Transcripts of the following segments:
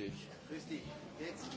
Christi. Christi. Jetzt.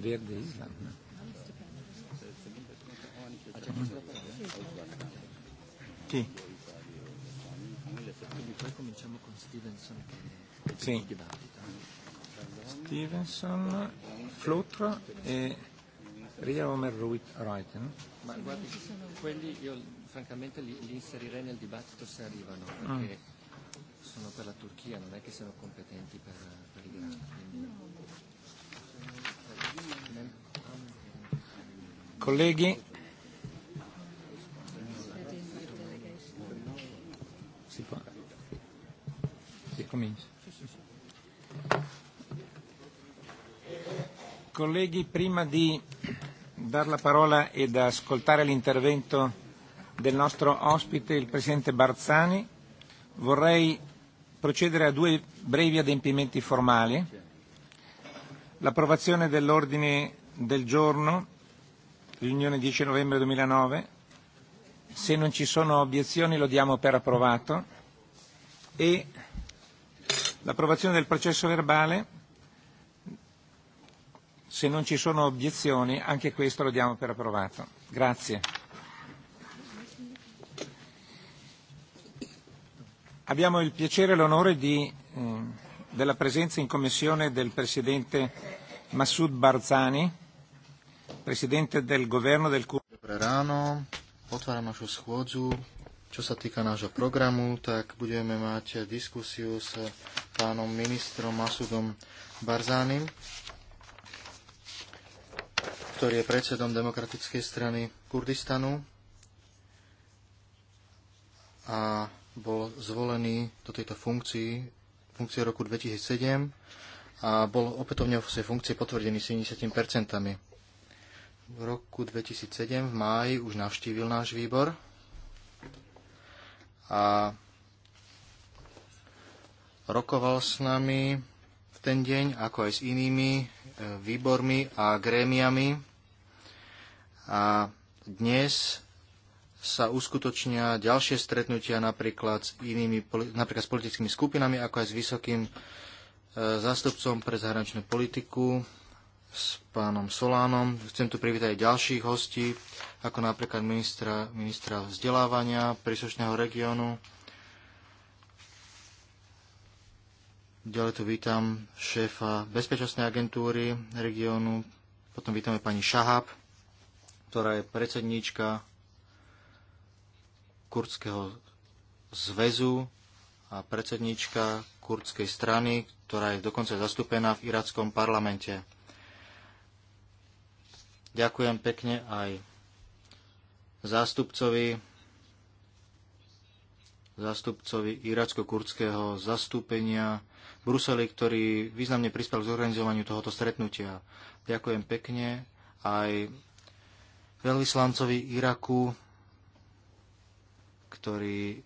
Verde Island. Ne? No. Chi? Quindi poi cominciamo con Stevenson che sì. dibattito. Stevenson, Flutra e Ria Omer Reuten. Ma guardi, quelli io francamente li, li inserirei nel dibattito se arrivano, perché mm sono per la Turchia, non è che siano competenti per, per i grandi. Quindi... No. Colleghi. Si può? Si comincia. Colleghi, prima di dar la parola ed ascoltare l'intervento del nostro ospite, il Presidente Barzani, vorrei procedere a due brevi adempimenti formali. L'approvazione dell'ordine del giorno, riunione 10 novembre 2009. Se non ci sono obiezioni lo diamo per approvato. E l'approvazione del processo verbale, se non ci sono obiezioni, anche questo lo diamo per approvato. Grazie. Abbiamo il piacere e l'onore di, ehm, della presenza in Commissione del Presidente Massoud Barzani, Presidente del Governo del Cur... Dobre ráno, otváram našu schôdzu. Čo sa týka nášho programu, tak budeme mať diskusiu s pánom ministrom Masudom Barzánim, ktorý je predsedom Demokratickej strany Kurdistanu. A bol zvolený do tejto funkcii, funkcie roku 2007 a bol opätovne v svojej funkcie potvrdený 70%. V roku 2007 v máji už navštívil náš výbor a rokoval s nami v ten deň, ako aj s inými e, výbormi a grémiami. A dnes sa uskutočnia ďalšie stretnutia napríklad s, inými, napríklad s politickými skupinami, ako aj s vysokým e, zástupcom pre zahraničnú politiku, s pánom Solánom. Chcem tu privítať aj ďalších hostí, ako napríklad ministra, ministra vzdelávania príslušného regiónu. Ďalej tu vítam šéfa bezpečnostnej agentúry regiónu. Potom vítame pani Šahab, ktorá je predsedníčka kurdského zväzu a predsedníčka kurdskej strany, ktorá je dokonca zastúpená v irackom parlamente. Ďakujem pekne aj zástupcovi zástupcovi iracko-kurdského zastúpenia v Bruseli, ktorý významne prispel k zorganizovaniu tohoto stretnutia. Ďakujem pekne aj veľvyslancovi Iraku ktorý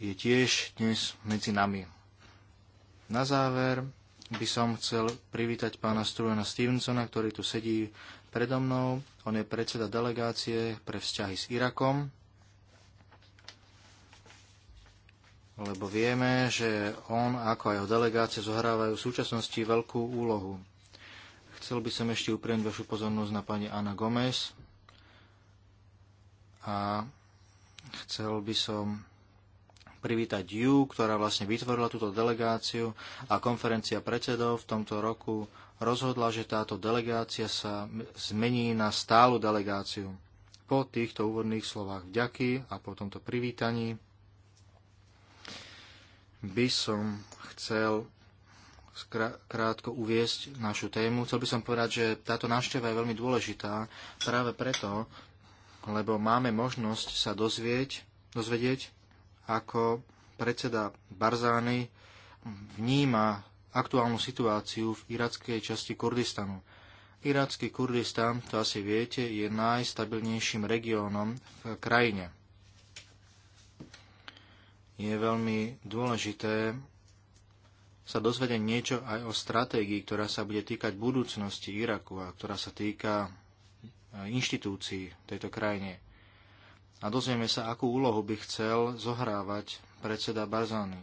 je tiež dnes medzi nami. Na záver by som chcel privítať pána Struena Stevensona, ktorý tu sedí predo mnou. On je predseda delegácie pre vzťahy s Irakom. Lebo vieme, že on ako aj jeho delegácie zohrávajú v súčasnosti veľkú úlohu. Chcel by som ešte upriamiť vašu pozornosť na pani Ana Gomez a Chcel by som privítať ju, ktorá vlastne vytvorila túto delegáciu a konferencia predsedov v tomto roku rozhodla, že táto delegácia sa zmení na stálu delegáciu. Po týchto úvodných slovách vďaky a po tomto privítaní by som chcel krátko uviesť našu tému. Chcel by som povedať, že táto návšteva je veľmi dôležitá práve preto, lebo máme možnosť sa dozvieť, dozvedieť, ako predseda Barzány vníma aktuálnu situáciu v irackej časti Kurdistanu. Irácky Kurdistan, to asi viete, je najstabilnejším regiónom v krajine. Je veľmi dôležité sa dozvedieť niečo aj o stratégii, ktorá sa bude týkať budúcnosti Iraku a ktorá sa týka inštitúcií v tejto krajine. A dozvieme sa, akú úlohu by chcel zohrávať predseda Barzany.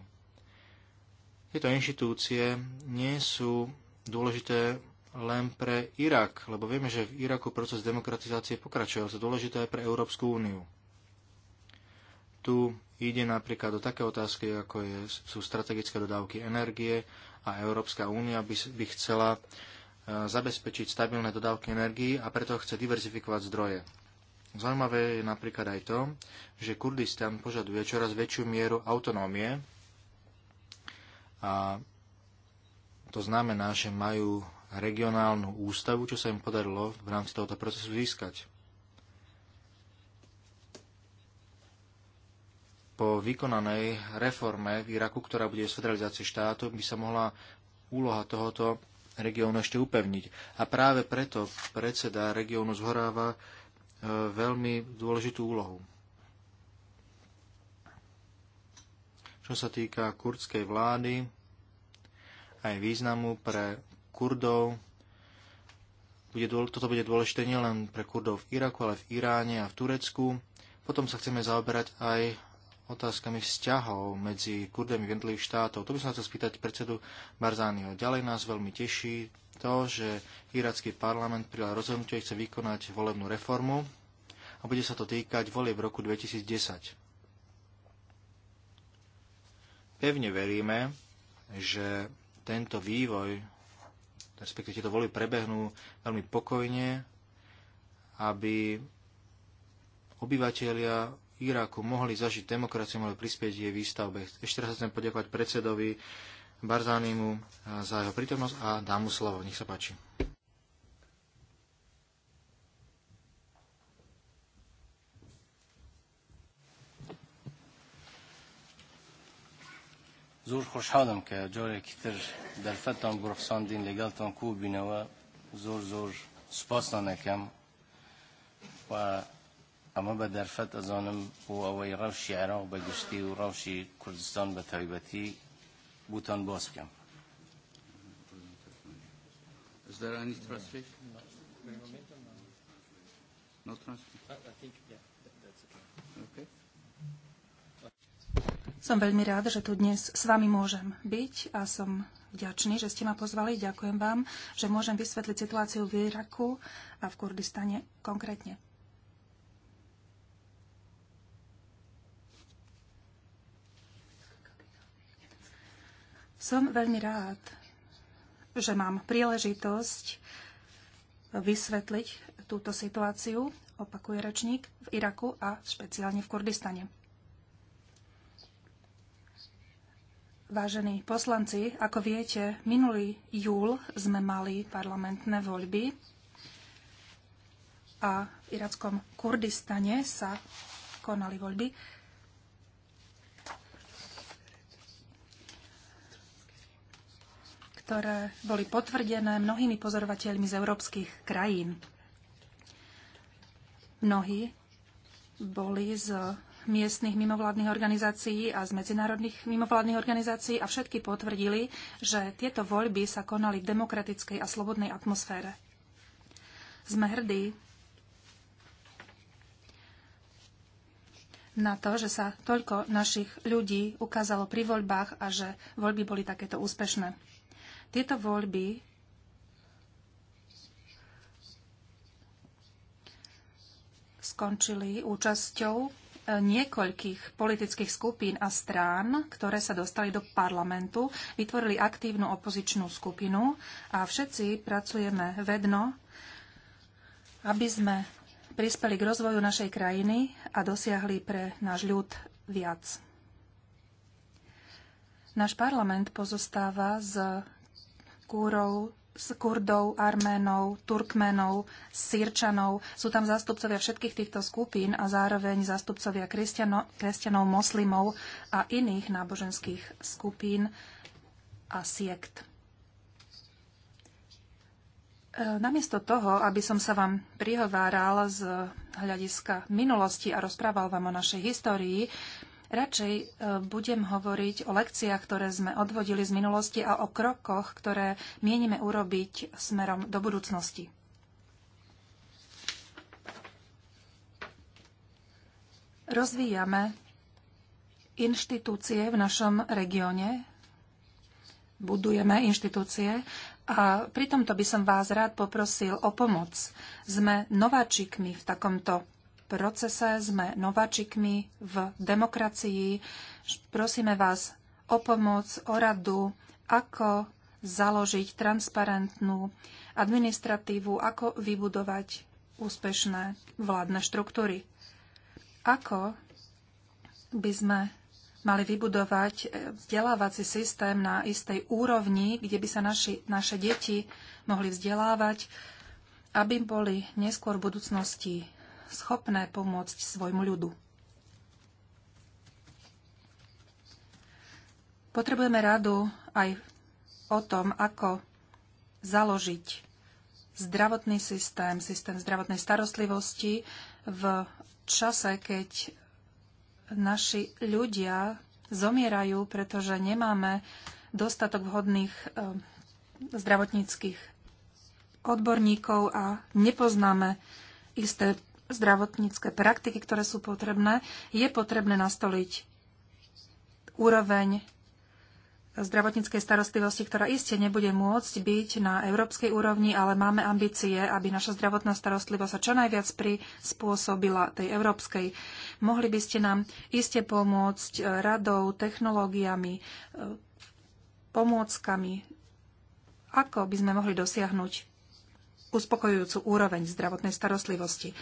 Tieto inštitúcie nie sú dôležité len pre Irak, lebo vieme, že v Iraku proces demokratizácie pokračuje, ale sú dôležité aj pre Európsku úniu. Tu ide napríklad o také otázky, ako je, sú strategické dodávky energie a Európska únia by, by chcela zabezpečiť stabilné dodávky energii a preto chce diverzifikovať zdroje. Zaujímavé je napríklad aj to, že Kurdistan požaduje čoraz väčšiu mieru autonómie a to znamená, že majú regionálnu ústavu, čo sa im podarilo v rámci tohoto procesu získať. Po vykonanej reforme v Iraku, ktorá bude z Federalizácie štátu, by sa mohla úloha tohoto regiónu ešte upevniť. A práve preto predseda regiónu zhoráva e, veľmi dôležitú úlohu. Čo sa týka kurdskej vlády, aj významu pre Kurdov, bude, toto bude dôležité nielen pre Kurdov v Iraku, ale v Iráne a v Turecku. Potom sa chceme zaoberať aj otázkami vzťahov medzi kurdami jednotlivých štátov. To by som chcel spýtať predsedu Barzányho. Ďalej nás veľmi teší to, že iracký parlament prijal rozhodnutie, chce vykonať volebnú reformu a bude sa to týkať volie v roku 2010. Pevne veríme, že tento vývoj, respektíve tieto voľby prebehnú veľmi pokojne, aby obyvateľia Iraku mohli zažiť demokraciu, mohli prispieť jej výstavbe. Ešte raz chcem poďakovať predsedovi Barzánimu za jeho prítomnosť a dám mu slovo. Nech sa páči. زور خوشحالم که جاری کتر در فتان برخصاندین لگلتان کو بینوا زور زور سپاس نکم و اما به درفت از آنم او اوی ئەوەی عراق به گشتی و ڕەوشی کردستان به تایبەتی بوتان باز کم Is there any translation? No Som veľmi rád, že tu dnes s vami môžem byť a som vďačný, že ste ma pozvali. Ďakujem vám, že môžem vysvetliť situáciu v Iraku a v Kurdistane konkrétne. Som veľmi rád, že mám príležitosť vysvetliť túto situáciu, opakuje rečník, v Iraku a špeciálne v Kurdistane. Vážení poslanci, ako viete, minulý júl sme mali parlamentné voľby a v irackom Kurdistane sa konali voľby. ktoré boli potvrdené mnohými pozorovateľmi z európskych krajín. Mnohí boli z miestnych mimovládnych organizácií a z medzinárodných mimovládnych organizácií a všetky potvrdili, že tieto voľby sa konali v demokratickej a slobodnej atmosfére. Sme hrdí na to, že sa toľko našich ľudí ukázalo pri voľbách a že voľby boli takéto úspešné. Tieto voľby skončili účasťou eh, niekoľkých politických skupín a strán, ktoré sa dostali do parlamentu, vytvorili aktívnu opozičnú skupinu a všetci pracujeme vedno, aby sme prispeli k rozvoju našej krajiny a dosiahli pre náš ľud viac. Náš parlament pozostáva z Kúrov, Kurdov, Arménov, Turkmenov, Sýrčanov. Sú tam zástupcovia všetkých týchto skupín a zároveň zástupcovia kresťano, kresťanov, moslimov a iných náboženských skupín a siekt. E, namiesto toho, aby som sa vám prihováral z hľadiska minulosti a rozprával vám o našej histórii, Radšej e, budem hovoriť o lekciách, ktoré sme odvodili z minulosti a o krokoch, ktoré mienime urobiť smerom do budúcnosti. Rozvíjame inštitúcie v našom regióne, budujeme inštitúcie a pri tomto by som vás rád poprosil o pomoc. Sme nováčikmi v takomto procese, sme nováčikmi v demokracii. Prosíme vás o pomoc, o radu, ako založiť transparentnú administratívu, ako vybudovať úspešné vládne štruktúry. Ako by sme mali vybudovať eh, vzdelávací systém na istej úrovni, kde by sa naši, naše deti mohli vzdelávať, aby boli neskôr v budúcnosti schopné pomôcť svojmu ľudu. Potrebujeme radu aj o tom, ako založiť zdravotný systém, systém zdravotnej starostlivosti v čase, keď naši ľudia zomierajú, pretože nemáme dostatok vhodných eh, zdravotníckých odborníkov a nepoznáme isté zdravotnícke praktiky, ktoré sú potrebné, je potrebné nastoliť úroveň zdravotníckej starostlivosti, ktorá iste nebude môcť byť na európskej úrovni, ale máme ambície, aby naša zdravotná starostlivosť sa čo najviac prispôsobila tej európskej. Mohli by ste nám iste pomôcť radou, technológiami, e, pomôckami, ako by sme mohli dosiahnuť uspokojujúcu úroveň zdravotnej starostlivosti.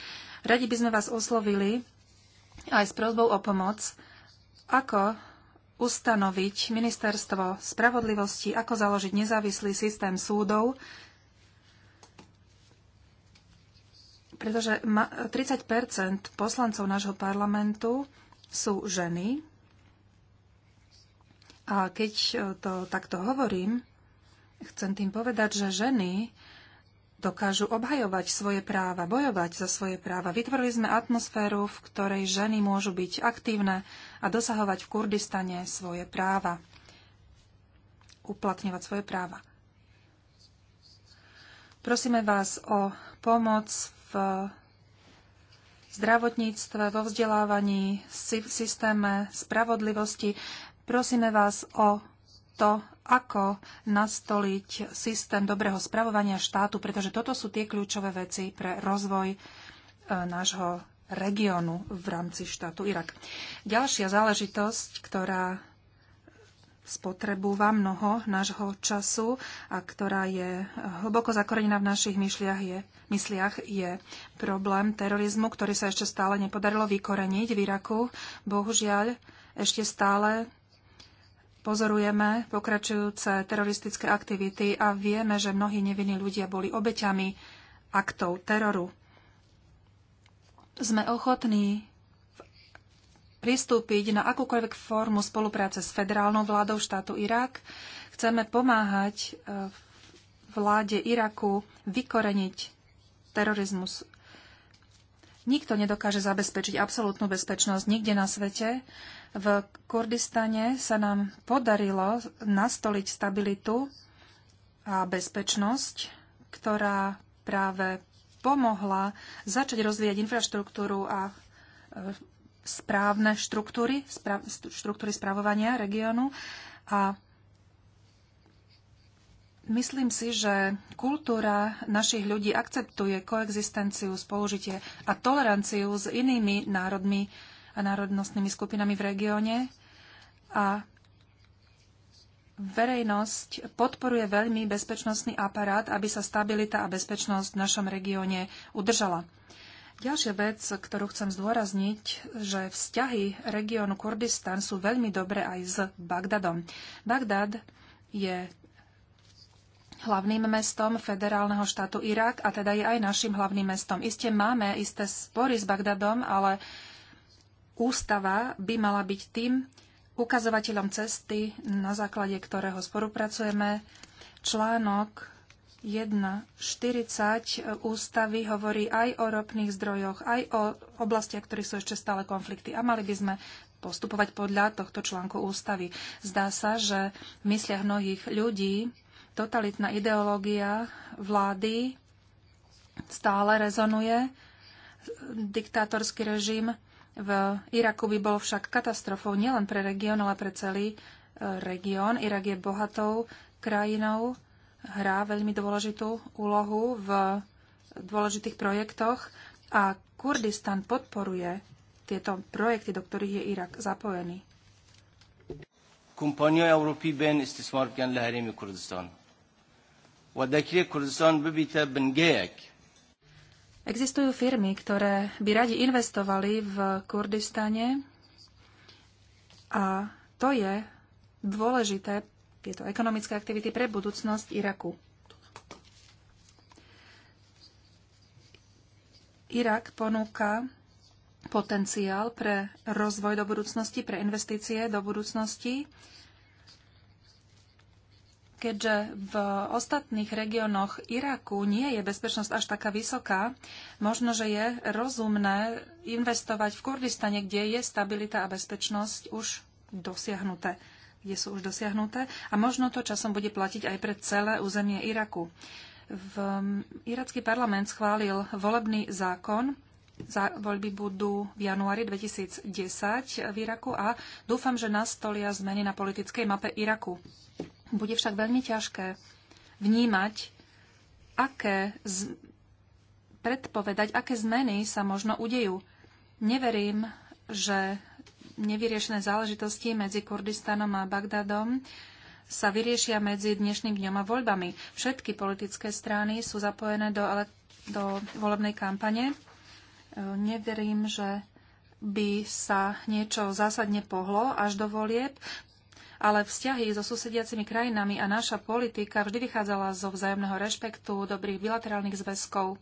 Radi by sme vás oslovili aj s prosbou o pomoc, ako ustanoviť ministerstvo spravodlivosti, ako založiť nezávislý systém súdov, pretože 30 poslancov nášho parlamentu sú ženy. A keď eh, to takto hovorím, chcem tým povedať, že ženy dokážu obhajovať svoje práva, bojovať za svoje práva. Vytvorili sme atmosféru, v ktorej ženy môžu byť aktívne a dosahovať v Kurdistane svoje práva. Uplatňovať svoje práva. Prosíme vás o pomoc v zdravotníctve, vo vzdelávaní, v systéme spravodlivosti. Prosíme vás o to, ako nastoliť systém dobrého spravovania štátu, pretože toto sú tie kľúčové veci pre rozvoj e, nášho regiónu v rámci štátu Irak. Ďalšia záležitosť, ktorá spotrebúva mnoho nášho času a ktorá je hlboko zakorenená v našich myšliach je, mysliach, je problém terorizmu, ktorý sa ešte stále nepodarilo vykoreniť v Iraku. Bohužiaľ, ešte stále Pozorujeme pokračujúce teroristické aktivity a vieme, že mnohí nevinní ľudia boli obeťami aktov teroru. Sme ochotní pristúpiť na akúkoľvek formu spolupráce s federálnou vládou štátu Irak. Chceme pomáhať e, vláde Iraku vykoreniť terorizmus Nikto nedokáže zabezpečiť absolútnu bezpečnosť nikde na svete. V Kurdistane sa nám podarilo nastoliť stabilitu a bezpečnosť, ktorá práve pomohla začať rozvíjať infraštruktúru a e, správne štruktúry, štruktúry spravovania regiónu a Myslím si, že kultúra našich ľudí akceptuje koexistenciu, spolužitie a toleranciu s inými národmi a národnostnými skupinami v regióne a verejnosť podporuje veľmi bezpečnostný aparát, aby sa stabilita a bezpečnosť v našom regióne udržala. Ďalšia vec, ktorú chcem zdôrazniť, že vzťahy regiónu Kurdistan sú veľmi dobré aj s Bagdadom. Bagdad je hlavným mestom federálneho štátu Irak a teda je aj našim hlavným mestom. Isté máme isté spory s Bagdadom, ale ústava by mala byť tým ukazovateľom cesty, na základe ktorého spolupracujeme. Článok 1.40 ústavy hovorí aj o ropných zdrojoch, aj o oblastiach, ktorých sú ešte stále konflikty a mali by sme postupovať podľa tohto článku ústavy. Zdá sa, že v mysliach mnohých ľudí totalitná ideológia vlády stále rezonuje. Diktátorský režim v Iraku by bol však katastrofou nielen pre región, ale pre celý e, región. Irak je bohatou krajinou, hrá veľmi dôležitú úlohu v dôležitých projektoch a Kurdistan podporuje tieto projekty, do ktorých je Irak zapojený. Kompania Európy ben istismar gen leherimi Kurdistan. Existujú firmy, ktoré by radi investovali v Kurdistane a to je dôležité, tieto ekonomické aktivity pre budúcnosť Iraku. Irak ponúka potenciál pre rozvoj do budúcnosti, pre investície do budúcnosti Keďže v ostatných regiónoch Iraku nie je bezpečnosť až taká vysoká, možno, že je rozumné investovať v Kurdistane, kde je stabilita a bezpečnosť už dosiahnuté kde sú už dosiahnuté a možno to časom bude platiť aj pre celé územie Iraku. V iracký parlament schválil volebný zákon, za voľby budú v januári 2010 v Iraku a dúfam, že nastolia zmeny na politickej mape Iraku. Bude však veľmi ťažké vnímať, aké z... predpovedať, aké zmeny sa možno udejú. Neverím, že nevyriešené záležitosti medzi Kurdistanom a Bagdadom sa vyriešia medzi dnešným dňom a voľbami. Všetky politické strany sú zapojené do, ale, do volebnej kampane. E, neverím, že by sa niečo zásadne pohlo až do volieb ale vzťahy so susediacimi krajinami a naša politika vždy vychádzala zo vzájomného rešpektu, dobrých bilaterálnych zväzkov.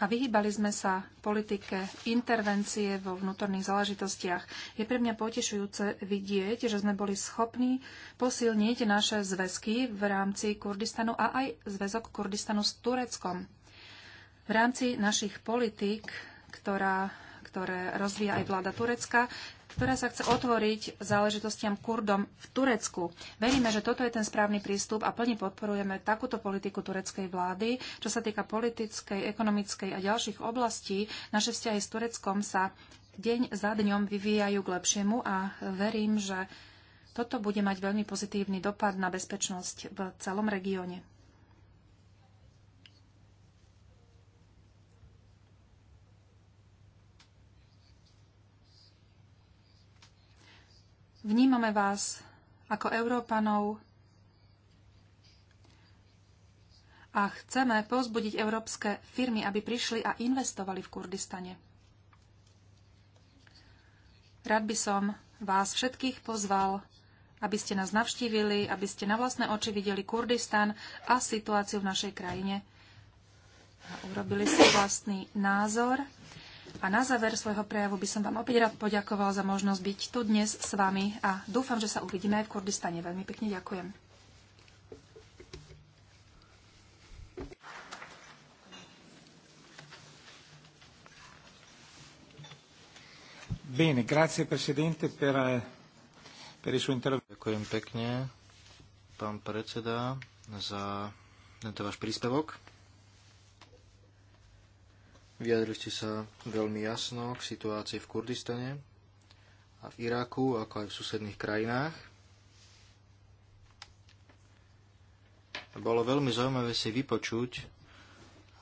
A vyhýbali sme sa politike intervencie vo vnútorných záležitostiach. Je pre mňa potešujúce vidieť, že sme boli schopní posilniť naše zväzky v rámci Kurdistanu a aj zväzok Kurdistanu s Tureckom. V rámci našich politik, ktorá, ktoré rozvíja aj vláda Turecka, ktorá sa chce otvoriť záležitostiam Kurdom v Turecku. Veríme, že toto je ten správny prístup a plne podporujeme takúto politiku tureckej vlády. Čo sa týka politickej, ekonomickej a ďalších oblastí, naše vzťahy s Tureckom sa deň za dňom vyvíjajú k lepšiemu a verím, že toto bude mať veľmi pozitívny dopad na bezpečnosť v celom regióne. Vnímame vás ako Európanov a chceme pozbudiť európske firmy, aby prišli a investovali v Kurdistane. Rád by som vás všetkých pozval, aby ste nás navštívili, aby ste na vlastné oči videli Kurdistan a situáciu v našej krajine. A urobili si vlastný názor a na záver svojho prejavu by som vám opäť rád poďakoval za možnosť byť tu dnes s vami a dúfam, že sa uvidíme aj v Kurdistane. Veľmi pekne ďakujem. Bene, grazie Presidente per, per il suo intervento. Ďakujem pekne, pán predseda, za tento váš príspevok. Vyjadrili ste sa veľmi jasno k situácii v Kurdistane a v Iraku, ako aj v susedných krajinách. Bolo veľmi zaujímavé si vypočuť,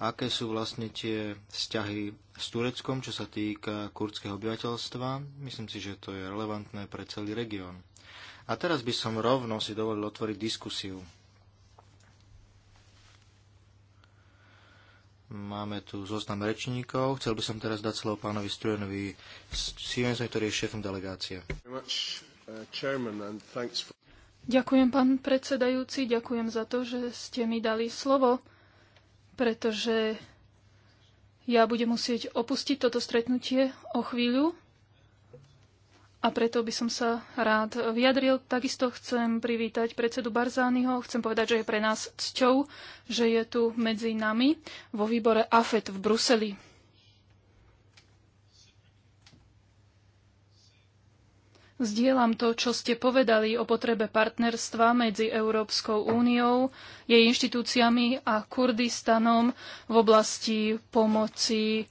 aké sú vlastne tie vzťahy s Tureckom, čo sa týka kurdského obyvateľstva. Myslím si, že to je relevantné pre celý región. A teraz by som rovno si dovolil otvoriť diskusiu. Máme tu zoznam rečníkov. Chcel by som teraz dať slovo pánovi Strujenovi Stevensovi, ktorý je šéfom delegácie. Ďakujem, pán predsedajúci, ďakujem za to, že ste mi dali slovo, pretože ja budem musieť opustiť toto stretnutie o chvíľu a preto by som sa rád vyjadril. Takisto chcem privítať predsedu Barzányho. Chcem povedať, že je pre nás cťou, že je tu medzi nami vo výbore AFET v Bruseli. Zdieľam to, čo ste povedali o potrebe partnerstva medzi Európskou úniou, jej inštitúciami a Kurdistanom v oblasti pomoci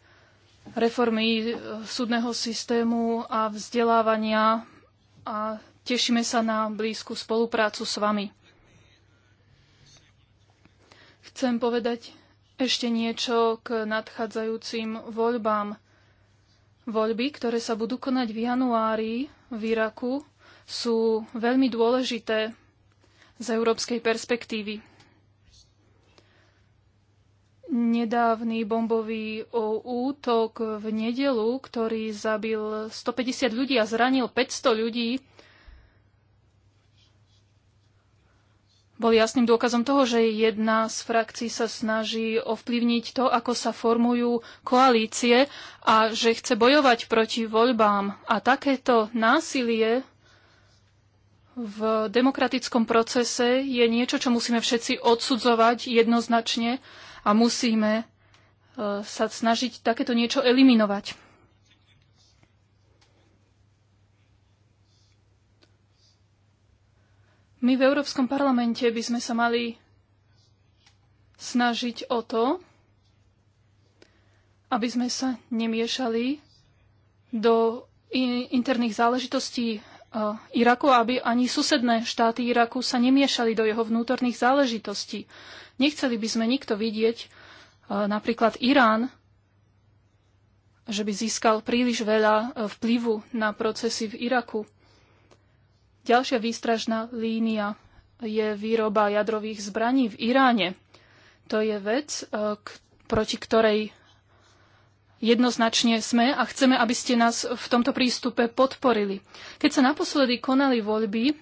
reformy eh, súdneho systému a vzdelávania a tešíme sa na blízku spoluprácu s vami. Chcem povedať ešte niečo k nadchádzajúcim voľbám. Voľby, ktoré sa budú konať v januári v Iraku, sú veľmi dôležité z európskej perspektívy nedávny bombový útok v nedelu, ktorý zabil 150 ľudí a zranil 500 ľudí, bol jasným dôkazom toho, že jedna z frakcií sa snaží ovplyvniť to, ako sa formujú koalície a že chce bojovať proti voľbám. A takéto násilie v demokratickom procese je niečo, čo musíme všetci odsudzovať jednoznačne a musíme e, sa snažiť takéto niečo eliminovať. My v Európskom parlamente by sme sa mali snažiť o to, aby sme sa nemiešali do interných záležitostí Iraku, aby ani susedné štáty Iraku sa nemiešali do jeho vnútorných záležitostí. Nechceli by sme nikto vidieť, e, napríklad Irán, že by získal príliš veľa e, vplyvu na procesy v Iraku. Ďalšia výstražná línia je výroba jadrových zbraní v Iráne. To je vec, e, proti ktorej Jednoznačne sme a chceme, aby ste nás v tomto prístupe podporili. Keď sa naposledy konali voľby,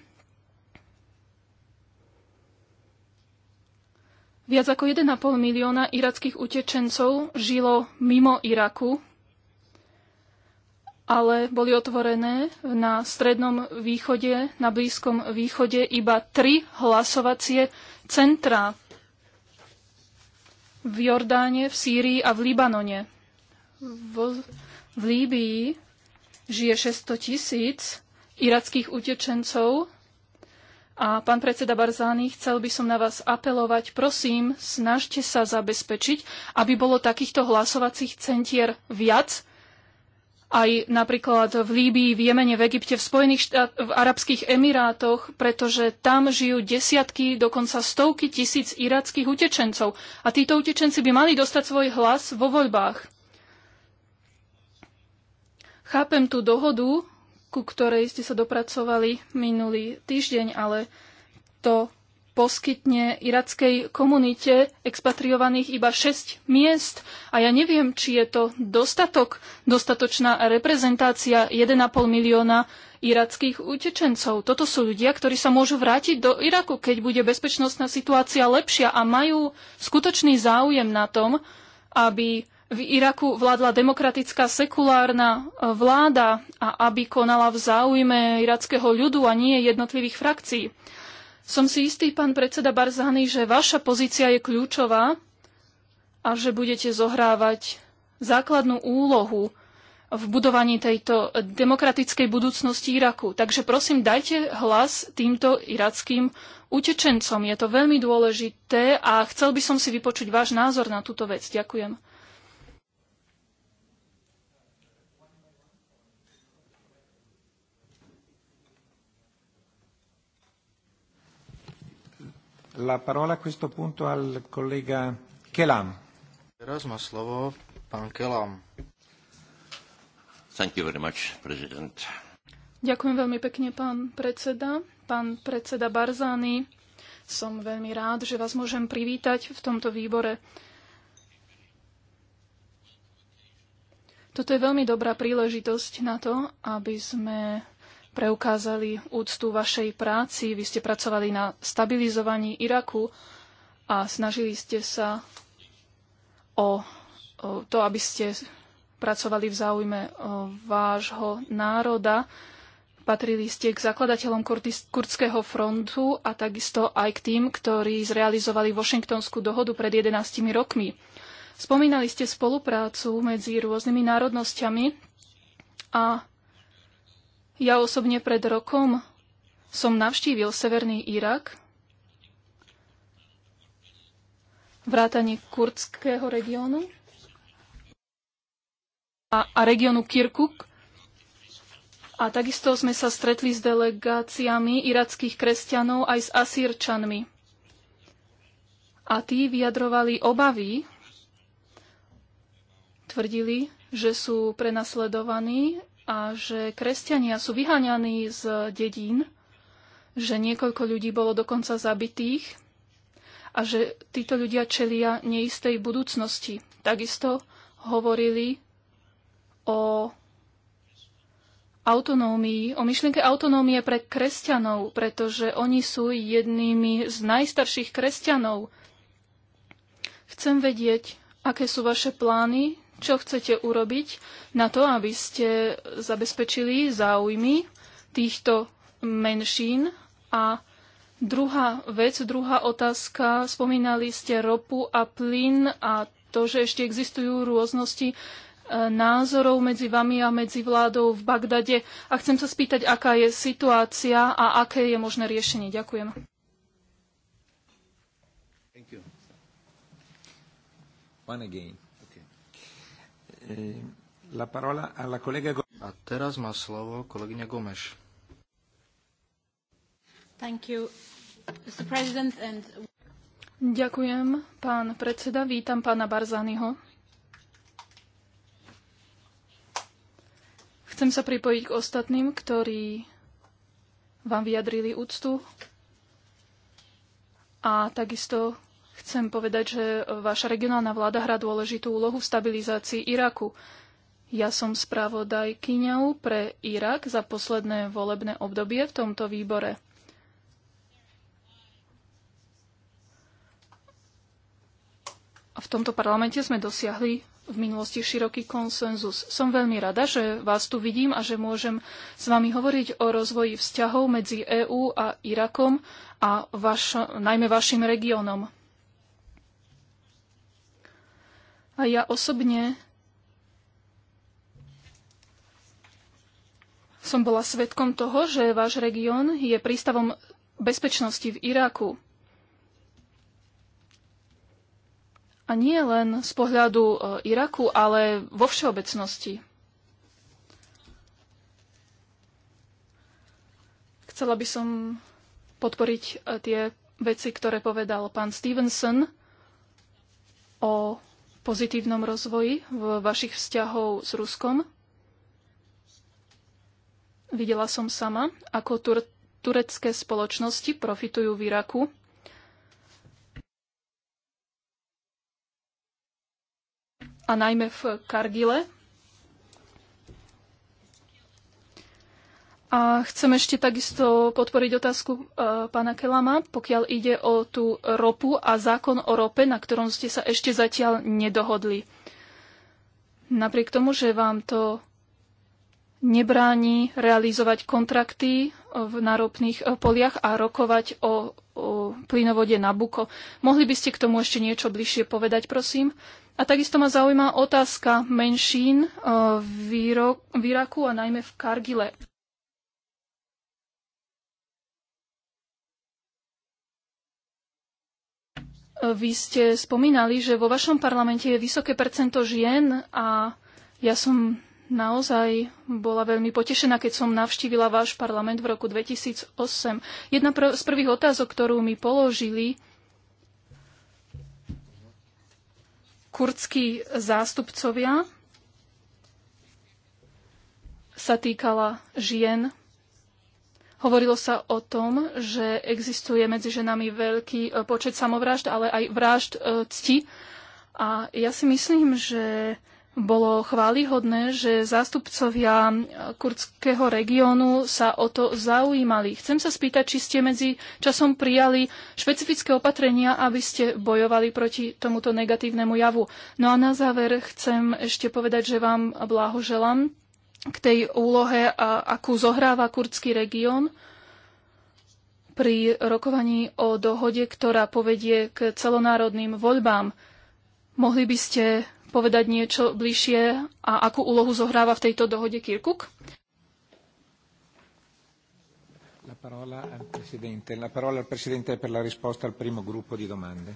viac ako 1,5 milióna irackých utečencov žilo mimo Iraku, ale boli otvorené na Strednom východe, na Blízkom východe iba tri hlasovacie centrá v Jordáne, v Sýrii a v Libanone v, v Líbii žije 600 tisíc irackých utečencov. A pán predseda Barzány, chcel by som na vás apelovať, prosím, snažte sa zabezpečiť, aby bolo takýchto hlasovacích centier viac. Aj napríklad v Líbii, v Jemene, v Egypte, v Spojených štát, v Arabských Emirátoch, pretože tam žijú desiatky, dokonca stovky tisíc irackých utečencov. A títo utečenci by mali dostať svoj hlas vo voľbách. Chápem tú dohodu, ku ktorej ste sa dopracovali minulý týždeň, ale to poskytne irackej komunite expatriovaných iba 6 miest a ja neviem, či je to dostatok, dostatočná reprezentácia 1,5 milióna irackých utečencov. Toto sú ľudia, ktorí sa môžu vrátiť do Iraku, keď bude bezpečnostná situácia lepšia a majú skutočný záujem na tom, aby v Iraku vládla demokratická sekulárna e, vláda a aby konala v záujme irackého ľudu a nie jednotlivých frakcií. Som si istý, pán predseda Barzany, že vaša pozícia je kľúčová a že budete zohrávať základnú úlohu v budovaní tejto demokratickej budúcnosti Iraku. Takže prosím, dajte hlas týmto irackým utečencom. Je to veľmi dôležité a chcel by som si vypočuť váš názor na túto vec. Ďakujem. La parola a questo punto al collega Kelam. Teraz má slovo pán Kelam. Thank you very much, president. Ďakujem veľmi pekne, pán predseda. Pán predseda Barzány, som veľmi rád, že vás môžem privítať v tomto výbore. Toto je veľmi dobrá príležitosť na to, aby sme preukázali úctu vašej práci. Vy ste pracovali na stabilizovaní Iraku a snažili ste sa o, to, aby ste pracovali v záujme vášho národa. Patrili ste k zakladateľom kurdského frontu a takisto aj k tým, ktorí zrealizovali Washingtonskú dohodu pred 11 rokmi. Spomínali ste spoluprácu medzi rôznymi národnosťami a ja osobne pred rokom som navštívil Severný Irak, vrátanie kurdského regiónu a, a regiónu Kirkuk. A takisto sme sa stretli s delegáciami irackých kresťanov aj s asírčanmi. A tí vyjadrovali obavy, tvrdili, že sú prenasledovaní a že kresťania sú vyháňaní z dedín, že niekoľko ľudí bolo dokonca zabitých a že títo ľudia čelia neistej budúcnosti. Takisto hovorili o autonómii, o myšlienke autonómie pre kresťanov, pretože oni sú jednými z najstarších kresťanov. Chcem vedieť, aké sú vaše plány čo chcete urobiť na to, aby ste zabezpečili záujmy týchto menšín. A druhá vec, druhá otázka, spomínali ste ropu a plyn a to, že ešte existujú rôznosti e, názorov medzi vami a medzi vládou v Bagdade. A chcem sa spýtať, aká je situácia a aké je možné riešenie. Ďakujem. One again. Eh, a teraz má slovo kolegyňa Gomeš. You, and... Ďakujem, pán predseda. Vítam pána Barzányho. Chcem sa pripojiť k ostatným, ktorí vám vyjadrili úctu a takisto Chcem povedať, že vaša regionálna vláda hrá dôležitú úlohu v stabilizácii Iraku. Ja som spravodajkyňou pre Irak za posledné volebné obdobie v tomto výbore. V tomto parlamente sme dosiahli v minulosti široký konsenzus. Som veľmi rada, že vás tu vidím a že môžem s vami hovoriť o rozvoji vzťahov medzi EÚ a Irakom a vaš, najmä vašim regiónom. A ja osobne som bola svetkom toho, že váš región je prístavom bezpečnosti v Iraku. A nie len z pohľadu e, Iraku, ale vo všeobecnosti. Chcela by som podporiť e, tie veci, ktoré povedal pán Stevenson o pozitívnom rozvoji v vašich vzťahov s Ruskom. Videla som sama, ako tur- turecké spoločnosti profitujú v Iraku. A najmä v Kargile, A chcem ešte takisto podporiť otázku e, pána Kelama, pokiaľ ide o tú ropu a zákon o rope, na ktorom ste sa ešte zatiaľ nedohodli. Napriek tomu, že vám to nebráni realizovať kontrakty v náropných e, poliach a rokovať o, o plynovode Nabuko. Mohli by ste k tomu ešte niečo bližšie povedať, prosím? A takisto ma zaujíma otázka menšín e, v Iraku a najmä v Kargile. Vy ste spomínali, že vo vašom parlamente je vysoké percento žien a ja som naozaj bola veľmi potešená, keď som navštívila váš parlament v roku 2008. Jedna pr- z prvých otázok, ktorú mi položili kurdskí zástupcovia, sa týkala žien Hovorilo sa o tom, že existuje medzi ženami veľký e, počet samovrážd, ale aj vražd e, cti. A ja si myslím, že bolo chválihodné, že zástupcovia e, kurdského regiónu sa o to zaujímali. Chcem sa spýtať, či ste medzi časom prijali špecifické opatrenia, aby ste bojovali proti tomuto negatívnemu javu. No a na záver chcem ešte povedať, že vám blahoželám k tej úlohe, a akú zohráva kurdský región pri rokovaní o dohode, ktorá povedie k celonárodným voľbám. Mohli by ste povedať niečo bližšie a akú úlohu zohráva v tejto dohode Kirkuk? La parola al presidente. La parola al presidente per la risposta al primo gruppo di domande.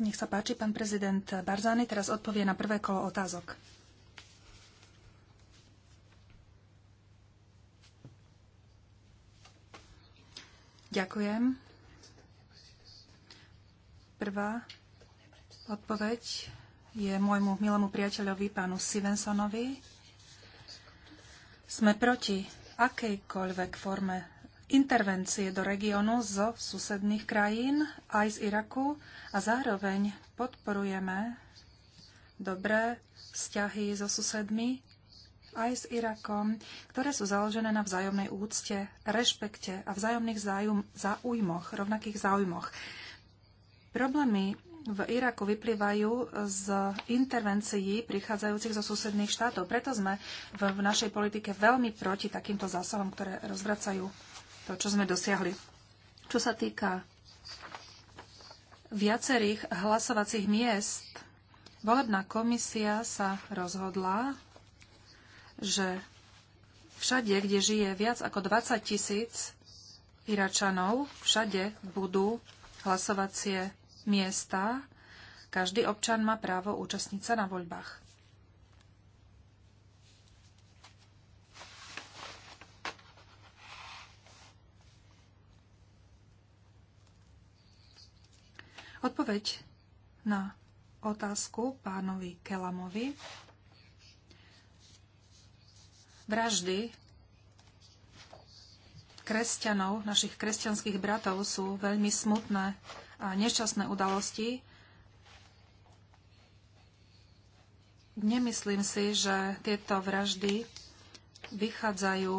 Nech sa páči, pán prezident Barzány teraz odpovie na prvé kolo otázok. Ďakujem. Prvá odpoveď je môjmu milému priateľovi, pánu Sivensonovi. Sme proti akejkoľvek forme intervencie do regiónu zo susedných krajín, aj z Iraku, a zároveň podporujeme dobré vzťahy so susedmi aj s Irakom, ktoré sú založené na vzájomnej úcte, rešpekte a vzájomných zájum, záujmoch, rovnakých záujmoch. Problémy v Iraku vyplývajú z intervencií prichádzajúcich zo susedných štátov. Preto sme v, v našej politike veľmi proti takýmto zásahom, ktoré rozvracajú to, čo sme dosiahli. Čo sa týka viacerých hlasovacích miest, volebná komisia sa rozhodla že všade, kde žije viac ako 20 tisíc Iračanov, všade budú hlasovacie miesta. Každý občan má právo účastniť sa na voľbách. Odpoveď na otázku pánovi Kelamovi Vraždy kresťanov, našich kresťanských bratov sú veľmi smutné a nešťastné udalosti. Nemyslím si, že tieto vraždy vychádzajú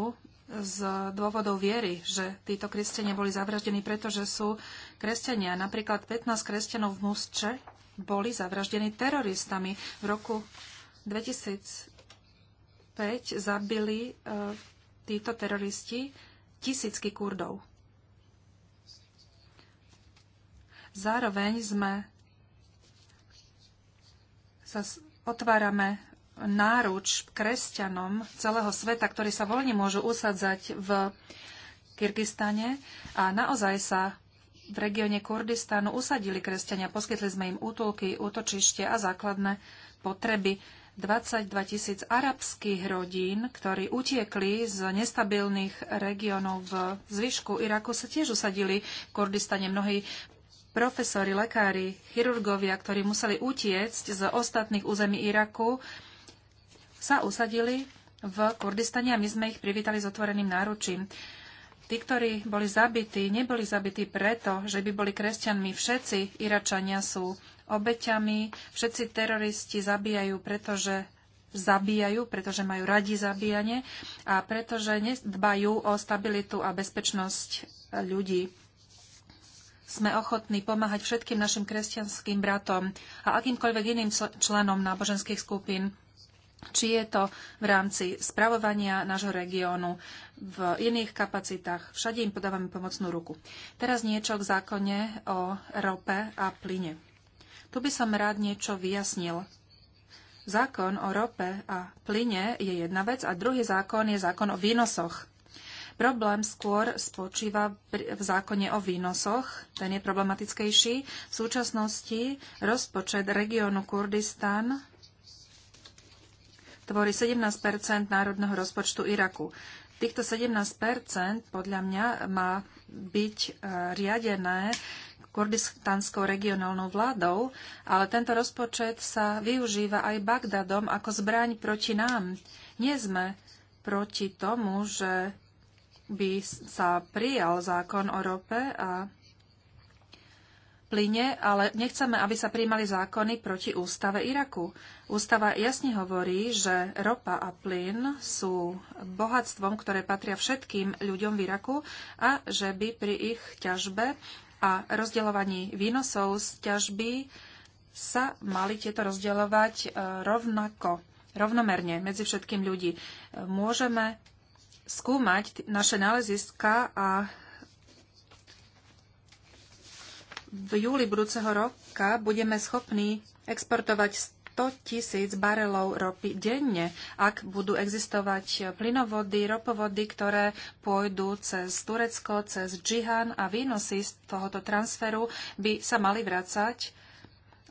z dôvodov viery, že títo kresťania boli zavraždení, pretože sú kresťania. Napríklad 15 kresťanov v Musče boli zavraždení teroristami v roku 2000, zabili e, títo teroristi tisícky Kurdov. Zároveň sme sa otvárame náruč kresťanom celého sveta, ktorí sa voľne môžu usadzať v Kyrgyzstane a naozaj sa v regióne Kurdistanu usadili kresťania, poskytli sme im útulky, útočište a základné potreby. 22 tisíc arabských rodín, ktorí utiekli z nestabilných regiónov v zvyšku Iraku, sa tiež usadili v Kurdistane. Mnohí profesori, lekári, chirurgovia, ktorí museli utiecť z ostatných území Iraku, sa usadili v Kurdistane a my sme ich privítali s otvoreným náručím. Tí, ktorí boli zabití, neboli zabití preto, že by boli kresťanmi. Všetci Iračania sú obeťami. Všetci teroristi zabíjajú, pretože zabíjajú, pretože majú radi zabíjanie a pretože nedbajú o stabilitu a bezpečnosť ľudí. Sme ochotní pomáhať všetkým našim kresťanským bratom a akýmkoľvek iným členom náboženských skupín, či je to v rámci spravovania nášho regiónu, v iných kapacitách. Všade im podávame pomocnú ruku. Teraz niečo k zákone o rope a plyne. Tu by som rád niečo vyjasnil. Zákon o rope a plyne je jedna vec a druhý zákon je zákon o výnosoch. Problém skôr spočíva v zákone o výnosoch, ten je problematickejší. V súčasnosti rozpočet regiónu Kurdistan tvorí 17 národného rozpočtu Iraku. Týchto 17 podľa mňa má byť e, riadené kurdistanskou regionálnou vládou, ale tento rozpočet sa využíva aj Bagdadom ako zbraň proti nám. Nie sme proti tomu, že by sa prijal zákon o rope a plyne, ale nechceme, aby sa príjmali zákony proti ústave Iraku. Ústava jasne hovorí, že ropa a plyn sú bohatstvom, ktoré patria všetkým ľuďom v Iraku a že by pri ich ťažbe a rozdeľovaní výnosov z ťažby sa mali tieto rozdeľovať e, rovnako, rovnomerne medzi všetkým ľudí. E, môžeme skúmať naše náleziska a v júli budúceho roka budeme schopní exportovať 100 tisíc barelov ropy denne, ak budú existovať plynovody, ropovody, ktoré pôjdu cez Turecko, cez Džihan a výnosy z tohoto transferu by sa mali vrácať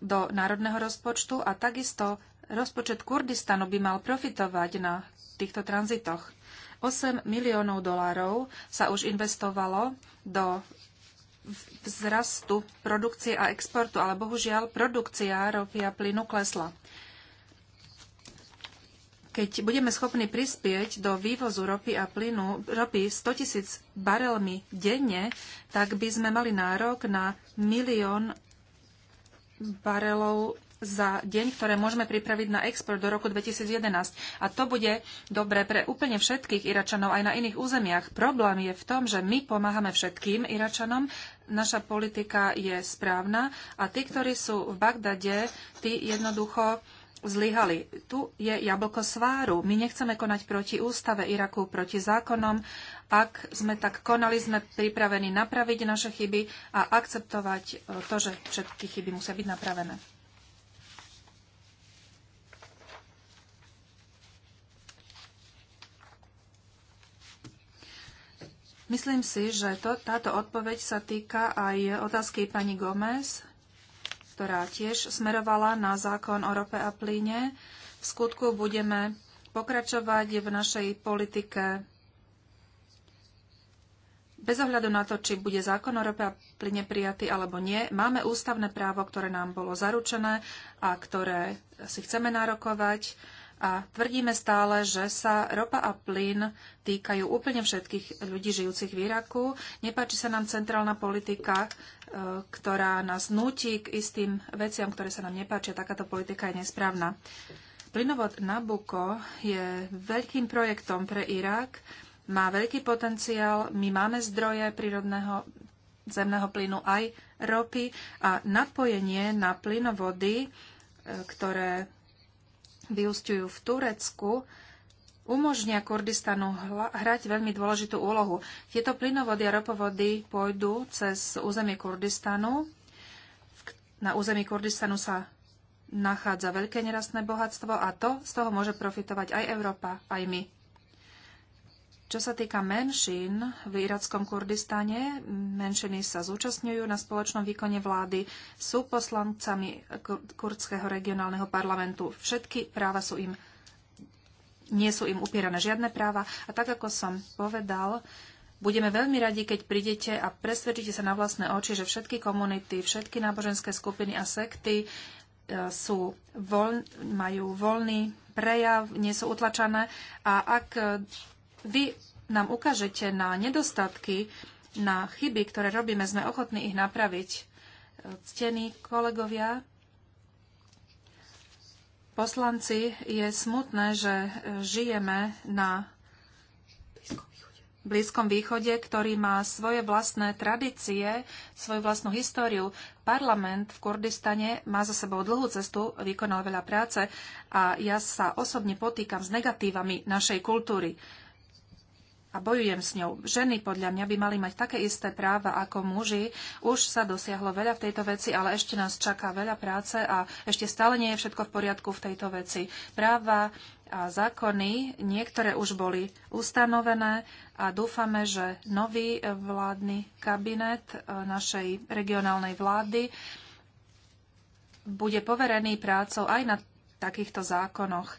do národného rozpočtu a takisto rozpočet Kurdistanu by mal profitovať na týchto tranzitoch. 8 miliónov dolárov sa už investovalo do vzrastu produkcie a exportu, ale bohužiaľ produkcia ropy a plynu klesla. Keď budeme schopní prispieť do vývozu ropy a plynu ropy 100 tisíc barelmi denne, tak by sme mali nárok na milión barelov za deň, ktoré môžeme pripraviť na export do roku 2011. A to bude dobre pre úplne všetkých Iračanov aj na iných územiach. Problém je v tom, že my pomáhame všetkým Iračanom, naša politika je správna a tí, ktorí sú v Bagdade, tí jednoducho zlyhali. Tu je jablko sváru. My nechceme konať proti ústave Iraku, proti zákonom. Ak sme tak konali, sme pripravení napraviť naše chyby a akceptovať eh, to, že všetky chyby musia byť napravené. Myslím si, že to, táto odpoveď sa týka aj otázky pani Gomez, ktorá tiež smerovala na zákon o rope a plyne. V skutku budeme pokračovať v našej politike bez ohľadu na to, či bude zákon o rope a plyne prijatý alebo nie, máme ústavné právo, ktoré nám bolo zaručené a ktoré si chceme nárokovať a tvrdíme stále, že sa ropa a plyn týkajú úplne všetkých ľudí žijúcich v Iraku. Nepáči sa nám centrálna politika, e, ktorá nás nutí k istým veciam, ktoré sa nám nepáčia. Takáto politika je nesprávna. Plynovod Nabuko je veľkým projektom pre Irak, má veľký potenciál, my máme zdroje prírodného zemného plynu aj ropy a napojenie na plynovody, e, ktoré vyústiujú v Turecku, umožnia Kurdistanu hrať veľmi dôležitú úlohu. Tieto plynovody a ropovody pôjdu cez územie Kurdistanu. Na území Kurdistanu sa nachádza veľké nerastné bohatstvo a to z toho môže profitovať aj Európa, aj my. Čo sa týka menšín v irackom Kurdistane, menšiny sa zúčastňujú na spoločnom výkone vlády, sú poslancami kurdského regionálneho parlamentu. Všetky práva sú im, nie sú im upierané žiadne práva. A tak, ako som povedal, budeme veľmi radi, keď prídete a presvedčíte sa na vlastné oči, že všetky komunity, všetky náboženské skupiny a sekty e, sú voľ, majú voľný prejav, nie sú utlačané a ak vy nám ukážete na nedostatky, na chyby, ktoré robíme, sme ochotní ich napraviť. Ctení kolegovia, poslanci, je smutné, že žijeme na Blízkom východe, ktorý má svoje vlastné tradície, svoju vlastnú históriu. Parlament v Kurdistane má za sebou dlhú cestu, vykonal veľa práce a ja sa osobne potýkam s negatívami našej kultúry a bojujem s ňou. Ženy podľa mňa by mali mať také isté práva ako muži. Už sa dosiahlo veľa v tejto veci, ale ešte nás čaká veľa práce a ešte stále nie je všetko v poriadku v tejto veci. Práva a zákony, niektoré už boli ustanovené a dúfame, že nový vládny kabinet e, našej regionálnej vlády bude poverený prácou aj na takýchto zákonoch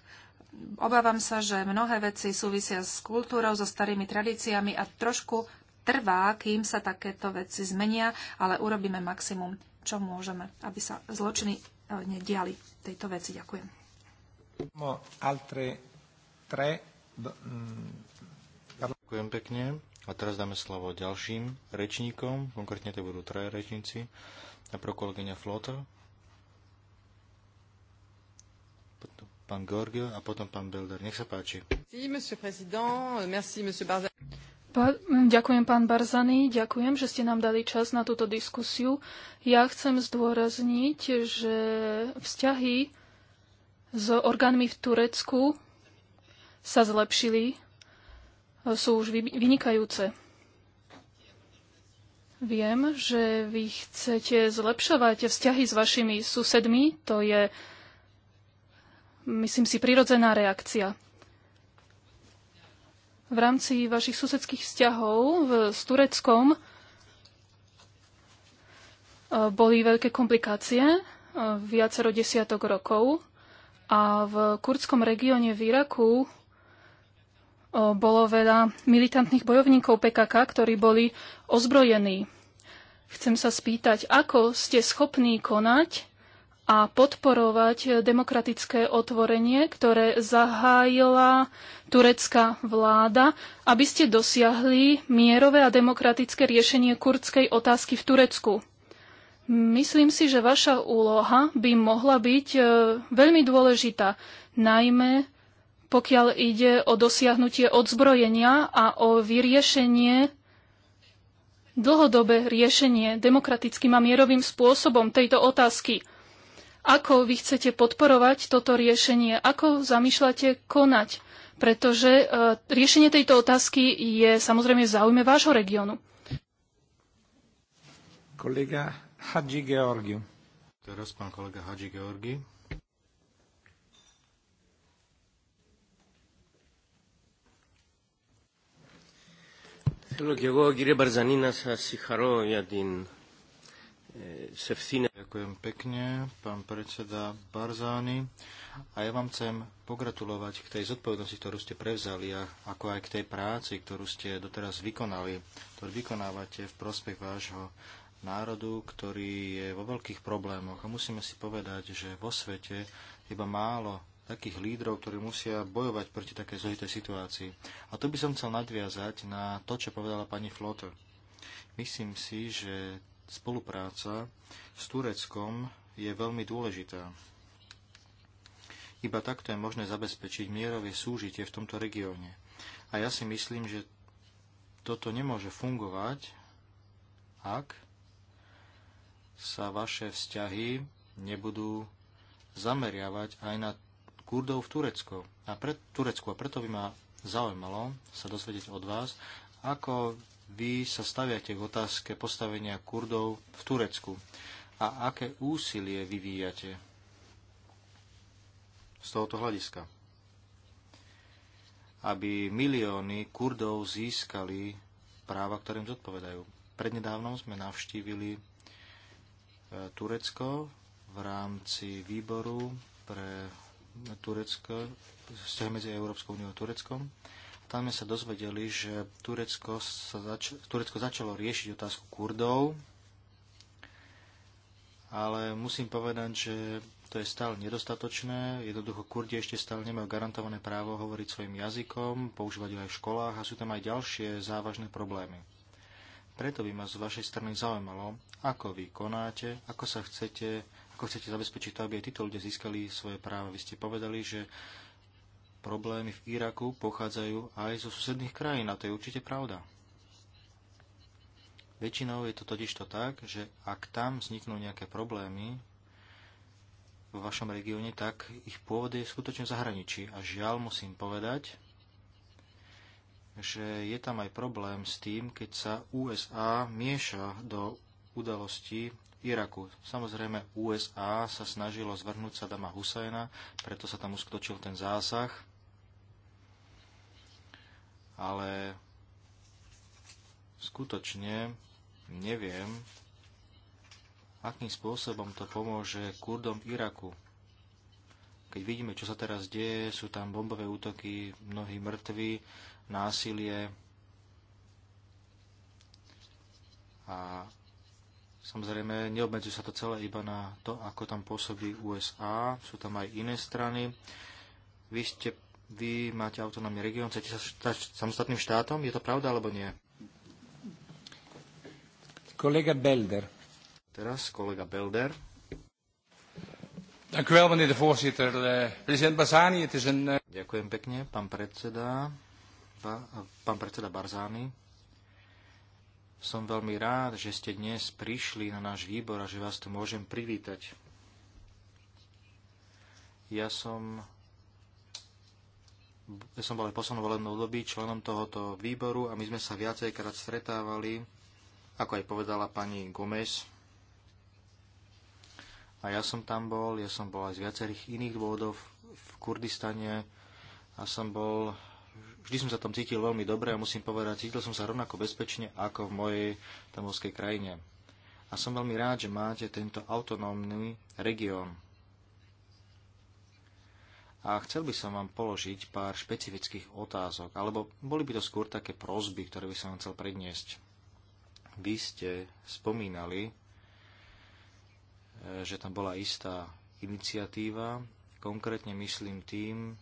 obávam sa, že mnohé veci súvisia s kultúrou, so starými tradíciami a trošku trvá, kým sa takéto veci zmenia, ale urobíme maximum, čo môžeme, aby sa zločiny e, nediali tejto veci. Ďakujem. Mm, Ďakujem pekne. A teraz dáme slovo ďalším rečníkom, konkrétne to budú traja rečníci. Najprv kolegyňa Flota, pán Gorgio a potom pán Belder. Nech sa páči. Pa, ďakujem, pán Barzany, ďakujem, že ste nám dali čas na túto diskusiu. Ja chcem zdôrazniť, že vzťahy s orgánmi v Turecku sa zlepšili, sú už vynikajúce. Viem, že vy chcete zlepšovať vzťahy s vašimi susedmi, to je myslím si, prirodzená reakcia. V rámci vašich susedských vzťahov v, s Tureckom e, boli veľké komplikácie e, viacero desiatok rokov a v kurdskom regióne v Iraku e, bolo veľa militantných bojovníkov PKK, ktorí boli ozbrojení. Chcem sa spýtať, ako ste schopní konať a podporovať demokratické otvorenie, ktoré zahájila turecká vláda, aby ste dosiahli mierové a demokratické riešenie kurdskej otázky v Turecku. Myslím si, že vaša úloha by mohla byť e, veľmi dôležitá, najmä pokiaľ ide o dosiahnutie odzbrojenia a o vyriešenie dlhodobé riešenie demokratickým a mierovým spôsobom tejto otázky. Ako vy chcete podporovať toto riešenie? Ako zamýšľate konať? Pretože e, riešenie tejto otázky je samozrejme v záujme vášho regiónu. Kolega Hadži Georgiu. Teraz pán kolega Hadži Georgi. Θέλω και εγώ, κύριε Μπαρζανή, να σας συγχαρώ για την Ďakujem pekne, pán predseda Barzány. A ja vám chcem pogratulovať k tej zodpovednosti, ktorú ste prevzali, a ako aj k tej práci, ktorú ste doteraz vykonali, ktorú vykonávate v prospech vášho národu, ktorý je vo veľkých problémoch. A musíme si povedať, že vo svete iba málo takých lídrov, ktorí musia bojovať proti takej zložitej situácii. A tu by som chcel nadviazať na to, čo povedala pani Flotter. Myslím si, že spolupráca s Tureckom je veľmi dôležitá. Iba takto je možné zabezpečiť mierové súžitie v tomto regióne. A ja si myslím, že toto nemôže fungovať, ak sa vaše vzťahy nebudú zameriavať aj na Kurdov v Turecku. A pre, Turecku. A preto by ma zaujímalo sa dozvedieť od vás, ako vy sa staviate k otázke postavenia Kurdov v Turecku a aké úsilie vyvíjate z tohoto hľadiska, aby milióny Kurdov získali práva, ktorým zodpovedajú. Prednedávnom sme navštívili e, Turecko v rámci výboru pre Turecko, vzťah medzi Európskou úniou a Tureckom tam sme sa dozvedeli, že Turecko, sa zač- Turecko začalo riešiť otázku Kurdov, ale musím povedať, že to je stále nedostatočné. Jednoducho Kurdi ešte stále nemajú garantované právo hovoriť svojim jazykom, používať ho aj v školách a sú tam aj ďalšie závažné problémy. Preto by ma z vašej strany zaujímalo, ako vy konáte, ako sa chcete, ako chcete zabezpečiť to, aby aj títo ľudia získali svoje práva. Vy ste povedali, že problémy v Iraku pochádzajú aj zo susedných krajín a to je určite pravda. Väčšinou je to totiž to tak, že ak tam vzniknú nejaké problémy v vašom regióne, tak ich pôvod je skutočne v zahraničí. A žiaľ musím povedať, že je tam aj problém s tým, keď sa USA mieša do udalostí Iraku. Samozrejme, USA sa snažilo zvrhnúť Sadama Husajna, preto sa tam uskutočil ten zásah – ale skutočne neviem, akým spôsobom to pomôže Kurdom v Iraku. Keď vidíme, čo sa teraz deje, sú tam bombové útoky, mnohí mŕtvi, násilie a Samozrejme, neobmedzuje sa to celé iba na to, ako tam pôsobí USA, sú tam aj iné strany. Vy ste vy máte autonómny región, chcete sa stať samostatným štátom? Je to pravda alebo nie? Kolega Belder. Teraz kolega Belder. Dank u wel, meneer de voorzitter. Eh, president Barzani, het is een... Eh, Ďakujem pekne, pán predseda. Pán predseda Barzani. Som veľmi rád, že ste dnes prišli na náš výbor a že vás tu môžem privítať. Ja som ja som bol aj poslednom volebnom období členom tohoto výboru a my sme sa viacejkrát stretávali, ako aj povedala pani Gomez. A ja som tam bol, ja som bol aj z viacerých iných dôvodov v Kurdistane a som bol, vždy som sa tam cítil veľmi dobre a musím povedať, cítil som sa rovnako bezpečne ako v mojej tamovskej krajine. A som veľmi rád, že máte tento autonómny región, a chcel by som vám položiť pár špecifických otázok, alebo boli by to skôr také prozby, ktoré by som vám chcel predniesť. Vy ste spomínali, e, že tam bola istá iniciatíva, konkrétne myslím tým,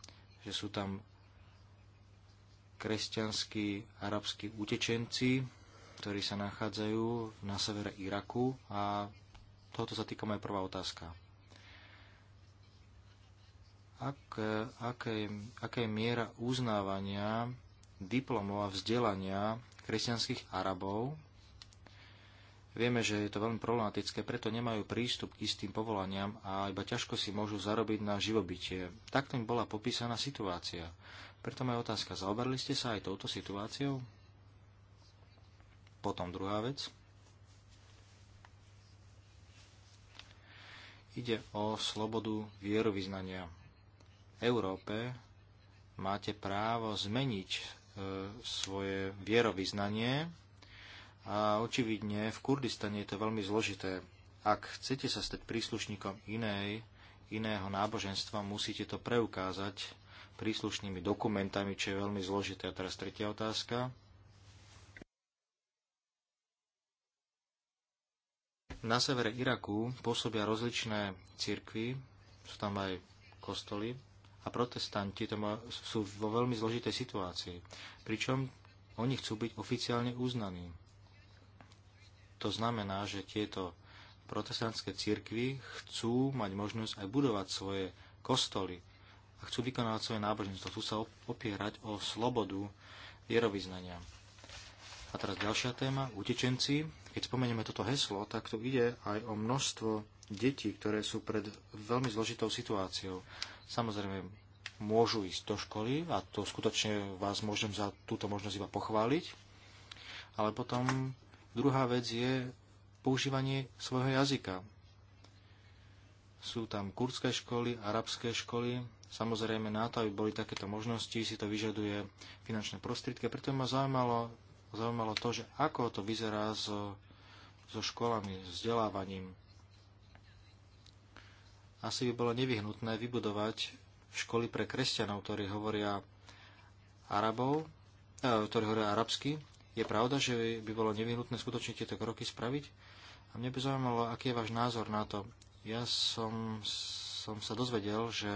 že sú tam kresťanskí arabskí utečenci, ktorí sa nachádzajú na severe Iraku a tohoto sa týka moja prvá otázka ak, aké, aké je miera uznávania diplomov a vzdelania kresťanských Arabov. Vieme, že je to veľmi problematické, preto nemajú prístup k istým povolaniam a iba ťažko si môžu zarobiť na živobytie. Takto im bola popísaná situácia. Preto moja otázka, zaoberali ste sa aj touto situáciou? Potom druhá vec. Ide o slobodu vierovýznania. Európe máte právo zmeniť e, svoje vierovýznanie a očividne v Kurdistane je to veľmi zložité. Ak chcete sa stať príslušníkom inej, iného náboženstva, musíte to preukázať príslušnými dokumentami, čo je veľmi zložité. A teraz tretia otázka. Na severe Iraku pôsobia rozličné cirkvy, sú tam aj kostoly, a protestanti to má, sú vo veľmi zložitej situácii, pričom oni chcú byť oficiálne uznaní. To znamená, že tieto protestantské cirkvy chcú mať možnosť aj budovať svoje kostoly a chcú vykonávať svoje náboženstvo. Chcú sa opierať o slobodu vierovýznania. A teraz ďalšia téma, utečenci. Keď spomenieme toto heslo, tak tu ide aj o množstvo detí, ktoré sú pred veľmi zložitou situáciou. Samozrejme, môžu ísť do školy a to skutočne vás môžem za túto možnosť iba pochváliť. Ale potom druhá vec je používanie svojho jazyka. Sú tam kurdské školy, arabské školy. Samozrejme, na to, aby boli takéto možnosti, si to vyžaduje finančné prostriedky. Preto ma zaujímalo, zaujímalo to, že ako to vyzerá so, so školami, vzdelávaním asi by bolo nevyhnutné vybudovať školy pre kresťanov, ktorí hovoria arabov, e, ktorí hovoria arabsky. Je pravda, že by bolo nevyhnutné skutočne tieto kroky spraviť? A mne by zaujímalo, aký je váš názor na to. Ja som, som sa dozvedel, že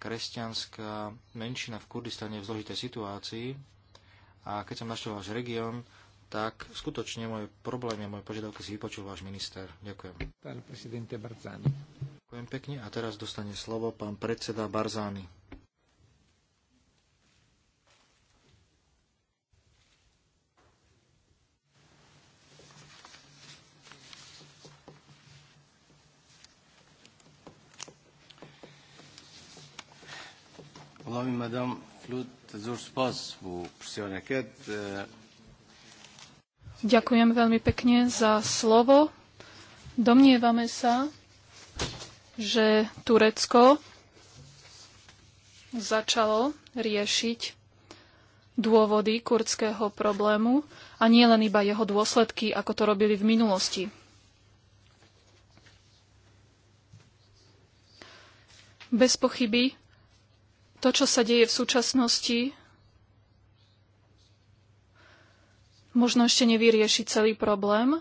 kresťanská menšina v Kurdistane je v zložitej situácii a keď som naštel váš región, tak skutočne moje problémy a moje požiadavky si vypočul váš minister. Ďakujem. Pán prezidente Barzani. Ďakujem pekne a teraz dostane slovo pán predseda Barzani. Barzány. والله مدام فلود تزور سباس بو برسيونكات Ďakujem veľmi pekne za slovo. Domnievame sa, že Turecko začalo riešiť dôvody kurdského problému a nie len iba jeho dôsledky, ako to robili v minulosti. Bez pochyby to, čo sa deje v súčasnosti, možno ešte nevyrieši celý problém,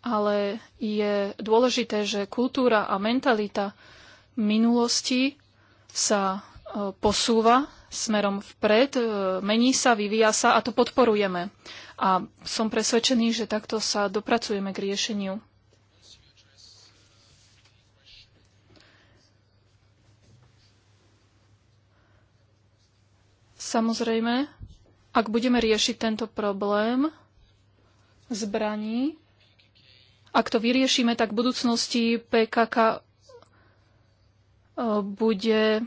ale je dôležité, že kultúra a mentalita minulosti sa e, posúva smerom vpred, e, mení sa, vyvíja sa a to podporujeme. A som presvedčený, že takto sa dopracujeme k riešeniu. Samozrejme, ak budeme riešiť tento problém zbraní, ak to vyriešime, tak v budúcnosti PKK e, bude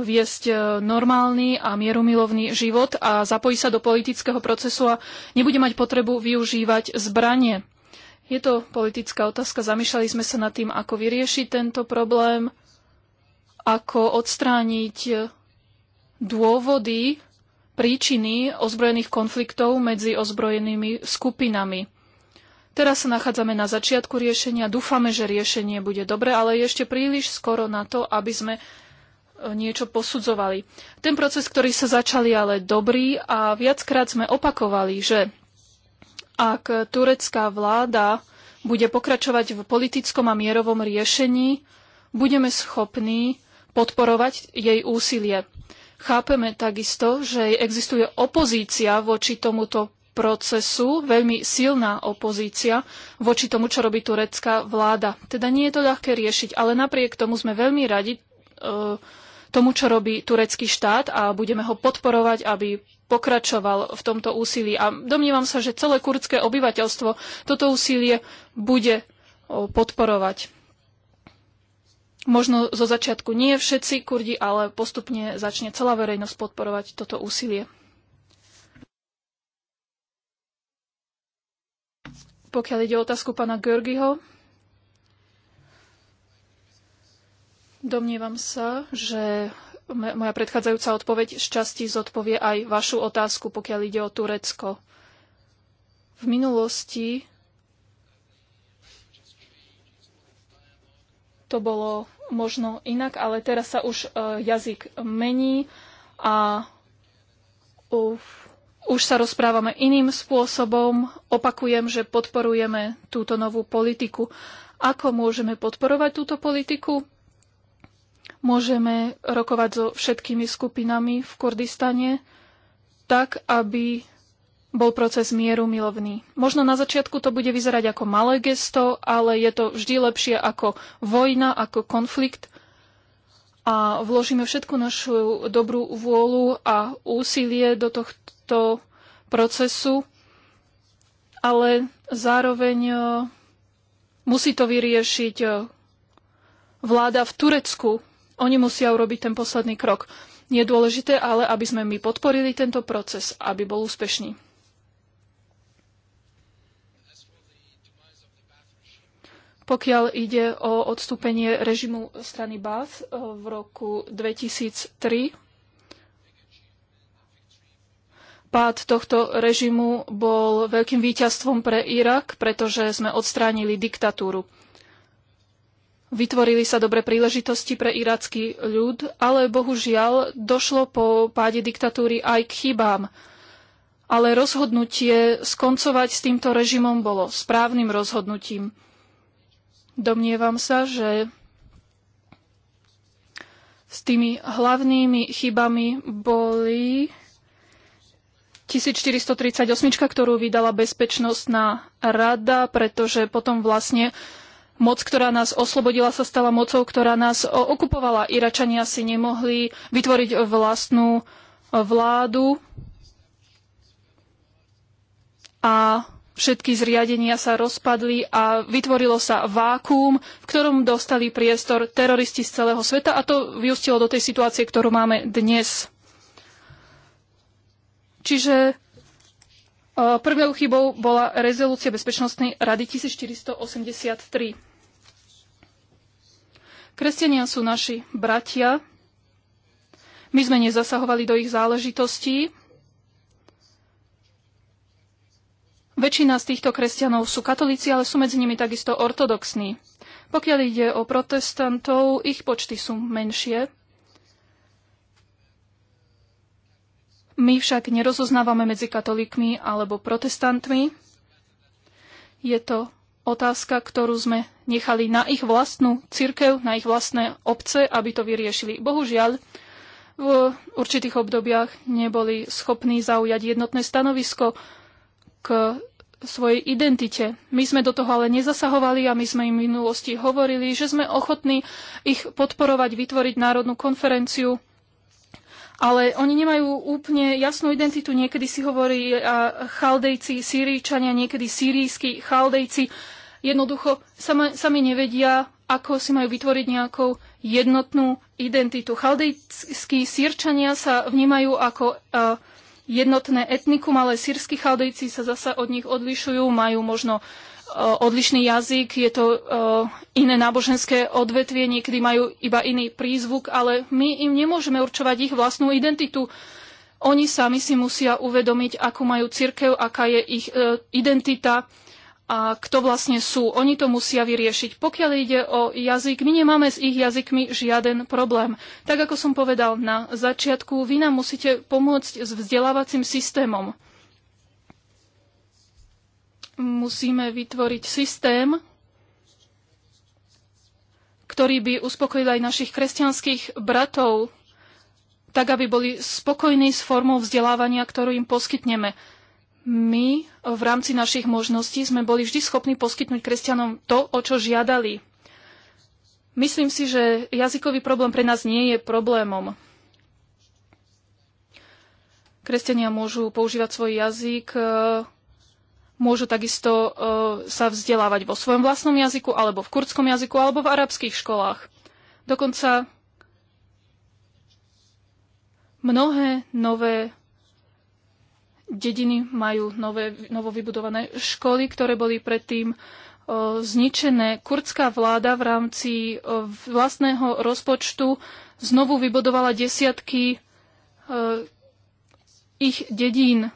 viesť e, normálny a mierumilovný život a zapojí sa do politického procesu a nebude mať potrebu využívať zbranie. Je to politická otázka. Zamýšľali sme sa nad tým, ako vyriešiť tento problém, ako odstrániť dôvody, príčiny ozbrojených konfliktov medzi ozbrojenými skupinami. Teraz sa nachádzame na začiatku riešenia. Dúfame, že riešenie bude dobre, ale je ešte príliš skoro na to, aby sme e, niečo posudzovali. Ten proces, ktorý sa začal je ale dobrý a viackrát sme opakovali, že ak turecká vláda bude pokračovať v politickom a mierovom riešení, budeme schopní podporovať jej úsilie. Chápeme takisto, že existuje opozícia voči tomuto procesu, veľmi silná opozícia voči tomu, čo robí turecká vláda. Teda nie je to ľahké riešiť, ale napriek tomu sme veľmi radi e, tomu, čo robí turecký štát a budeme ho podporovať, aby pokračoval v tomto úsilí. A domnívam sa, že celé kurdské obyvateľstvo toto úsilie bude podporovať. Možno zo začiatku nie všetci Kurdi, ale postupne začne celá verejnosť podporovať toto úsilie. Pokiaľ ide o otázku pána Görgiho, domnievam sa, že moja predchádzajúca odpoveď z časti zodpovie aj vašu otázku, pokiaľ ide o Turecko. V minulosti to bolo možno inak, ale teraz sa už e, jazyk mení a uf, už sa rozprávame iným spôsobom. Opakujem, že podporujeme túto novú politiku. Ako môžeme podporovať túto politiku? Môžeme rokovať so všetkými skupinami v Kurdistane, tak aby bol proces mieru milovný. Možno na začiatku to bude vyzerať ako malé gesto, ale je to vždy lepšie ako vojna, ako konflikt. A vložíme všetku našu dobrú vôľu a úsilie do tohto procesu, ale zároveň e, musí to vyriešiť e, vláda v Turecku. Oni musia urobiť ten posledný krok. Je dôležité ale, aby sme my podporili tento proces, aby bol úspešný. pokiaľ ide o odstúpenie režimu strany Bath eh, v roku 2003. Pád tohto režimu bol veľkým víťazstvom pre Irak, pretože sme odstránili diktatúru. Vytvorili sa dobré príležitosti pre irácky ľud, ale bohužiaľ došlo po páde diktatúry aj k chybám. Ale rozhodnutie skoncovať s týmto režimom bolo správnym rozhodnutím. Domnievam sa, že s tými hlavnými chybami boli 1438, ktorú vydala Bezpečnostná rada, pretože potom vlastne moc, ktorá nás oslobodila, sa stala mocou, ktorá nás okupovala. Iračania si nemohli vytvoriť vlastnú vládu a všetky zriadenia sa rozpadli a vytvorilo sa vákuum, v ktorom dostali priestor teroristi z celého sveta a to vyústilo do tej situácie, ktorú máme dnes. Čiže e, prvou chybou bola rezolúcia Bezpečnostnej rady 1483. Kresťania sú naši bratia. My sme nezasahovali do ich záležitostí Väčšina z týchto kresťanov sú katolíci, ale sú medzi nimi takisto ortodoxní. Pokiaľ ide o protestantov, ich počty sú menšie. My však nerozoznávame medzi katolíkmi alebo protestantmi. Je to otázka, ktorú sme nechali na ich vlastnú cirkev, na ich vlastné obce, aby to vyriešili. Bohužiaľ, v určitých obdobiach neboli schopní zaujať jednotné stanovisko, k svojej identite. My sme do toho ale nezasahovali a my sme im v minulosti hovorili, že sme ochotní ich podporovať, vytvoriť národnú konferenciu, ale oni nemajú úplne jasnú identitu. Niekedy si hovorí chaldejci, síríčania, niekedy sírijskí chaldejci. Jednoducho sami, sami nevedia, ako si majú vytvoriť nejakú jednotnú identitu. Chaldejskí sírčania sa vnímajú ako uh, jednotné etnikum, ale sírsky chaldejci sa zasa od nich odlišujú, majú možno eh, odlišný jazyk, je to eh, iné náboženské odvetvie, niekedy majú iba iný prízvuk, ale my im nemôžeme určovať ich vlastnú identitu. Oni sami si musia uvedomiť, akú majú cirkev, aká je ich eh, identita, a kto vlastne sú. Oni to musia vyriešiť. Pokiaľ ide o jazyk, my nemáme s ich jazykmi žiaden problém. Tak ako som povedal na začiatku, vy nám musíte pomôcť s vzdelávacím systémom. Musíme vytvoriť systém, ktorý by uspokojil aj našich kresťanských bratov, tak aby boli spokojní s formou vzdelávania, ktorú im poskytneme. My v rámci našich možností sme boli vždy schopní poskytnúť kresťanom to, o čo žiadali. Myslím si, že jazykový problém pre nás nie je problémom. Kresťania môžu používať svoj jazyk, e, môžu takisto e, sa vzdelávať vo svojom vlastnom jazyku, alebo v kurdskom jazyku, alebo v arabských školách. Dokonca mnohé nové dediny majú nové, novovybudované školy, ktoré boli predtým zničené. Kurdská vláda v rámci vlastného rozpočtu znovu vybudovala desiatky ich dedín.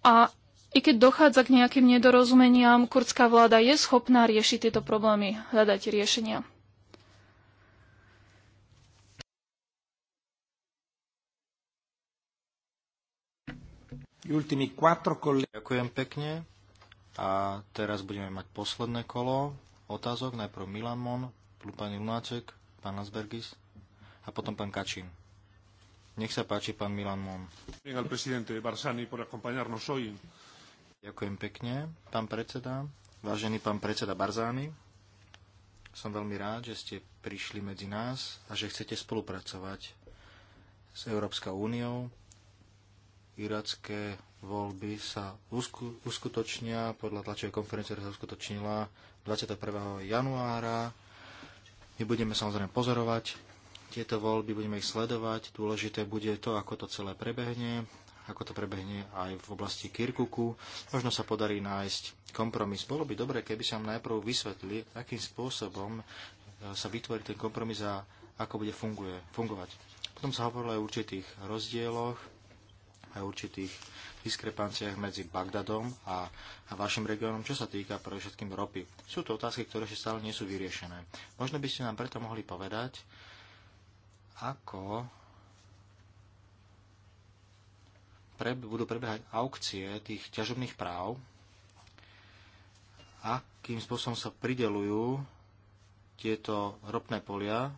A i keď dochádza k nejakým nedorozumeniam, kurdská vláda je schopná riešiť tieto problémy, hľadať riešenia. Ďakujem pekne. A teraz budeme mať posledné kolo otázok. Najprv Milan Mon, pani Lunáček, pán Asbergis a potom pán Kačín. Nech sa páči, pán Milan Mon. Ďakujem pekne, pán predseda. Vážený pán predseda Barzány, som veľmi rád, že ste prišli medzi nás a že chcete spolupracovať s Európskou úniou iracké voľby sa uskutočnia podľa tlačovej konferencie, ktorá sa uskutočnila 21. januára. My budeme samozrejme pozorovať tieto voľby, budeme ich sledovať. Dôležité bude to, ako to celé prebehne, ako to prebehne aj v oblasti Kirkuku. Možno sa podarí nájsť kompromis. Bolo by dobre, keby sa najprv vysvetli, akým spôsobom e, sa vytvorí ten kompromis a ako bude funguje, fungovať. Potom sa hovorilo aj o určitých rozdieloch aj určitých diskrepanciách medzi Bagdadom a, vašim regiónom, čo sa týka pre všetkým ropy. Sú to otázky, ktoré ešte stále nie sú vyriešené. Možno by ste nám preto mohli povedať, ako pre, budú prebiehať aukcie tých ťažobných práv, akým spôsobom sa pridelujú tieto ropné polia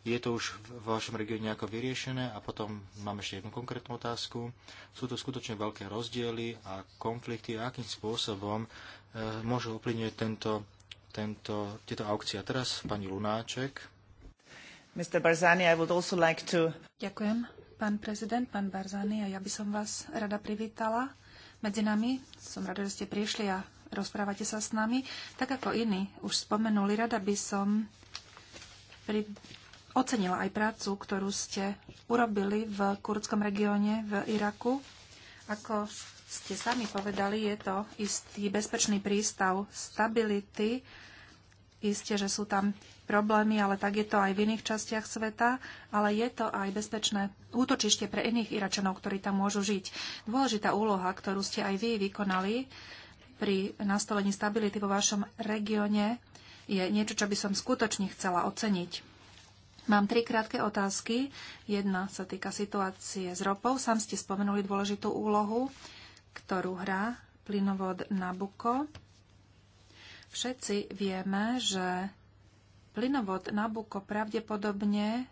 je to už v vašom regióne nejako vyriešené? A potom mám ešte jednu konkrétnu otázku. Sú to skutočne veľké rozdiely a konflikty a akým spôsobom e, môžu ovplyvniť tento, tento, tieto aukcie? A teraz pani Lunáček. Mr. Barzani, I would also like to... Ďakujem, pán prezident, pán Barzani, a ja by som vás rada privítala medzi nami. Som rada, že ste prišli a rozprávate sa s nami. Tak ako iní už spomenuli, rada by som pri, ocenila aj prácu, ktorú ste urobili v kurdskom regióne v Iraku. Ako ste sami povedali, je to istý bezpečný prístav stability. Isté, že sú tam problémy, ale tak je to aj v iných častiach sveta, ale je to aj bezpečné útočište pre iných Iračanov, ktorí tam môžu žiť. Dôležitá úloha, ktorú ste aj vy vykonali pri nastolení stability vo vašom regióne, je niečo, čo by som skutočne chcela oceniť. Mám tri krátke otázky. Jedna sa týka situácie s ropou. Sám ste spomenuli dôležitú úlohu, ktorú hrá plynovod Nabuko. Všetci vieme, že plynovod Nabuko pravdepodobne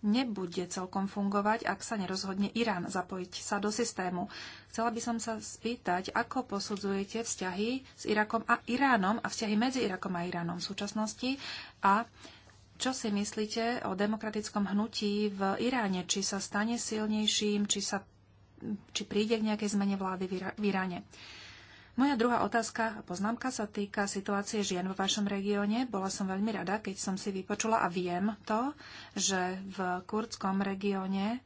nebude celkom fungovať, ak sa nerozhodne Irán zapojiť sa do systému. Chcela by som sa spýtať, ako posudzujete vzťahy s Irakom a Iránom a vzťahy medzi Irakom a Iránom v súčasnosti a čo si myslíte o demokratickom hnutí v Iráne? Či sa stane silnejším, či, sa, či príde k nejakej zmene vlády v Iráne? Moja druhá otázka a poznámka sa týka situácie žien v vašom regióne. Bola som veľmi rada, keď som si vypočula a viem to, že v kurdskom regióne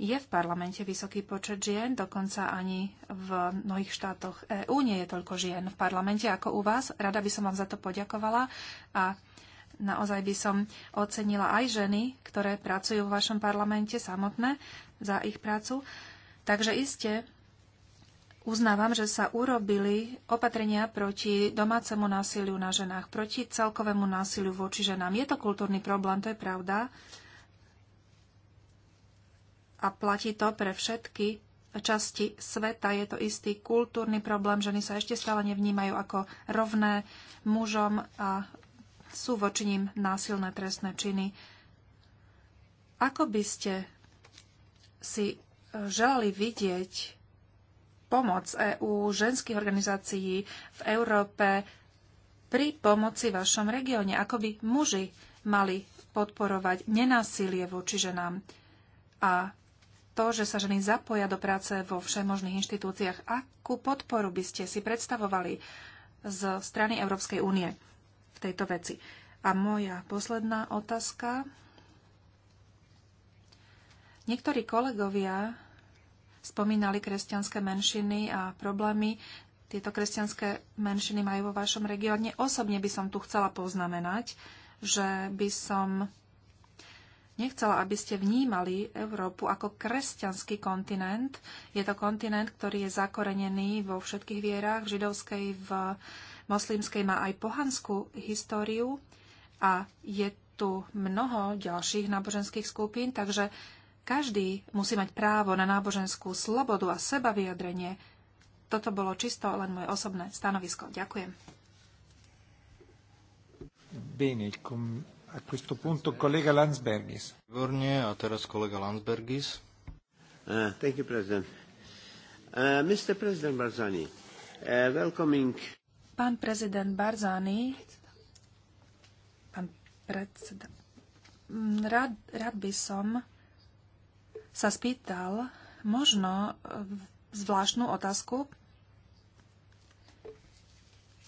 je v parlamente vysoký počet žien, dokonca ani v mnohých štátoch EÚ nie je toľko žien v parlamente ako u vás. Rada by som vám za to poďakovala a naozaj by som ocenila aj ženy, ktoré pracujú v vašom parlamente samotné za ich prácu. Takže iste uznávam, že sa urobili opatrenia proti domácemu násiliu na ženách, proti celkovému násiliu voči ženám. Je to kultúrny problém, to je pravda. A platí to pre všetky časti sveta. Je to istý kultúrny problém. Ženy sa ešte stále nevnímajú ako rovné mužom a sú voči ním násilné trestné činy. Ako by ste si e, želali vidieť pomoc EÚ, ženských organizácií v Európe pri pomoci vašom regióne? Ako by muži mali podporovať nenásilie voči ženám a to, že sa ženy zapoja do práce vo všemožných inštitúciách. Akú podporu by ste si predstavovali z strany Európskej únie? v tejto veci. A moja posledná otázka. Niektorí kolegovia spomínali kresťanské menšiny a problémy. Tieto kresťanské menšiny majú vo vašom regióne. Osobne by som tu chcela poznamenať, že by som nechcela, aby ste vnímali Európu ako kresťanský kontinent. Je to kontinent, ktorý je zakorenený vo všetkých vierách, v židovskej, v moslimskej má aj pohanskú históriu a je tu mnoho ďalších náboženských skupín, takže každý musí mať právo na náboženskú slobodu a seba vyjadrenie. Toto bolo čisto len moje osobné stanovisko. Ďakujem. Bene, com, a questo punto kolega Landsbergis. Výborne, a teraz kolega Landsbergis. Uh, thank you, President. Uh, eh, Mr. President Barzani, uh, welcoming... Pán prezident Barzány, pán predseda, mm, rád, rád by som sa spýtal možno zvláštnu otázku.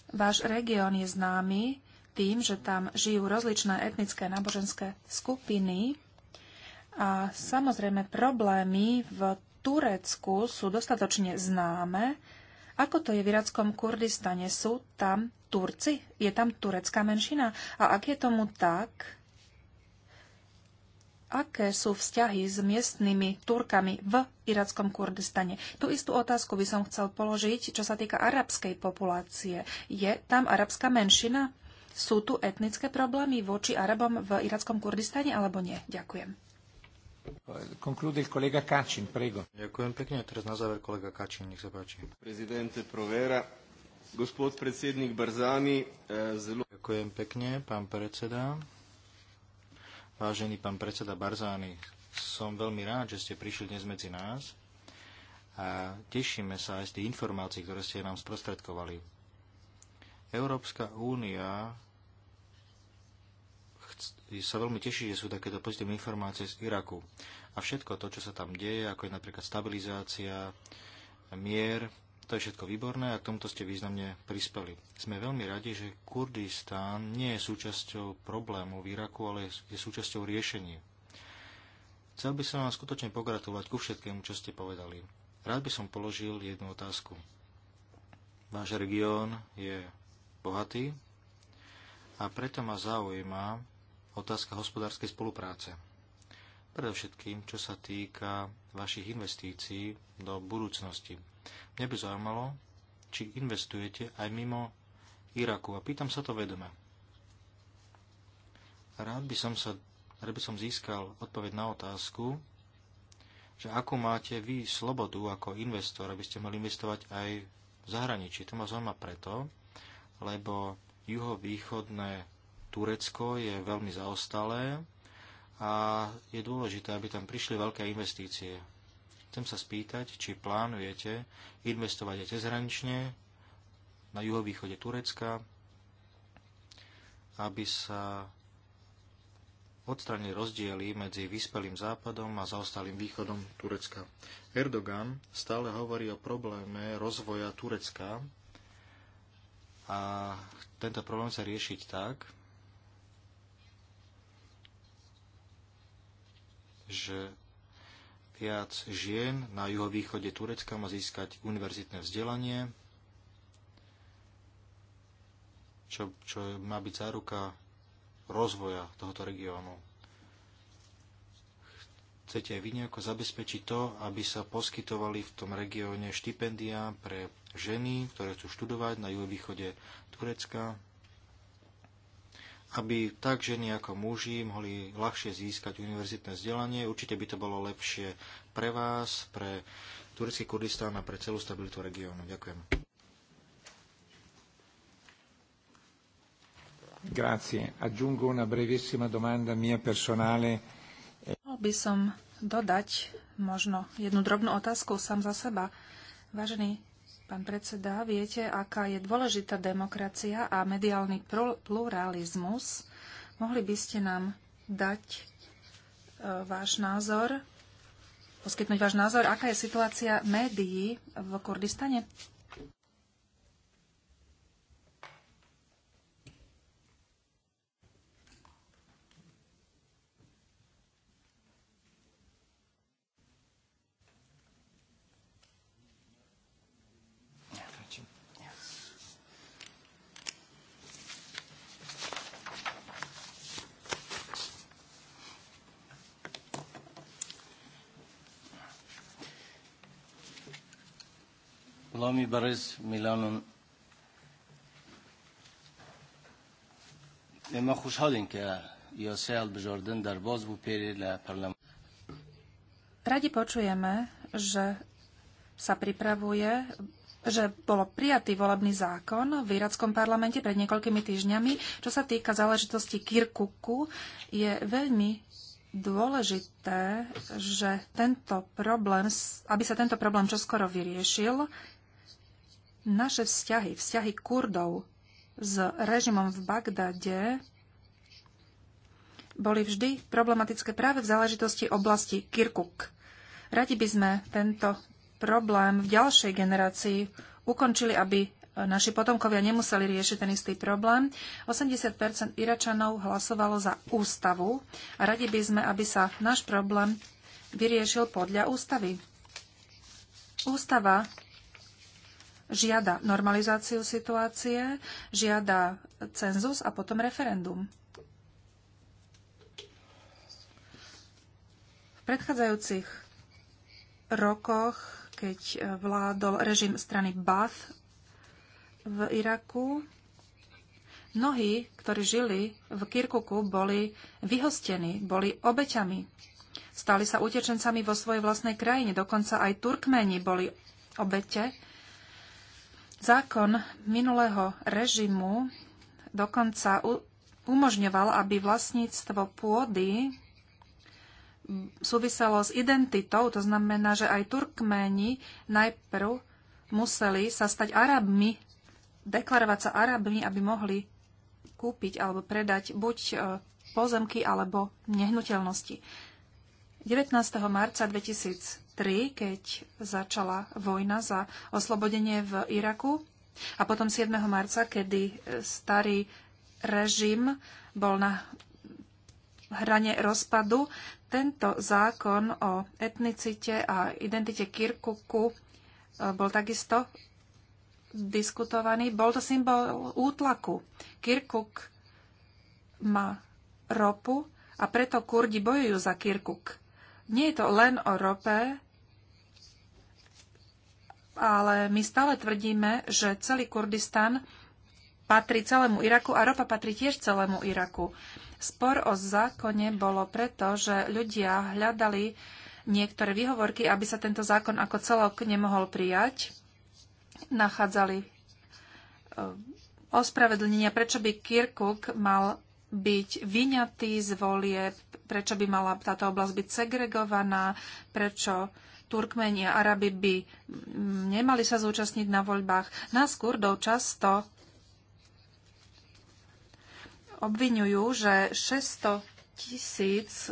Váš región je známy tým, že tam žijú rozličné etnické náboženské skupiny a samozrejme problémy v Turecku sú dostatočne známe ako to je v irackom Kurdistane? Sú tam Turci? Je tam turecká menšina? A ak je tomu tak, aké sú vzťahy s miestnymi Turkami v irackom Kurdistane. Tú istú otázku by som chcel položiť, čo sa týka arabskej populácie. Je tam arabská menšina? Sú tu etnické problémy voči Arabom v irackom Kurdistane alebo nie? Ďakujem. Konklúde kolega Kačin, prego. Ďakujem pekne. A teraz na záver kolega Kačin, nech sa páči. Prezidente Provera, gospod predsednik Barzani, e, zelo... Ďakujem pekne, pán predseda. Vážený pán predseda Barzány, som veľmi rád, že ste prišli dnes medzi nás a tešíme sa aj z tých informácií, ktoré ste nám sprostredkovali. Európska únia sa veľmi teší, že sú takéto pozitívne informácie z Iraku. A všetko to, čo sa tam deje, ako je napríklad stabilizácia, mier, to je všetko výborné a k tomuto ste významne prispeli. Sme veľmi radi, že Kurdistán nie je súčasťou problému v Iraku, ale je súčasťou riešení. Chcel by som vám skutočne pogratulovať ku všetkému, čo ste povedali. Rád by som položil jednu otázku. Váš región je bohatý a preto ma zaujíma, otázka hospodárskej spolupráce. Predovšetkým, čo sa týka vašich investícií do budúcnosti. Mne by zaujímalo, či investujete aj mimo Iraku. A pýtam sa to vedome. Rád by som, sa, rád by som získal odpoveď na otázku, že ako máte vy slobodu ako investor, aby ste mali investovať aj v zahraničí. To ma zaujíma preto, lebo juhovýchodné Turecko je veľmi zaostalé a je dôležité, aby tam prišli veľké investície. Chcem sa spýtať, či plánujete investovať aj cezhranične na juhovýchode Turecka, aby sa odstranili rozdiely medzi vyspelým západom a zaostalým východom Turecka. Erdogan stále hovorí o probléme rozvoja Turecka a tento problém sa riešiť tak, že viac žien na juhovýchode Turecka má získať univerzitné vzdelanie, čo, čo má byť záruka rozvoja tohoto regiónu. Chcete aj vy nejako zabezpečiť to, aby sa poskytovali v tom regióne štipendia pre ženy, ktoré chcú študovať na juhovýchode Turecka, aby tak ženy ako muži mohli ľahšie získať univerzitné vzdelanie. Určite by to bolo lepšie pre vás, pre turecký Kurdistán a pre celú stabilitu regiónu. Ďakujem. Grazie. Aggiungo una brevissima domanda mia personale. Mal by som dodať možno jednu drobnú otázku sám za seba. Vážený Pán predseda, viete, aká je dôležitá demokracia a mediálny pluralizmus. Mohli by ste nám dať e, váš názor, poskytnúť váš názor, aká je situácia médií v Kurdistane? Milanon. که یاسه البجاردن در باز بو پیری لپرلمان. Radi počujeme, že sa pripravuje že bolo prijatý volebný zákon v irackom parlamente pred niekoľkými týždňami. Čo sa týka záležitosti Kirkuku, je veľmi dôležité, že tento problém, aby sa tento problém čoskoro vyriešil, naše vzťahy, vzťahy Kurdov s režimom v Bagdade boli vždy problematické práve v záležitosti oblasti Kirkuk. Radi by sme tento problém v ďalšej generácii ukončili, aby naši potomkovia nemuseli riešiť ten istý problém. 80 Iračanov hlasovalo za ústavu a radi by sme, aby sa náš problém vyriešil podľa ústavy. Ústava žiada normalizáciu situácie, žiada cenzus a potom referendum. V predchádzajúcich rokoch, keď vládol režim strany Bath v Iraku, mnohí, ktorí žili v Kirkuku, boli vyhostení, boli obeťami. Stali sa utečencami vo svojej vlastnej krajine. Dokonca aj Turkmeni boli obete Zákon minulého režimu dokonca umožňoval, aby vlastníctvo pôdy súviselo s identitou, to znamená, že aj Turkméni najprv museli sa stať Arabmi, deklarovať sa Arabmi, aby mohli kúpiť alebo predať buď e, pozemky alebo nehnuteľnosti. 19. marca 2003, keď začala vojna za oslobodenie v Iraku a potom 7. marca, kedy starý režim bol na hrane rozpadu, tento zákon o etnicite a identite Kirkuku e, bol takisto diskutovaný. Bol to symbol útlaku. Kirkuk má ropu a preto Kurdi bojujú za Kirkuk nie je to len o rope, ale my stále tvrdíme, že celý Kurdistan patrí celému Iraku a ropa patrí tiež celému Iraku. Spor o zákone bolo preto, že ľudia hľadali niektoré výhovorky, aby sa tento zákon ako celok nemohol prijať. Nachádzali eh, ospravedlnenia, prečo by Kirkuk mal byť vyňatý z volie, prečo by mala táto oblasť byť segregovaná, prečo Turkmeni a Arabi by mm, nemali sa zúčastniť na voľbách. Nás Kurdov často obvinujú, že 600 tisíc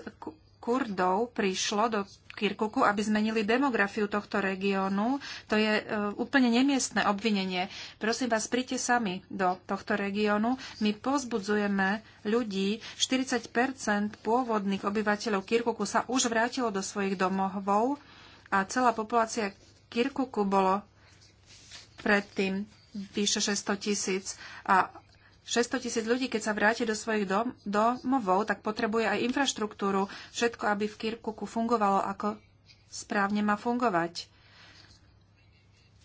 Kurdov prišlo do Kirkuku, aby zmenili demografiu tohto regiónu. To je e, úplne nemiestne obvinenie. Prosím vás, príďte sami do tohto regiónu. My pozbudzujeme ľudí. 40 pôvodných obyvateľov Kirkuku sa už vrátilo do svojich domovov a celá populácia Kirkuku bolo predtým vyše 600 tisíc a 600 tisíc ľudí, keď sa vráti do svojich dom- domovov, tak potrebuje aj infraštruktúru, všetko, aby v Kirkuku fungovalo, ako správne má fungovať.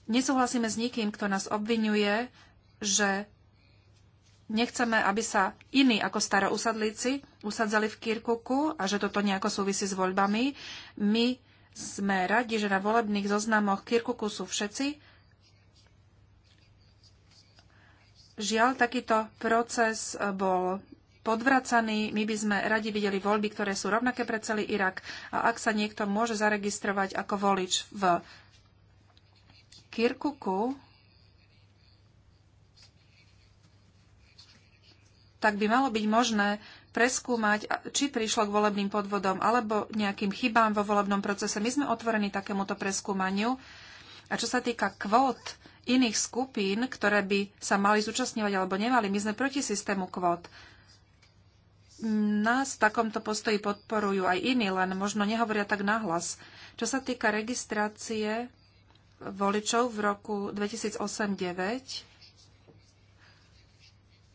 Nesúhlasíme s nikým, kto nás obvinuje, že nechceme, aby sa iní ako starousadlíci usadzali v Kirkuku a že toto nejako súvisí s voľbami. My sme radi, že na volebných zoznamoch Kirkuku sú všetci Žiaľ, takýto proces e, bol podvracaný. My by sme radi videli voľby, ktoré sú rovnaké pre celý Irak. A ak sa niekto môže zaregistrovať ako volič v Kirkuku, tak by malo byť možné preskúmať, či prišlo k volebným podvodom alebo nejakým chybám vo volebnom procese. My sme otvorení takémuto preskúmaniu. A čo sa týka kvót, iných skupín, ktoré by sa mali zúčastňovať alebo nemali. My sme proti systému kvót. Nás v takomto postoji podporujú aj iní, len možno nehovoria tak nahlas. Čo sa týka registrácie voličov v roku 2008-2009,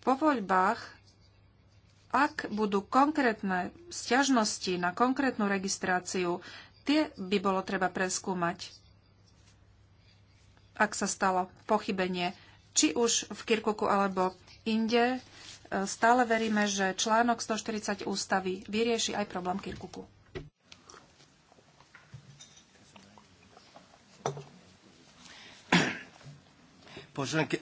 po voľbách, ak budú konkrétne stiažnosti na konkrétnu registráciu, tie by bolo treba preskúmať ak sa stalo pochybenie, či už v Kirkuku alebo inde, e, stále veríme, že článok 140 ústavy vyrieši aj problém Kirkuku. Kirkuk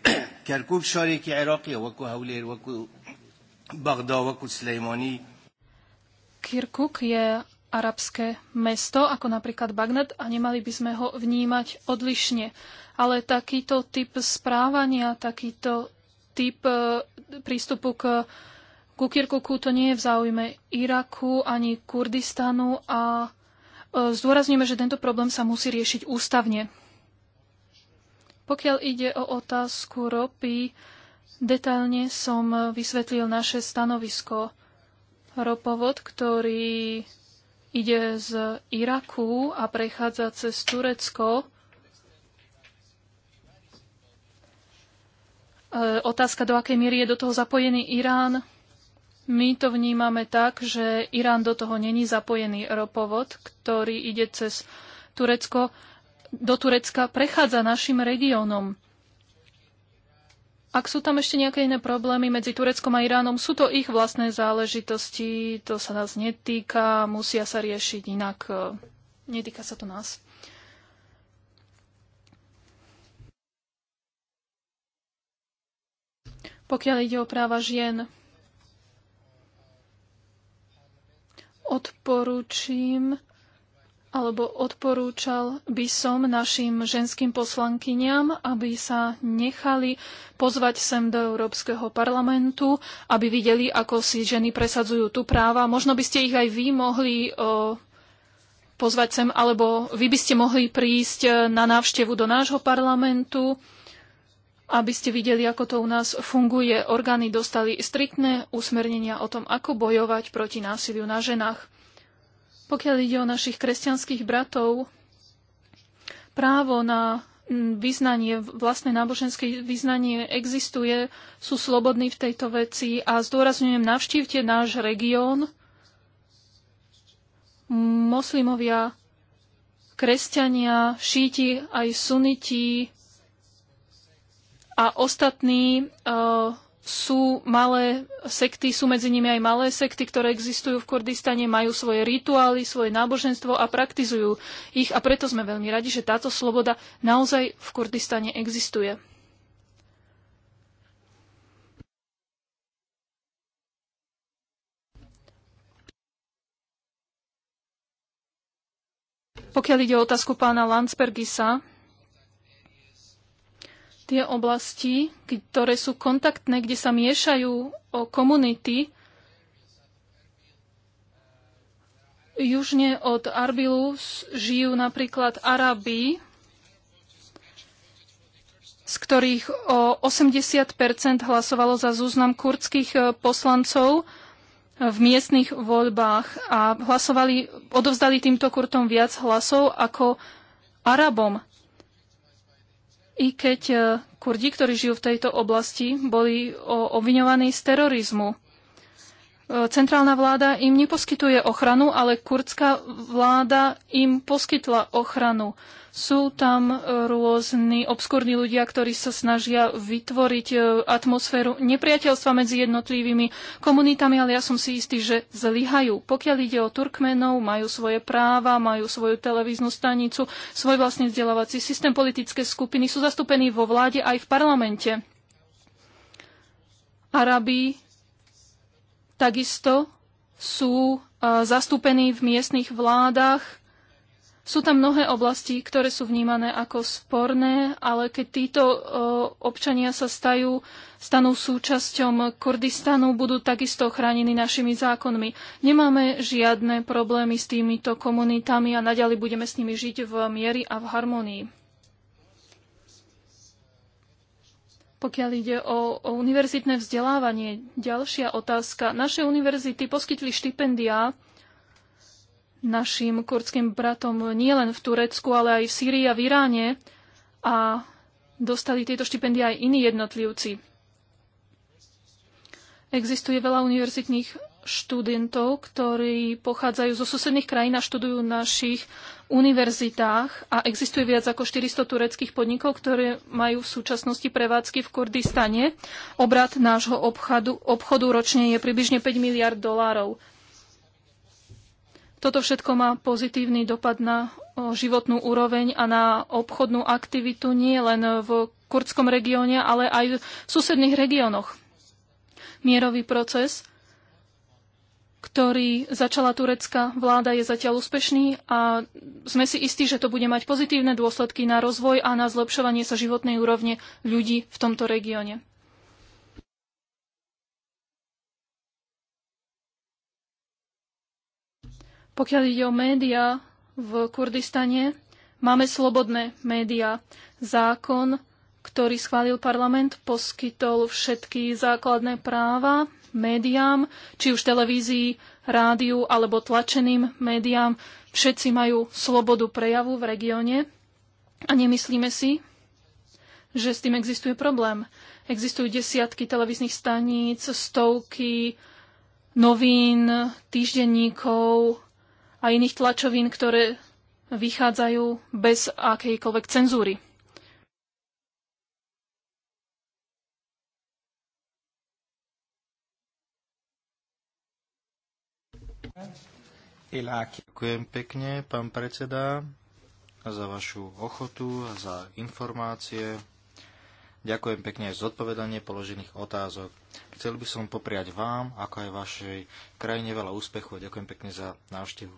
je arabské mesto, ako napríklad Bagdad, a nemali by sme ho vnímať odlišne. Ale takýto typ správania, takýto typ e, prístupu k Kukirkuku Kirkuku to nie je v záujme Iraku ani Kurdistanu a e, zdôrazníme, že tento problém sa musí riešiť ústavne. Pokiaľ ide o otázku ropy, detailne som vysvetlil naše stanovisko. Ropovod, ktorý ide z Iraku a prechádza cez Turecko. E, otázka, do akej miery je do toho zapojený Irán. My to vnímame tak, že Irán do toho není zapojený ropovod, ktorý ide cez Turecko. Do Turecka prechádza našim regiónom. Ak sú tam ešte nejaké iné problémy medzi Tureckom a Iránom, sú to ich vlastné záležitosti, to sa nás netýka, musia sa riešiť inak. E, netýka sa to nás. Pokiaľ ide o práva žien, odporúčim, alebo odporúčal by som našim ženským poslankyňam, aby sa nechali pozvať sem do Európskeho parlamentu, aby videli, ako si ženy presadzujú tu práva. Možno by ste ich aj vy mohli o, pozvať sem, alebo vy by ste mohli prísť e, na návštevu do nášho parlamentu, aby ste videli, ako to u nás funguje. Orgány dostali striktné usmernenia o tom, ako bojovať proti násiliu na ženách. Pokiaľ ide o našich kresťanských bratov, právo na mm, vyznanie, vlastné náboženské vyznanie existuje, sú slobodní v tejto veci a zdôrazňujem, navštívte náš región. Moslimovia, kresťania, šíti aj suniti a ostatní uh, sú malé sekty, sú medzi nimi aj malé sekty, ktoré existujú v Kurdistane, majú svoje rituály, svoje náboženstvo a praktizujú ich a preto sme veľmi radi, že táto sloboda naozaj v Kurdistane existuje. Pokiaľ ide o otázku pána Landsbergisa, tie oblasti, ktoré sú kontaktné, kde sa miešajú komunity, Južne od Arbilu žijú napríklad Arabi, z ktorých o 80 hlasovalo za zúznam kurdských e, poslancov v miestnych voľbách a hlasovali, odovzdali týmto Kurtom viac hlasov ako Arabom i keď eh, Kurdi, ktorí žijú v tejto oblasti, boli obviňovaní z terorizmu. Centrálna vláda im neposkytuje ochranu, ale kurdská vláda im poskytla ochranu. Sú tam e, rôzni obskúrni ľudia, ktorí sa snažia vytvoriť e, atmosféru nepriateľstva medzi jednotlivými komunitami, ale ja som si istý, že zlyhajú. Pokiaľ ide o Turkmenov, majú svoje práva, majú svoju televíznu stanicu, svoj vlastný vzdelávací systém, politické skupiny sú zastúpení vo vláde aj v parlamente. Arabi Takisto sú e, zastúpení v miestnych vládach. Sú tam mnohé oblasti, ktoré sú vnímané ako sporné, ale keď títo e, občania sa stajú, stanú súčasťom Kurdistanu, budú takisto chránení našimi zákonmi. Nemáme žiadne problémy s týmito komunitami a naďali budeme s nimi žiť v miery a v harmonii. pokiaľ ide o, o univerzitné vzdelávanie. Ďalšia otázka. Naše univerzity poskytli štipendia našim kurdským bratom nielen v Turecku, ale aj v Sýrii a v Iráne a dostali tieto štipendia aj iní jednotlivci. Existuje veľa univerzitných študentov, ktorí pochádzajú zo susedných krajín a študujú našich univerzitách a existuje viac ako 400 tureckých podnikov, ktoré majú v súčasnosti prevádzky v Kurdistane. Obrat nášho obchodu, obchodu ročne je približne 5 miliard dolárov. Toto všetko má pozitívny dopad na životnú úroveň a na obchodnú aktivitu nie len v kurdskom regióne, ale aj v susedných regiónoch. Mierový proces ktorý začala turecká vláda, je zatiaľ úspešný a sme si istí, že to bude mať pozitívne dôsledky na rozvoj a na zlepšovanie sa životnej úrovne ľudí v tomto regióne. Pokiaľ ide o médiá v Kurdistane, máme slobodné médiá. Zákon, ktorý schválil parlament, poskytol všetky základné práva médiám, či už televízii, rádiu alebo tlačeným médiám. Všetci majú slobodu prejavu v regióne a nemyslíme si, že s tým existuje problém. Existujú desiatky televíznych staníc, stovky novín, týždenníkov a iných tlačovín, ktoré vychádzajú bez akejkoľvek cenzúry. Ďakujem pekne, pán predseda, za vašu ochotu a za informácie. Ďakujem pekne aj zodpovedanie položených otázok. Chcel by som popriať vám, ako aj vašej krajine veľa úspechu a ďakujem pekne za návštevu.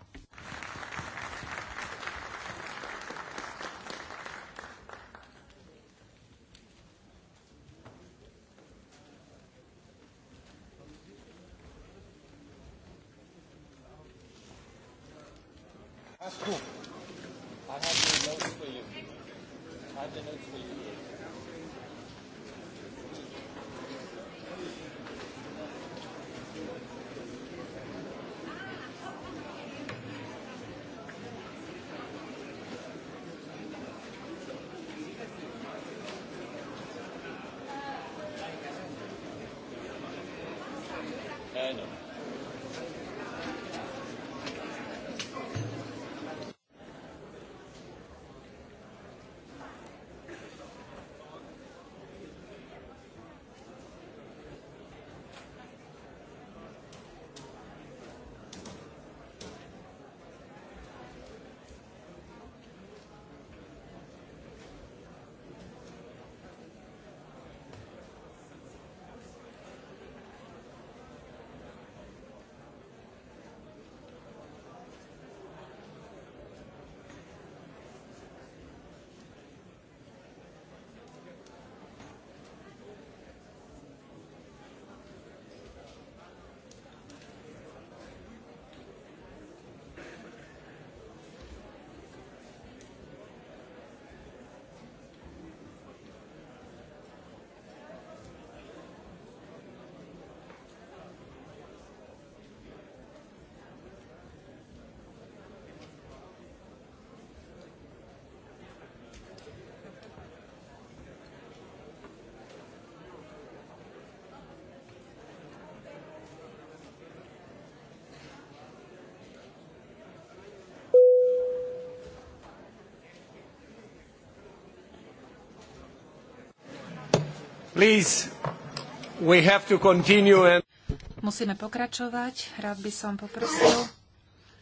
Musíme pokračovať. Rád by som poprosil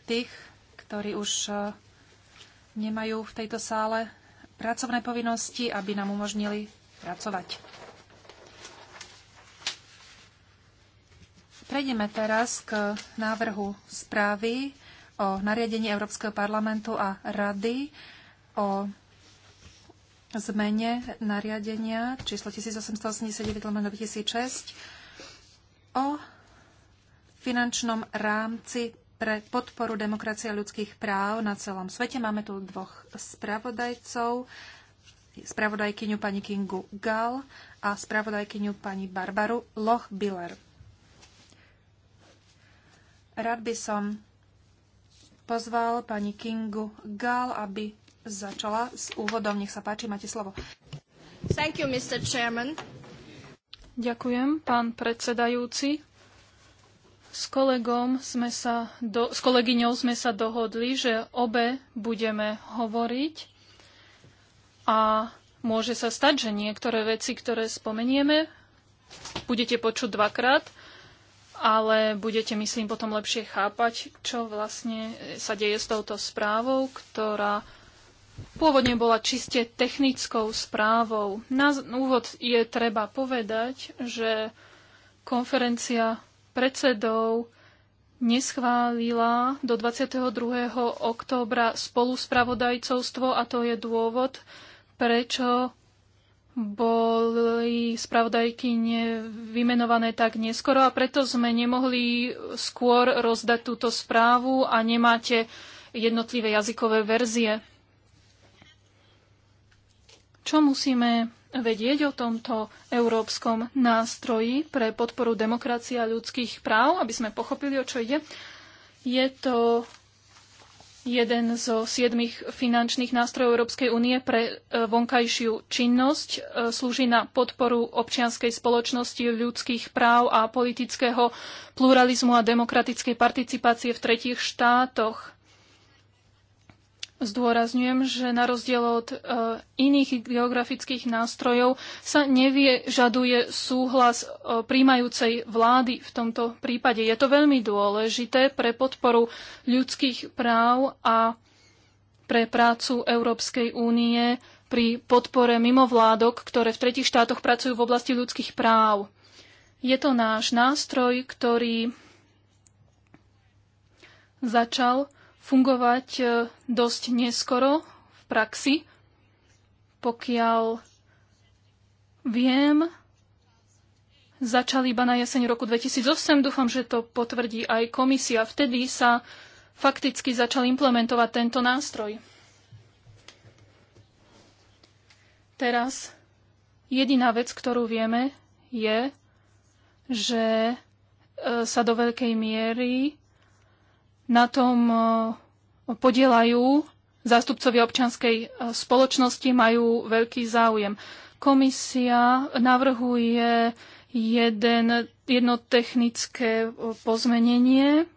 tých, ktorí už eh, nemajú v tejto sále pracovné povinnosti, aby nám umožnili pracovať. Prejdeme teraz k návrhu správy o nariadení Európskeho parlamentu a rady o zmene nariadenia číslo 1889-2006 o finančnom rámci pre podporu demokracie a ľudských práv na celom svete. Máme tu dvoch spravodajcov, spravodajkyňu pani Kingu Gal a spravodajkyňu pani Barbaru Loch-Biller. Rád by som pozval pani Kingu Gal, aby začala s úvodom. Nech sa páči, máte slovo. Thank you, Mr. Chairman. Ďakujem, pán predsedajúci. S kolegom sme sa do, s kolegyňou sme sa dohodli, že obe budeme hovoriť a môže sa stať, že niektoré veci, ktoré spomenieme, budete počuť dvakrát, ale budete, myslím, potom lepšie chápať, čo vlastne sa deje s touto správou, ktorá pôvodne bola čiste technickou správou. Na úvod je treba povedať, že konferencia predsedov neschválila do 22. októbra spoluspravodajcovstvo a to je dôvod, prečo boli spravodajky vymenované tak neskoro a preto sme nemohli skôr rozdať túto správu a nemáte jednotlivé jazykové verzie. Čo musíme vedieť o tomto európskom nástroji pre podporu demokracie a ľudských práv, aby sme pochopili, o čo ide? Je to jeden zo siedmých finančných nástrojov Európskej únie pre e, vonkajšiu činnosť. E, slúži na podporu občianskej spoločnosti, ľudských práv a politického pluralizmu a demokratickej participácie v tretích štátoch. Zdôrazňujem, že na rozdiel od e, iných geografických nástrojov sa nevyžaduje súhlas e, príjmajúcej vlády v tomto prípade. Je to veľmi dôležité pre podporu ľudských práv a pre prácu Európskej únie pri podpore mimovládok, ktoré v tretich štátoch pracujú v oblasti ľudských práv. Je to náš nástroj, ktorý začal fungovať e, dosť neskoro v praxi. Pokiaľ viem, začali iba na jeseň roku 2008. Dúfam, že to potvrdí aj komisia. Vtedy sa fakticky začal implementovať tento nástroj. Teraz jediná vec, ktorú vieme, je, že e, sa do veľkej miery na tom e, podielajú zástupcovia občianskej e, spoločnosti, majú veľký záujem. Komisia navrhuje jeden, jedno technické e, pozmenenie,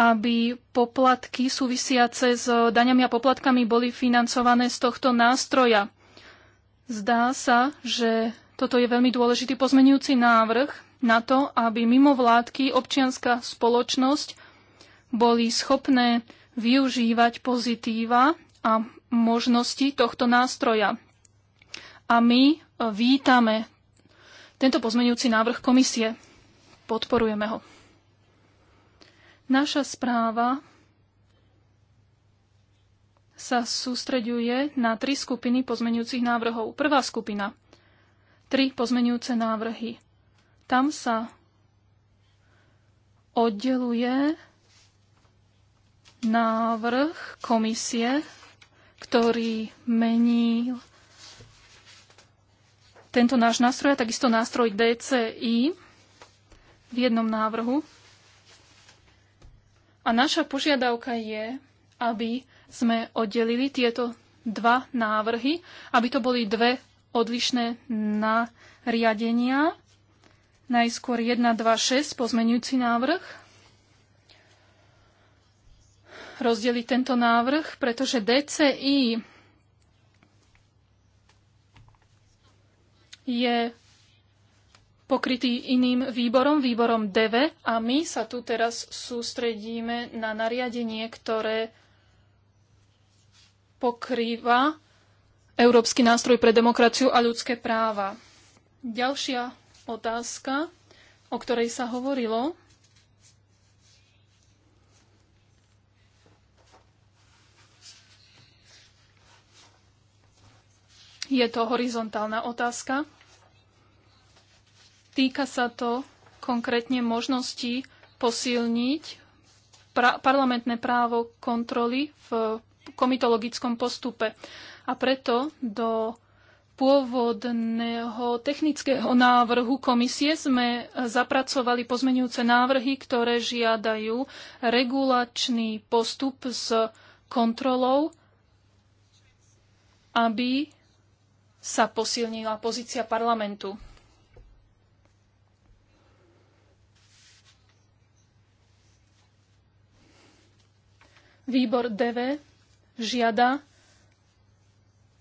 aby poplatky súvisiace s daňami a poplatkami boli financované z tohto nástroja. Zdá sa, že toto je veľmi dôležitý pozmenujúci návrh na to, aby mimovládky, občianská spoločnosť boli schopné využívať pozitíva a možnosti tohto nástroja. A my e, vítame tento pozmeňujúci návrh komisie. Podporujeme ho. Naša správa sa sústreďuje na tri skupiny pozmeňujúcich návrhov. Prvá skupina. Tri pozmeňujúce návrhy. Tam sa oddeluje návrh komisie, ktorý menil tento náš nástroj a takisto nástroj DCI v jednom návrhu. A naša požiadavka je, aby sme oddelili tieto dva návrhy, aby to boli dve odlišné nariadenia. Najskôr 1.2.6 pozmenujúci návrh rozdeliť tento návrh, pretože DCI je pokrytý iným výborom, výborom DEVE a my sa tu teraz sústredíme na nariadenie, ktoré pokrýva Európsky nástroj pre demokraciu a ľudské práva. Ďalšia otázka, o ktorej sa hovorilo, Je to horizontálna otázka. Týka sa to konkrétne možnosti posilniť pra- parlamentné právo kontroly v komitologickom postupe. A preto do pôvodného technického návrhu komisie sme zapracovali pozmenujúce návrhy, ktoré žiadajú regulačný postup s kontrolou, aby sa posilnila pozícia parlamentu. Výbor DV žiada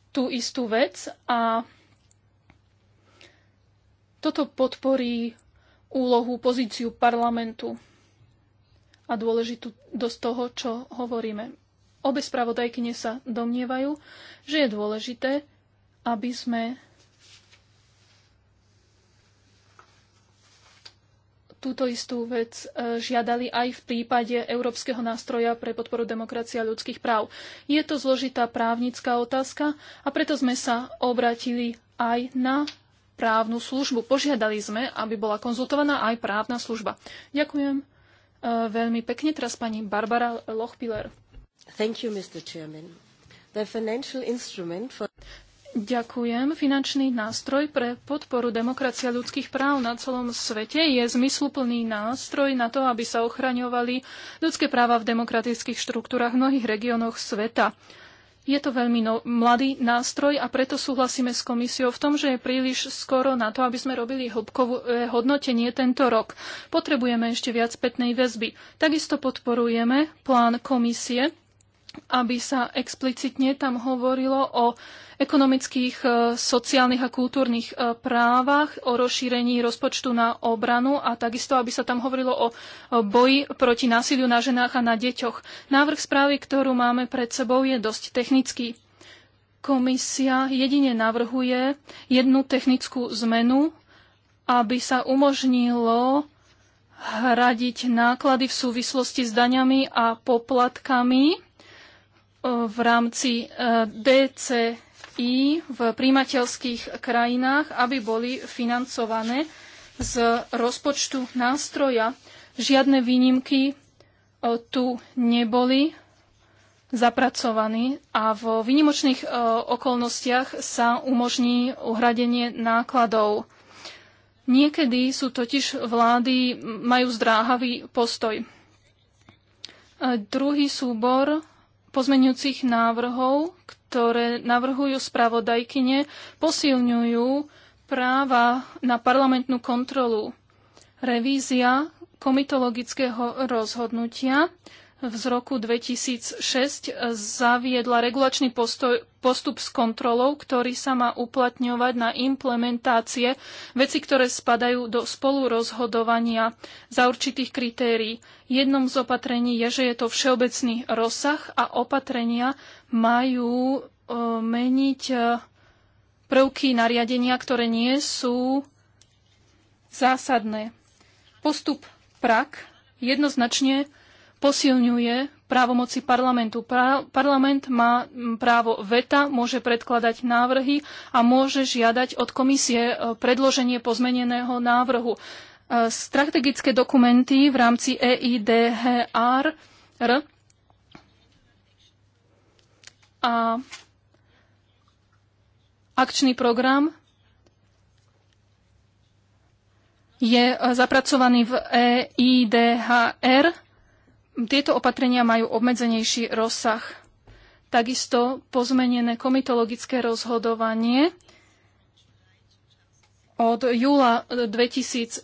tú istú vec a toto podporí úlohu, pozíciu parlamentu a dôležitú dosť toho, čo hovoríme. Obe spravodajkyne sa domnievajú, že je dôležité, aby sme túto istú vec e, žiadali aj v prípade Európskeho nástroja pre podporu demokracie a ľudských práv. Je to zložitá právnická otázka a preto sme sa obratili aj na právnu službu. Požiadali sme, aby bola konzultovaná aj právna služba. Ďakujem e, veľmi pekne. Teraz pani Barbara Lochpiller. Thank you, Mr. Chairman. The financial instrument for... Ďakujem. Finančný nástroj pre podporu demokracia ľudských práv na celom svete je zmysluplný nástroj na to, aby sa ochraňovali ľudské práva v demokratických štruktúrach v mnohých regiónoch sveta. Je to veľmi no- mladý nástroj a preto súhlasíme s komisiou v tom, že je príliš skoro na to, aby sme robili hĺbkové e, hodnotenie tento rok. Potrebujeme ešte viac spätnej väzby. Takisto podporujeme plán komisie aby sa explicitne tam hovorilo o ekonomických, e, sociálnych a kultúrnych e, právach, o rozšírení rozpočtu na obranu a takisto, aby sa tam hovorilo o boji proti násiliu na ženách a na deťoch. Návrh správy, ktorú máme pred sebou, je dosť technický. Komisia jedine navrhuje jednu technickú zmenu, aby sa umožnilo hradiť náklady v súvislosti s daňami a poplatkami v rámci e, DCI v príjimateľských krajinách, aby boli financované z rozpočtu nástroja. Žiadne výnimky e, tu neboli zapracovaní a vo výnimočných e, okolnostiach sa umožní uhradenie nákladov. Niekedy sú totiž vlády, majú zdráhavý postoj. Druhý súbor pozmenujúcich návrhov, ktoré navrhujú spravodajkyne, posilňujú práva na parlamentnú kontrolu. Revízia komitologického rozhodnutia z roku 2006 zaviedla regulačný postoj, postup s kontrolou, ktorý sa má uplatňovať na implementácie veci, ktoré spadajú do spolurozhodovania za určitých kritérií. Jednom z opatrení je, že je to všeobecný rozsah a opatrenia majú e, meniť e, prvky nariadenia, ktoré nie sú zásadné. Postup prak jednoznačne posilňuje právomoci parlamentu. Pra- parlament má právo veta, môže predkladať návrhy a môže žiadať od komisie e, predloženie pozmeneného návrhu. E, strategické dokumenty v rámci EIDHR a akčný program je e, zapracovaný v EIDHR tieto opatrenia majú obmedzenejší rozsah. Takisto pozmenené komitologické rozhodovanie od júla 2006.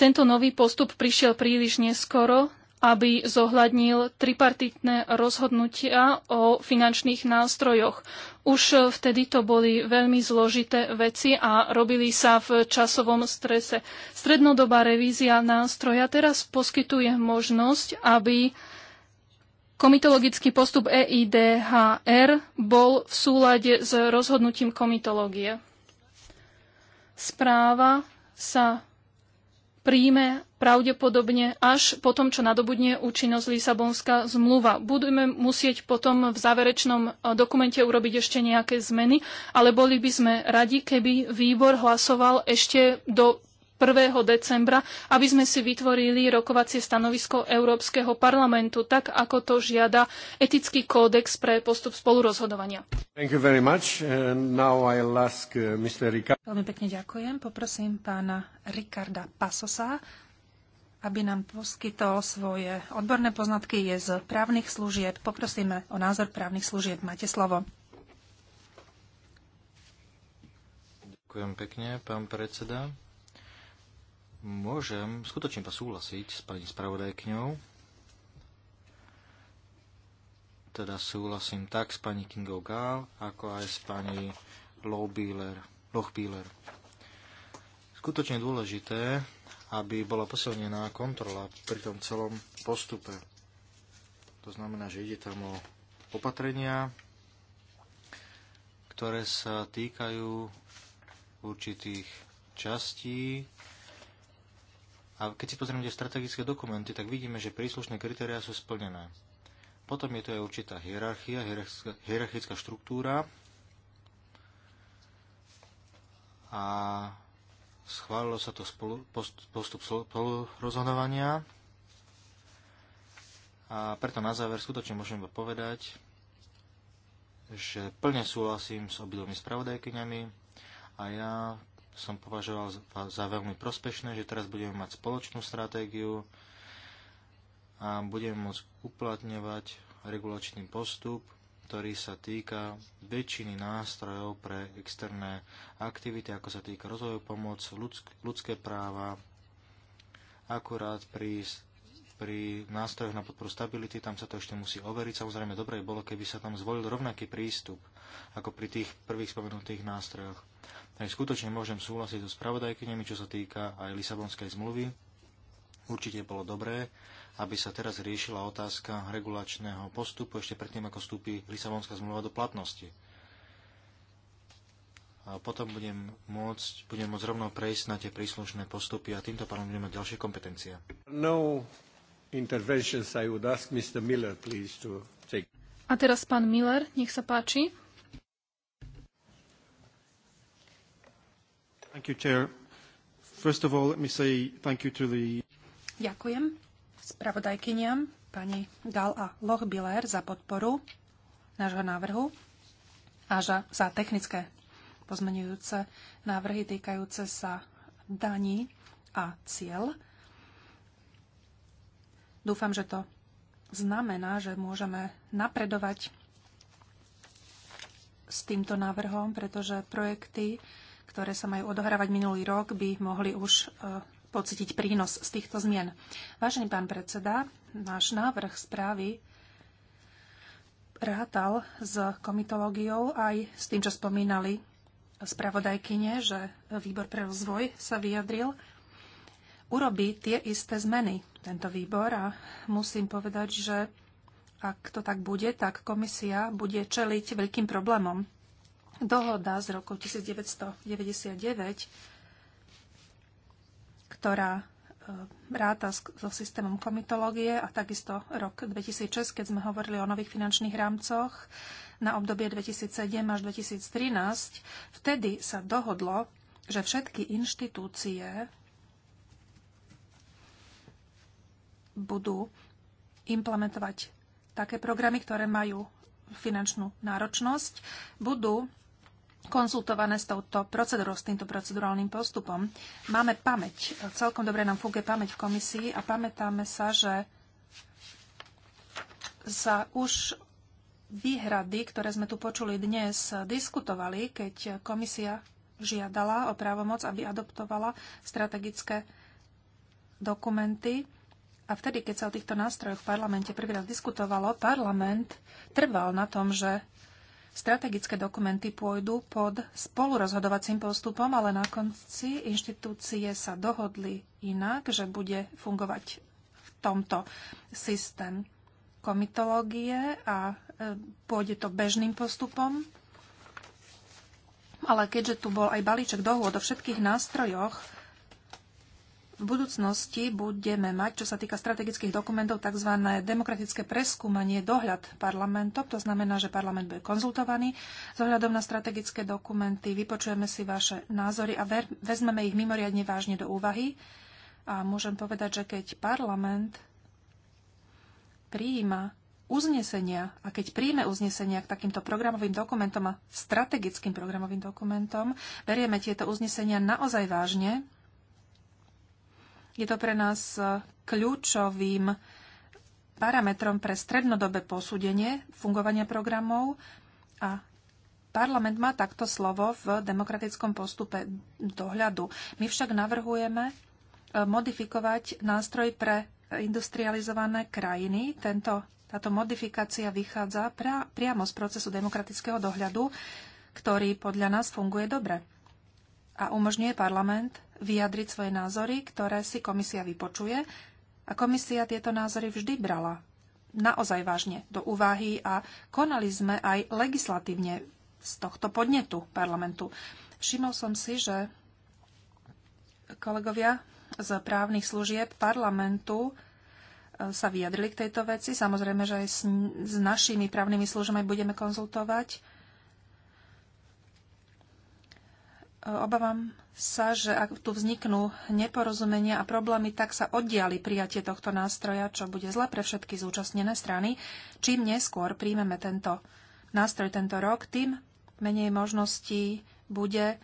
Tento nový postup prišiel príliš neskoro, aby zohľadnil tripartitné rozhodnutia o finančných nástrojoch. Už vtedy to boli veľmi zložité veci a robili sa v časovom strese. Strednodobá revízia nástroja teraz poskytuje možnosť, aby komitologický postup EIDHR bol v súlade s rozhodnutím komitológie. Správa sa príjme pravdepodobne až po tom, čo nadobudne účinnosť Lisabonská zmluva. Budeme musieť potom v záverečnom e, dokumente urobiť ešte nejaké zmeny, ale boli by sme radi, keby výbor hlasoval ešte do 1. decembra, aby sme si vytvorili rokovacie stanovisko Európskeho parlamentu, tak ako to žiada etický kódex pre postup spolurozhodovania. Uh, Veľmi pekne ďakujem. Poprosím pána Ricarda Pasosa, aby nám poskytol svoje odborné poznatky, je z právnych služieb. Poprosíme o názor právnych služieb. Máte slovo. Ďakujem pekne, pán predseda môžem skutočne to súhlasiť s pani spravodajkňou. Teda súhlasím tak s pani Kingou Gál, ako aj s pani Lochbíler. Skutočne dôležité, aby bola posilnená kontrola pri tom celom postupe. To znamená, že ide tam o opatrenia, ktoré sa týkajú určitých častí a keď si pozrieme tie strategické dokumenty, tak vidíme, že príslušné kritériá sú splnené. Potom je to aj určitá hierarchia, hierarchická, hierarchická štruktúra a schválilo sa to spolu, post, postup spolu rozhodovania a preto na záver skutočne môžem iba povedať, že plne súhlasím s obidvomi spravodajkyňami a ja som považoval za veľmi prospešné, že teraz budeme mať spoločnú stratégiu a budeme môcť uplatňovať regulačný postup, ktorý sa týka väčšiny nástrojov pre externé aktivity, ako sa týka rozvojovú pomoc, ľudsk- ľudské práva, akurát pri pri nástrojoch na podporu stability, tam sa to ešte musí overiť. Samozrejme, dobre bolo, keby sa tam zvolil rovnaký prístup ako pri tých prvých spomenutých nástrojoch. Takže skutočne môžem súhlasiť so spravodajkyňami, čo sa týka aj Lisabonskej zmluvy. Určite bolo dobré, aby sa teraz riešila otázka regulačného postupu ešte predtým, ako vstúpi Lisabonská zmluva do platnosti. A potom budem môcť, budem môcť rovno prejsť na tie príslušné postupy a týmto pádom budeme mať ďalšie kompetencie. No interventions I would ask Mr. Miller, please, to take... A teraz pán Miller, nech sa páči. You, all, the... Ďakujem spravodajkyniam pani Gal a Biller za podporu nášho návrhu a za technické pozmenujúce návrhy týkajúce sa daní a cieľ. Dúfam, že to znamená, že môžeme napredovať s týmto návrhom, pretože projekty ktoré sa majú odohrávať minulý rok, by mohli už e, pocítiť prínos z týchto zmien. Vážený pán predseda, náš návrh správy rátal s komitológiou aj s tým, čo spomínali spravodajkyne, že výbor pre rozvoj sa vyjadril, urobí tie isté zmeny tento výbor a musím povedať, že ak to tak bude, tak komisia bude čeliť veľkým problémom dohoda z roku 1999, ktorá e, ráta so systémom komitológie a takisto rok 2006, keď sme hovorili o nových finančných rámcoch na obdobie 2007 až 2013, vtedy sa dohodlo, že všetky inštitúcie budú implementovať také programy, ktoré majú finančnú náročnosť, budú konzultované s touto procedúrou, s týmto procedurálnym postupom. Máme pamäť. Celkom dobre nám funguje pamäť v komisii a pamätáme sa, že sa už výhrady, ktoré sme tu počuli dnes, diskutovali, keď komisia žiadala o právomoc, aby adoptovala strategické dokumenty. A vtedy, keď sa o týchto nástrojoch v parlamente prvý raz diskutovalo, parlament trval na tom, že strategické dokumenty pôjdu pod spolurozhodovacím postupom, ale na konci inštitúcie sa dohodli inak, že bude fungovať v tomto systém komitológie a e, pôjde to bežným postupom. Ale keďže tu bol aj balíček dohôd o všetkých nástrojoch, v budúcnosti budeme mať, čo sa týka strategických dokumentov, tzv. demokratické preskúmanie, dohľad parlamentov. To znamená, že parlament bude konzultovaný s ohľadom na strategické dokumenty, vypočujeme si vaše názory a ver, vezmeme ich mimoriadne vážne do úvahy. A môžem povedať, že keď parlament prijíma uznesenia a keď príjme uznesenia k takýmto programovým dokumentom a strategickým programovým dokumentom, berieme tieto uznesenia naozaj vážne je to pre nás e, kľúčovým parametrom pre strednodobé posúdenie fungovania programov a parlament má takto slovo v demokratickom postupe dohľadu. My však navrhujeme e, modifikovať nástroj pre industrializované krajiny. Tento, táto modifikácia vychádza pra, priamo z procesu demokratického dohľadu, ktorý podľa nás funguje dobre a umožňuje parlament vyjadriť svoje názory, ktoré si komisia vypočuje a komisia tieto názory vždy brala naozaj vážne do úvahy a konali sme aj legislatívne z tohto podnetu parlamentu. Všimol som si, že kolegovia z právnych služieb parlamentu e, sa vyjadrili k tejto veci. Samozrejme, že aj s, s našimi právnymi službami budeme konzultovať obávam sa, že ak tu vzniknú neporozumenia a problémy, tak sa oddiali prijatie tohto nástroja, čo bude zle pre všetky zúčastnené strany. Čím neskôr príjmeme tento nástroj tento rok, tým menej možností bude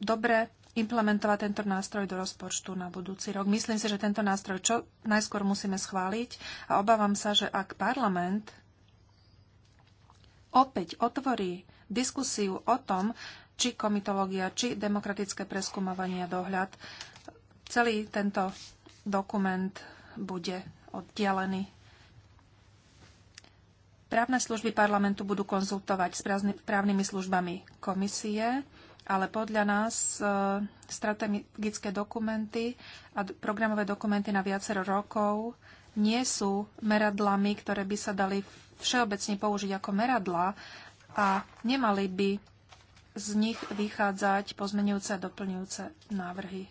dobre implementovať tento nástroj do rozpočtu na budúci rok. Myslím si, že tento nástroj čo najskôr musíme schváliť a obávam sa, že ak parlament opäť otvorí diskusiu o tom, či komitológia, či demokratické preskúmavanie a dohľad. Celý tento dokument bude oddelený. Právne služby parlamentu budú konzultovať s právnymi službami komisie, ale podľa nás e, strategické dokumenty a programové dokumenty na viacero rokov nie sú meradlami, ktoré by sa dali všeobecne použiť ako meradla a nemali by z nich vychádzať pozmenujúce a doplňujúce návrhy.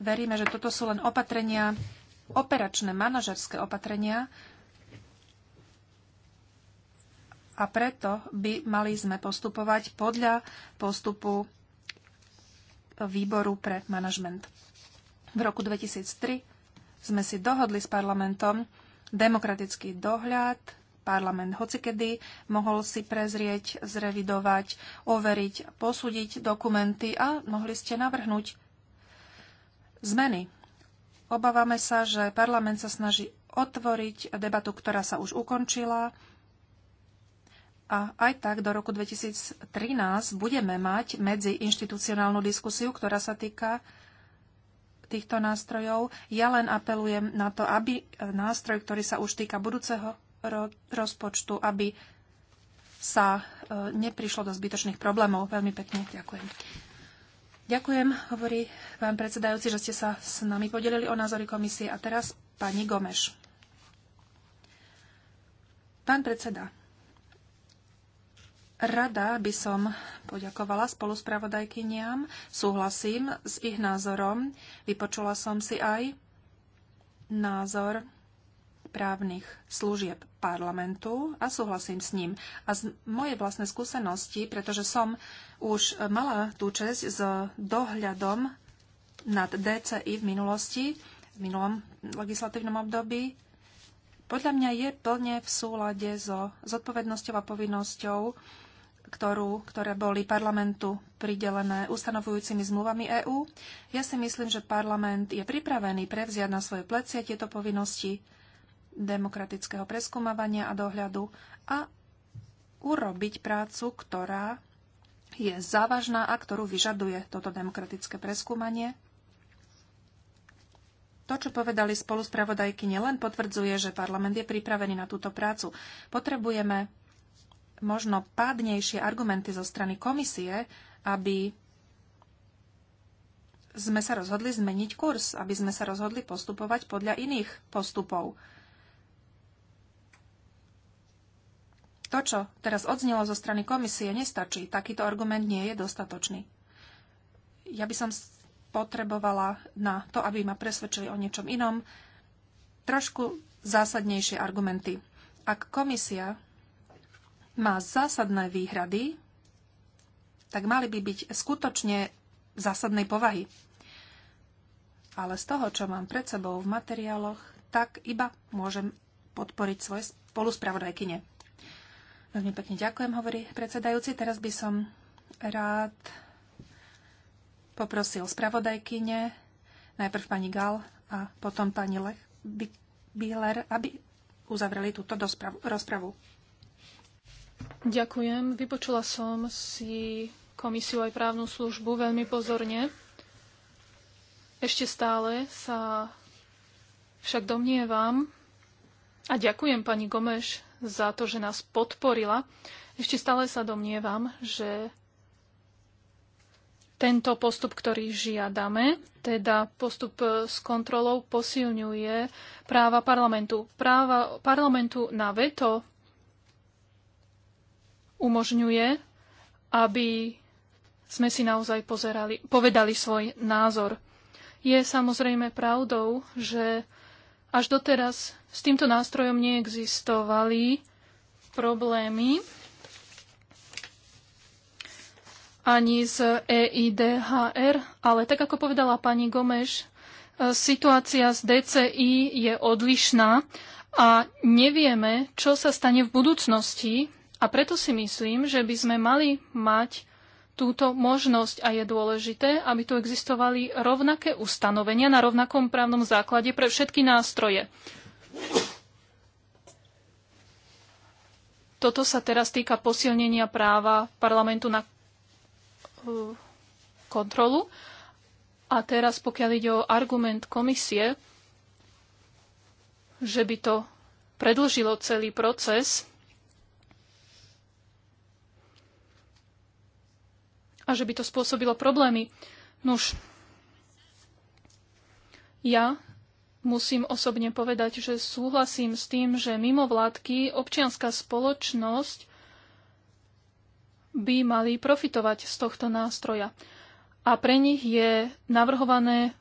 Veríme, že toto sú len opatrenia, operačné manažerské opatrenia a preto by mali sme postupovať podľa postupu výboru pre manažment. V roku 2003 sme si dohodli s parlamentom demokratický dohľad parlament hocikedy mohol si prezrieť, zrevidovať, overiť, posúdiť dokumenty a mohli ste navrhnúť zmeny. Obávame sa, že parlament sa snaží otvoriť debatu, ktorá sa už ukončila a aj tak do roku 2013 budeme mať medziinštitucionálnu diskusiu, ktorá sa týka týchto nástrojov. Ja len apelujem na to, aby nástroj, ktorý sa už týka budúceho rozpočtu, aby sa e, neprišlo do zbytočných problémov. Veľmi pekne ďakujem. Ďakujem, hovorí vám predsedajúci, že ste sa s nami podelili o názory komisie. A teraz pani Gomeš. Pán predseda, rada by som poďakovala spoluspravodajkyniam, súhlasím s ich názorom, vypočula som si aj názor právnych služieb parlamentu a súhlasím s ním. A z mojej vlastnej skúsenosti, pretože som už mala tú česť s dohľadom nad DCI v minulosti, v minulom legislatívnom období, podľa mňa je plne v súlade so zodpovednosťou a povinnosťou, ktorú, ktoré boli parlamentu pridelené ustanovujúcimi zmluvami EÚ. Ja si myslím, že parlament je pripravený prevziať na svoje plecie tieto povinnosti demokratického preskúmavania a dohľadu a urobiť prácu, ktorá je závažná a ktorú vyžaduje toto demokratické preskúmanie. To, čo povedali spoluspravodajky, nielen potvrdzuje, že parlament je pripravený na túto prácu. Potrebujeme možno pádnejšie argumenty zo strany komisie, aby sme sa rozhodli zmeniť kurz, aby sme sa rozhodli postupovať podľa iných postupov. To, čo teraz odznelo zo strany komisie, nestačí. Takýto argument nie je dostatočný. Ja by som potrebovala na to, aby ma presvedčili o niečom inom, trošku zásadnejšie argumenty. Ak komisia má zásadné výhrady, tak mali by byť skutočne zásadnej povahy. Ale z toho, čo mám pred sebou v materiáloch, tak iba môžem podporiť svoje spoluspravodajkyne. Veľmi pekne ďakujem, hovorí predsedajúci. Teraz by som rád poprosil spravodajkyne, najprv pani Gal a potom pani Lech Bihler, aby uzavreli túto rozpravu. Ďakujem. Vypočula som si komisiu aj právnu službu veľmi pozorne. Ešte stále sa však domnievam, a ďakujem pani Gomeš za to, že nás podporila. Ešte stále sa domnievam, že tento postup, ktorý žiadame, teda postup s kontrolou, posilňuje práva parlamentu. Práva parlamentu na veto umožňuje, aby sme si naozaj pozerali, povedali svoj názor. Je samozrejme pravdou, že až doteraz s týmto nástrojom neexistovali problémy ani z EIDHR, ale tak ako povedala pani Gomeš, e, situácia z DCI je odlišná a nevieme, čo sa stane v budúcnosti a preto si myslím, že by sme mali mať túto možnosť a je dôležité, aby tu existovali rovnaké ustanovenia na rovnakom právnom základe pre všetky nástroje. Toto sa teraz týka posilnenia práva parlamentu na e, kontrolu. A teraz, pokiaľ ide o argument komisie, že by to predlžilo celý proces, a že by to spôsobilo problémy. Nuž, ja musím osobne povedať, že súhlasím s tým, že mimovládky, občianská spoločnosť by mali profitovať z tohto nástroja. A pre nich je navrhované,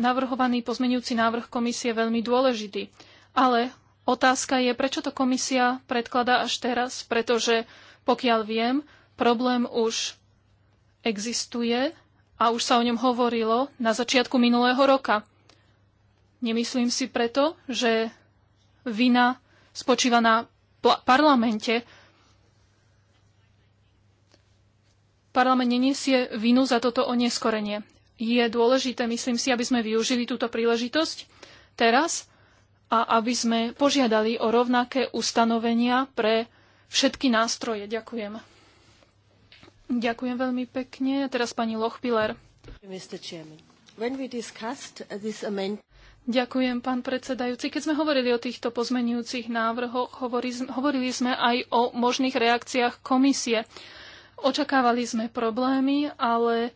navrhovaný pozmenujúci návrh komisie veľmi dôležitý. Ale otázka je, prečo to komisia predkladá až teraz, pretože pokiaľ viem, problém už existuje a už sa o ňom hovorilo na začiatku minulého roka. Nemyslím si preto, že vina spočíva na parlamente. Parlament neniesie vinu za toto oneskorenie. Je dôležité, myslím si, aby sme využili túto príležitosť teraz a aby sme požiadali o rovnaké ustanovenia pre všetky nástroje. Ďakujem. Ďakujem veľmi pekne. A teraz pani Lochpiller. Uh, Ďakujem, pán predsedajúci. Keď sme hovorili o týchto pozmenujúcich návrhoch, hovorili sme aj o možných reakciách komisie. Očakávali sme problémy, ale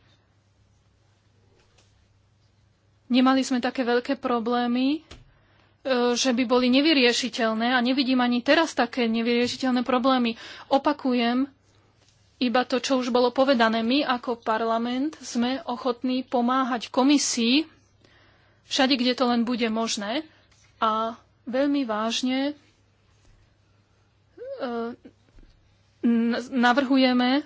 nemali sme také veľké problémy, e, že by boli nevyriešiteľné a nevidím ani teraz také nevyriešiteľné problémy. Opakujem, iba to, čo už bolo povedané. My ako parlament sme ochotní pomáhať komisii všade, kde to len bude možné a veľmi vážne e, navrhujeme e,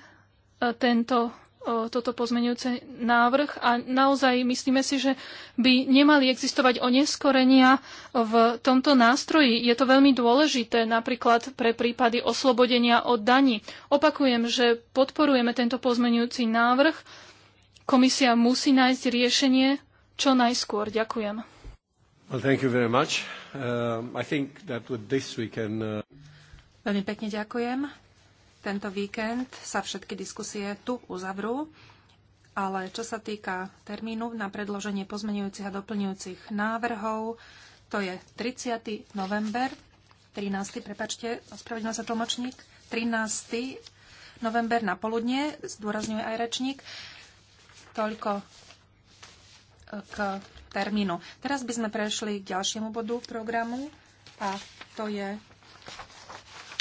tento toto pozmeňujúce návrh a naozaj myslíme si, že by nemali existovať oneskorenia v tomto nástroji. Je to veľmi dôležité napríklad pre prípady oslobodenia od daní. Opakujem, že podporujeme tento pozmeňujúci návrh. Komisia musí nájsť riešenie čo najskôr. Ďakujem. Uh, uh, veľmi pekne ďakujem. Tento víkend sa všetky diskusie tu uzavrú, ale čo sa týka termínu na predloženie pozmenujúcich a doplňujúcich návrhov, to je 30. november, 13. prepačte, ospravedlňujem sa tlmočník, 13. november na poludne, zdôrazňuje aj rečník, toľko e, k termínu. Teraz by sme prešli k ďalšiemu bodu programu a to je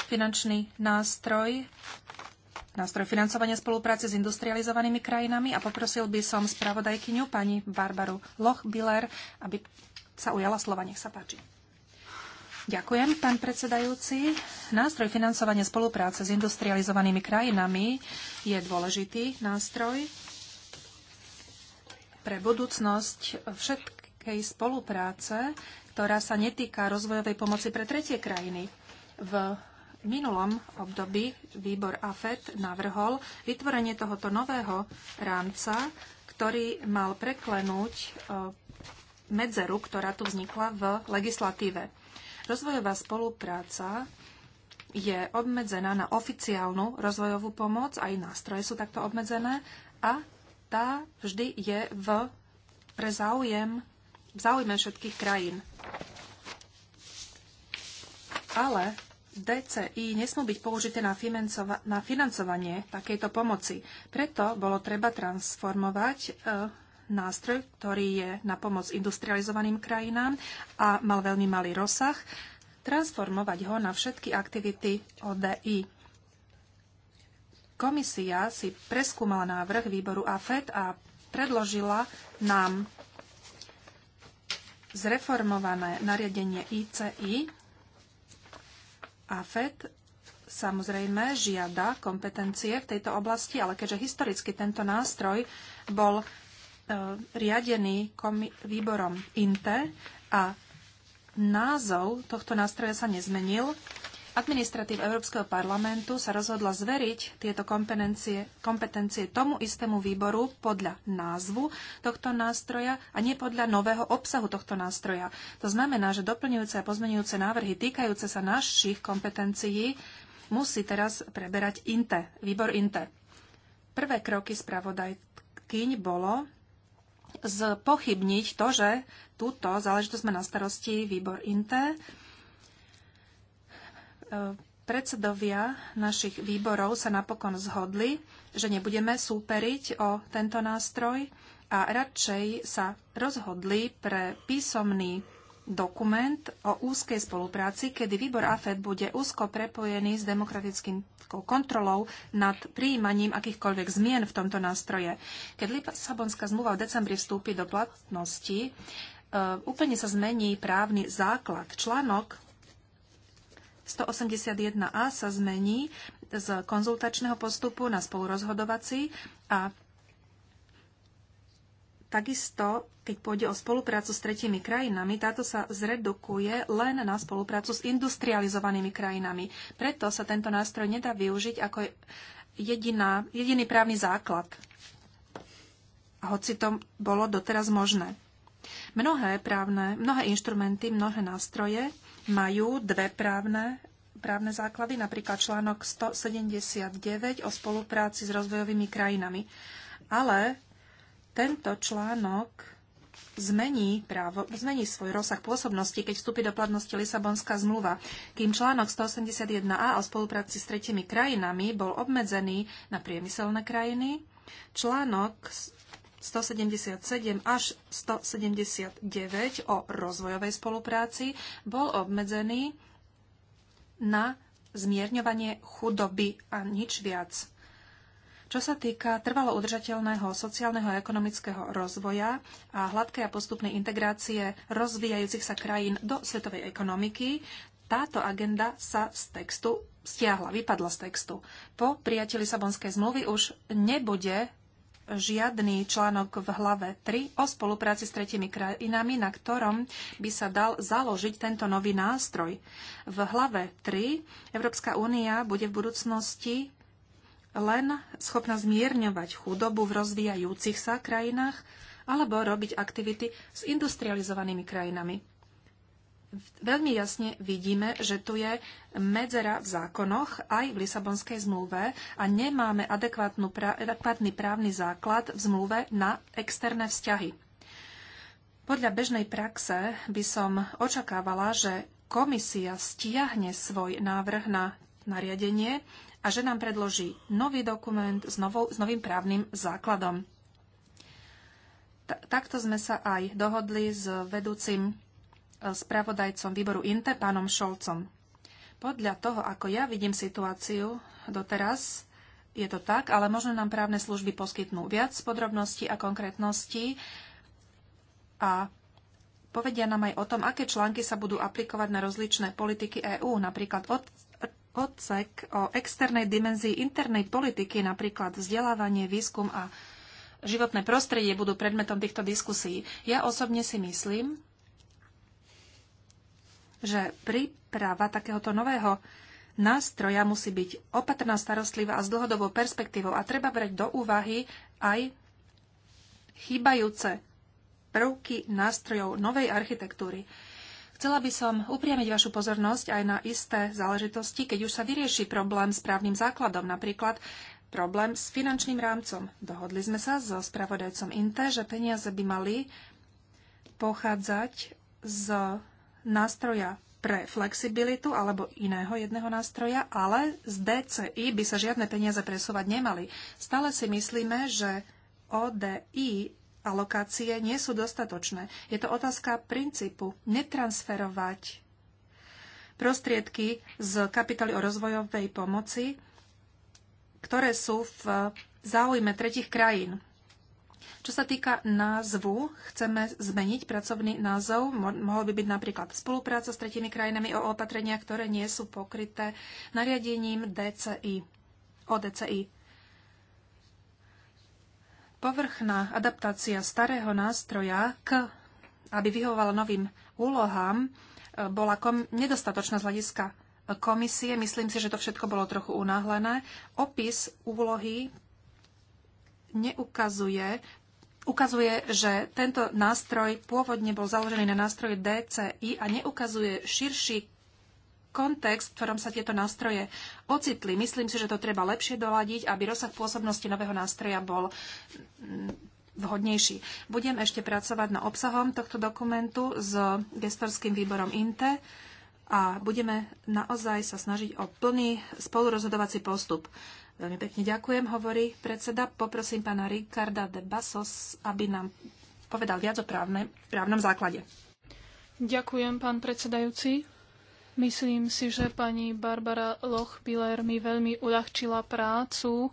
finančný nástroj, nástroj financovania spolupráce s industrializovanými krajinami a poprosil by som spravodajkyňu pani Barbaru Loch-Biller, aby sa ujala slova. Nech sa páči. Ďakujem, pán predsedajúci. Nástroj financovania spolupráce s industrializovanými krajinami je dôležitý nástroj pre budúcnosť všetkej spolupráce, ktorá sa netýka rozvojovej pomoci pre tretie krajiny. V v minulom období výbor AFET navrhol vytvorenie tohoto nového rámca, ktorý mal preklenúť e, medzeru, ktorá tu vznikla v legislatíve. Rozvojová spolupráca je obmedzená na oficiálnu rozvojovú pomoc, aj nástroje sú takto obmedzené a tá vždy je v, pre záujem, v záujme všetkých krajín. Ale DCI nesmú byť použité na, financova- na financovanie takejto pomoci. Preto bolo treba transformovať e, nástroj, ktorý je na pomoc industrializovaným krajinám a mal veľmi malý rozsah, transformovať ho na všetky aktivity ODI. Komisia si preskúmala návrh výboru AFED a predložila nám zreformované nariadenie ICI, AFET samozrejme žiada kompetencie v tejto oblasti, ale keďže historicky tento nástroj bol e, riadený výborom INTE a názov tohto nástroja sa nezmenil, Administratív Európskeho parlamentu sa rozhodla zveriť tieto kompetencie, kompetencie tomu istému výboru podľa názvu tohto nástroja a nie podľa nového obsahu tohto nástroja. To znamená, že doplňujúce a pozmenujúce návrhy týkajúce sa našich kompetencií musí teraz preberať INTE, výbor INTE. Prvé kroky spravodajkyň bolo zpochybniť to, že túto záležitosť má na starosti výbor INTE, Predsedovia našich výborov sa napokon zhodli, že nebudeme súperiť o tento nástroj a radšej sa rozhodli pre písomný dokument o úzkej spolupráci, kedy výbor AFED bude úzko prepojený s demokratickým kontrolou nad príjmaním akýchkoľvek zmien v tomto nástroje. Keď Lisabonská zmluva v decembri vstúpi do platnosti, e, úplne sa zmení právny základ. Článok 181a sa zmení z konzultačného postupu na spolurozhodovací a Takisto, keď pôjde o spoluprácu s tretimi krajinami, táto sa zredukuje len na spoluprácu s industrializovanými krajinami. Preto sa tento nástroj nedá využiť ako jediná, jediný právny základ. A hoci to bolo doteraz možné. Mnohé právne, mnohé inštrumenty, mnohé nástroje majú dve právne, právne základy, napríklad článok 179 o spolupráci s rozvojovými krajinami. Ale tento článok zmení, právo, zmení svoj rozsah pôsobnosti, keď vstúpi do platnosti Lisabonská zmluva. Kým článok 181a o spolupráci s tretimi krajinami bol obmedzený na priemyselné krajiny, článok 177 až 179 o rozvojovej spolupráci bol obmedzený na zmierňovanie chudoby a nič viac. Čo sa týka trvalo udržateľného sociálneho a ekonomického rozvoja a hladkej a postupnej integrácie rozvíjajúcich sa krajín do svetovej ekonomiky, táto agenda sa z textu stiahla, vypadla z textu. Po prijatí Lisabonskej zmluvy už nebude žiadny článok v hlave 3 o spolupráci s tretimi krajinami, na ktorom by sa dal založiť tento nový nástroj. V hlave 3 Európska únia bude v budúcnosti len schopná zmierňovať chudobu v rozvíjajúcich sa krajinách alebo robiť aktivity s industrializovanými krajinami veľmi jasne vidíme, že tu je medzera v zákonoch aj v Lisabonskej zmluve a nemáme adekvátny právny základ v zmluve na externé vzťahy. Podľa bežnej praxe by som očakávala, že komisia stiahne svoj návrh na nariadenie a že nám predloží nový dokument s, novou, s novým právnym základom. T takto sme sa aj dohodli s vedúcim spravodajcom výboru INTE, pánom Šolcom. Podľa toho, ako ja vidím situáciu doteraz, je to tak, ale možno nám právne služby poskytnú viac podrobností a konkrétností a povedia nám aj o tom, aké články sa budú aplikovať na rozličné politiky EÚ, napríklad od odsek o externej dimenzii internej politiky, napríklad vzdelávanie, výskum a životné prostredie budú predmetom týchto diskusí. Ja osobne si myslím, že príprava takéhoto nového nástroja musí byť opatrná, starostlivá a s dlhodobou perspektívou a treba brať do úvahy aj chýbajúce prvky nástrojov novej architektúry. Chcela by som upriamiť vašu pozornosť aj na isté záležitosti, keď už sa vyrieši problém s právnym základom, napríklad problém s finančným rámcom. Dohodli sme sa so spravodajcom INTE, že peniaze by mali pochádzať z nástroja pre flexibilitu alebo iného jedného nástroja, ale z DCI by sa žiadne peniaze presúvať nemali. Stále si myslíme, že ODI alokácie nie sú dostatočné. Je to otázka princípu netransferovať prostriedky z kapitoly o rozvojovej pomoci, ktoré sú v záujme tretich krajín. Čo sa týka názvu, chceme zmeniť pracovný názov. Mohol by byť napríklad spolupráca s tretimi krajinami o opatrenia, ktoré nie sú pokryté nariadením DCI. O DCI. Povrchná adaptácia starého nástroja k, aby vyhovovala novým úlohám, e, bola kom- nedostatočná z hľadiska komisie. Myslím si, že to všetko bolo trochu unáhlené. Opis úlohy neukazuje, ukazuje, že tento nástroj pôvodne bol založený na nástroje DCI a neukazuje širší kontext, v ktorom sa tieto nástroje ocitli. Myslím si, že to treba lepšie doladiť, aby rozsah pôsobnosti nového nástroja bol vhodnejší. Budem ešte pracovať na obsahom tohto dokumentu s gestorským výborom INTE a budeme naozaj sa snažiť o plný spolurozhodovací postup. Veľmi pekne ďakujem, hovorí predseda. Poprosím pána Ricarda de Basos, aby nám povedal viac o právne, právnom základe. Ďakujem, pán predsedajúci. Myslím si, že pani Barbara Lochbiller mi veľmi uľahčila prácu.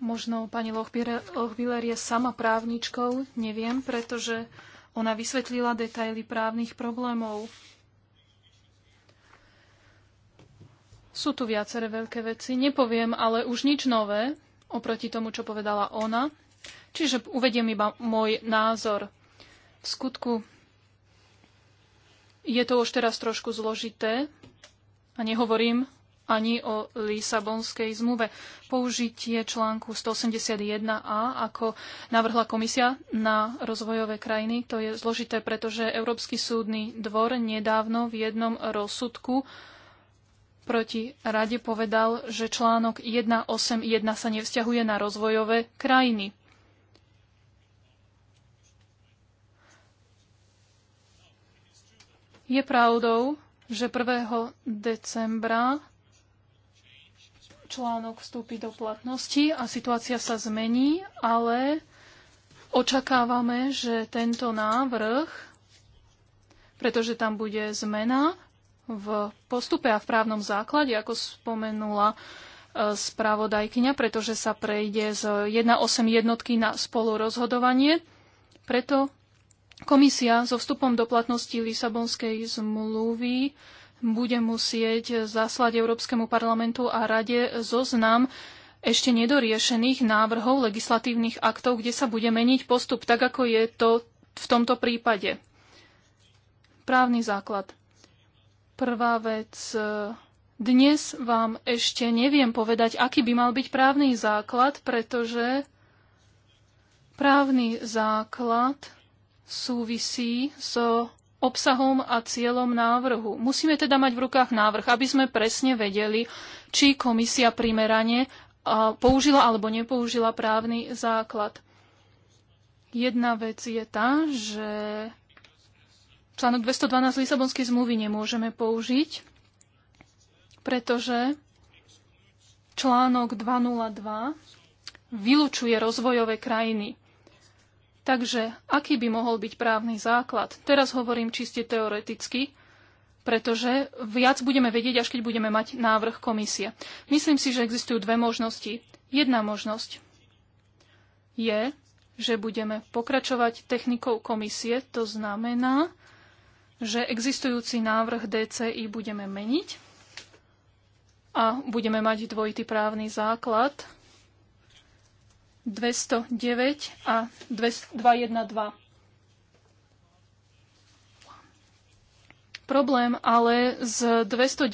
Možno pani Lochbiller je sama právničkou, neviem, pretože ona vysvetlila detaily právnych problémov. Sú tu viaceré veľké veci. Nepoviem ale už nič nové oproti tomu, čo povedala ona. Čiže uvediem iba môj názor. V skutku je to už teraz trošku zložité a nehovorím ani o Lisabonskej zmluve. Použitie článku 181a, ako navrhla komisia na rozvojové krajiny, to je zložité, pretože Európsky súdny dvor nedávno v jednom rozsudku proti rade povedal, že článok 1.8.1 sa nevzťahuje na rozvojové krajiny. Je pravdou, že 1. decembra článok vstúpi do platnosti a situácia sa zmení, ale očakávame, že tento návrh, pretože tam bude zmena, v postupe a v právnom základe, ako spomenula e, spravodajkyňa, pretože sa prejde z 1.8 jednotky na spolurozhodovanie. Preto komisia so vstupom do platnosti Lisabonskej zmluvy bude musieť zaslať Európskemu parlamentu a rade zoznam ešte nedoriešených návrhov legislatívnych aktov, kde sa bude meniť postup, tak ako je to v tomto prípade. Právny základ. Prvá vec. E, dnes vám ešte neviem povedať, aký by mal byť právny základ, pretože právny základ súvisí so obsahom a cieľom návrhu. Musíme teda mať v rukách návrh, aby sme presne vedeli, či komisia primerane e, použila alebo nepoužila právny základ. Jedna vec je tá, že článok 212 Lisabonskej zmluvy nemôžeme použiť, pretože článok 202 vylučuje rozvojové krajiny. Takže aký by mohol byť právny základ? Teraz hovorím čiste teoreticky, pretože viac budeme vedieť, až keď budeme mať návrh komisie. Myslím si, že existujú dve možnosti. Jedna možnosť je, že budeme pokračovať technikou komisie, to znamená, že existujúci návrh DCI budeme meniť a budeme mať dvojitý právny základ 209 a 212. Problém ale s 209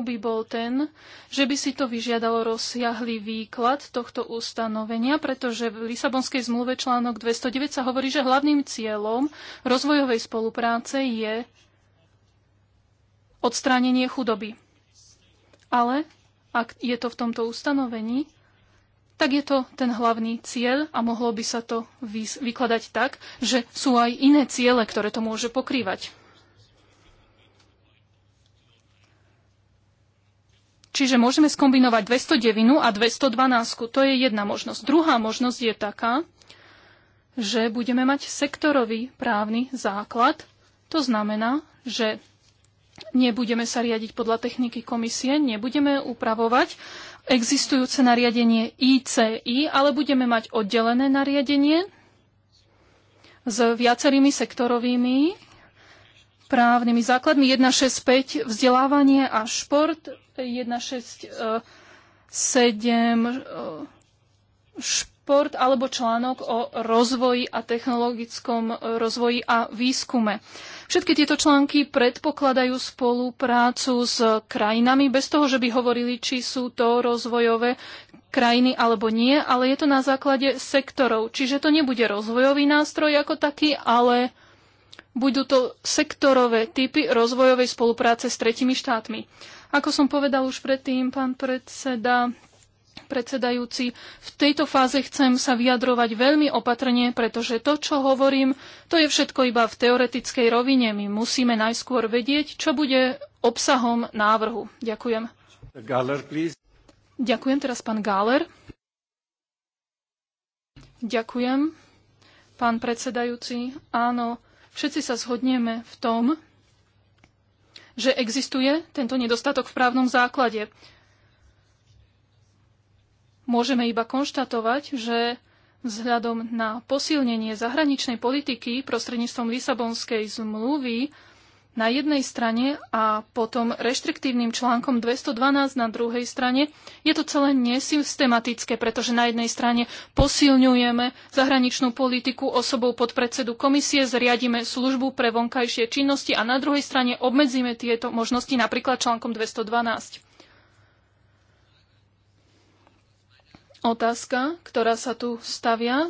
by bol ten, že by si to vyžiadalo rozsiahlý výklad tohto ustanovenia, pretože v Lisabonskej zmluve článok 209 sa hovorí, že hlavným cieľom rozvojovej spolupráce je odstránenie chudoby. Ale ak je to v tomto ustanovení, tak je to ten hlavný cieľ a mohlo by sa to vykladať tak, že sú aj iné ciele, ktoré to môže pokrývať. Čiže môžeme skombinovať 209 a 212. To je jedna možnosť. Druhá možnosť je taká, že budeme mať sektorový právny základ. To znamená, že nebudeme sa riadiť podľa techniky komisie, nebudeme upravovať existujúce nariadenie ICI, ale budeme mať oddelené nariadenie s viacerými sektorovými právnymi základmi 165 vzdelávanie a šport, 167 e, e, šport alebo článok o rozvoji a technologickom e, rozvoji a výskume. Všetky tieto články predpokladajú spoluprácu s krajinami bez toho, že by hovorili, či sú to rozvojové krajiny alebo nie, ale je to na základe sektorov. Čiže to nebude rozvojový nástroj ako taký, ale budú to sektorové typy rozvojovej spolupráce s tretimi štátmi. Ako som povedal už predtým, pán predseda, predsedajúci, v tejto fáze chcem sa vyjadrovať veľmi opatrne, pretože to, čo hovorím, to je všetko iba v teoretickej rovine. My musíme najskôr vedieť, čo bude obsahom návrhu. Ďakujem. Galler, Ďakujem teraz pán Gáler. Ďakujem. Pán predsedajúci, áno, Všetci sa zhodneme v tom, že existuje tento nedostatok v právnom základe. Môžeme iba konštatovať, že vzhľadom na posilnenie zahraničnej politiky prostredníctvom Lisabonskej zmluvy na jednej strane a potom reštriktívnym článkom 212 na druhej strane, je to celé nesystematické, pretože na jednej strane posilňujeme zahraničnú politiku osobou pod predsedu komisie, zriadíme službu pre vonkajšie činnosti a na druhej strane obmedzíme tieto možnosti napríklad článkom 212. Otázka, ktorá sa tu stavia,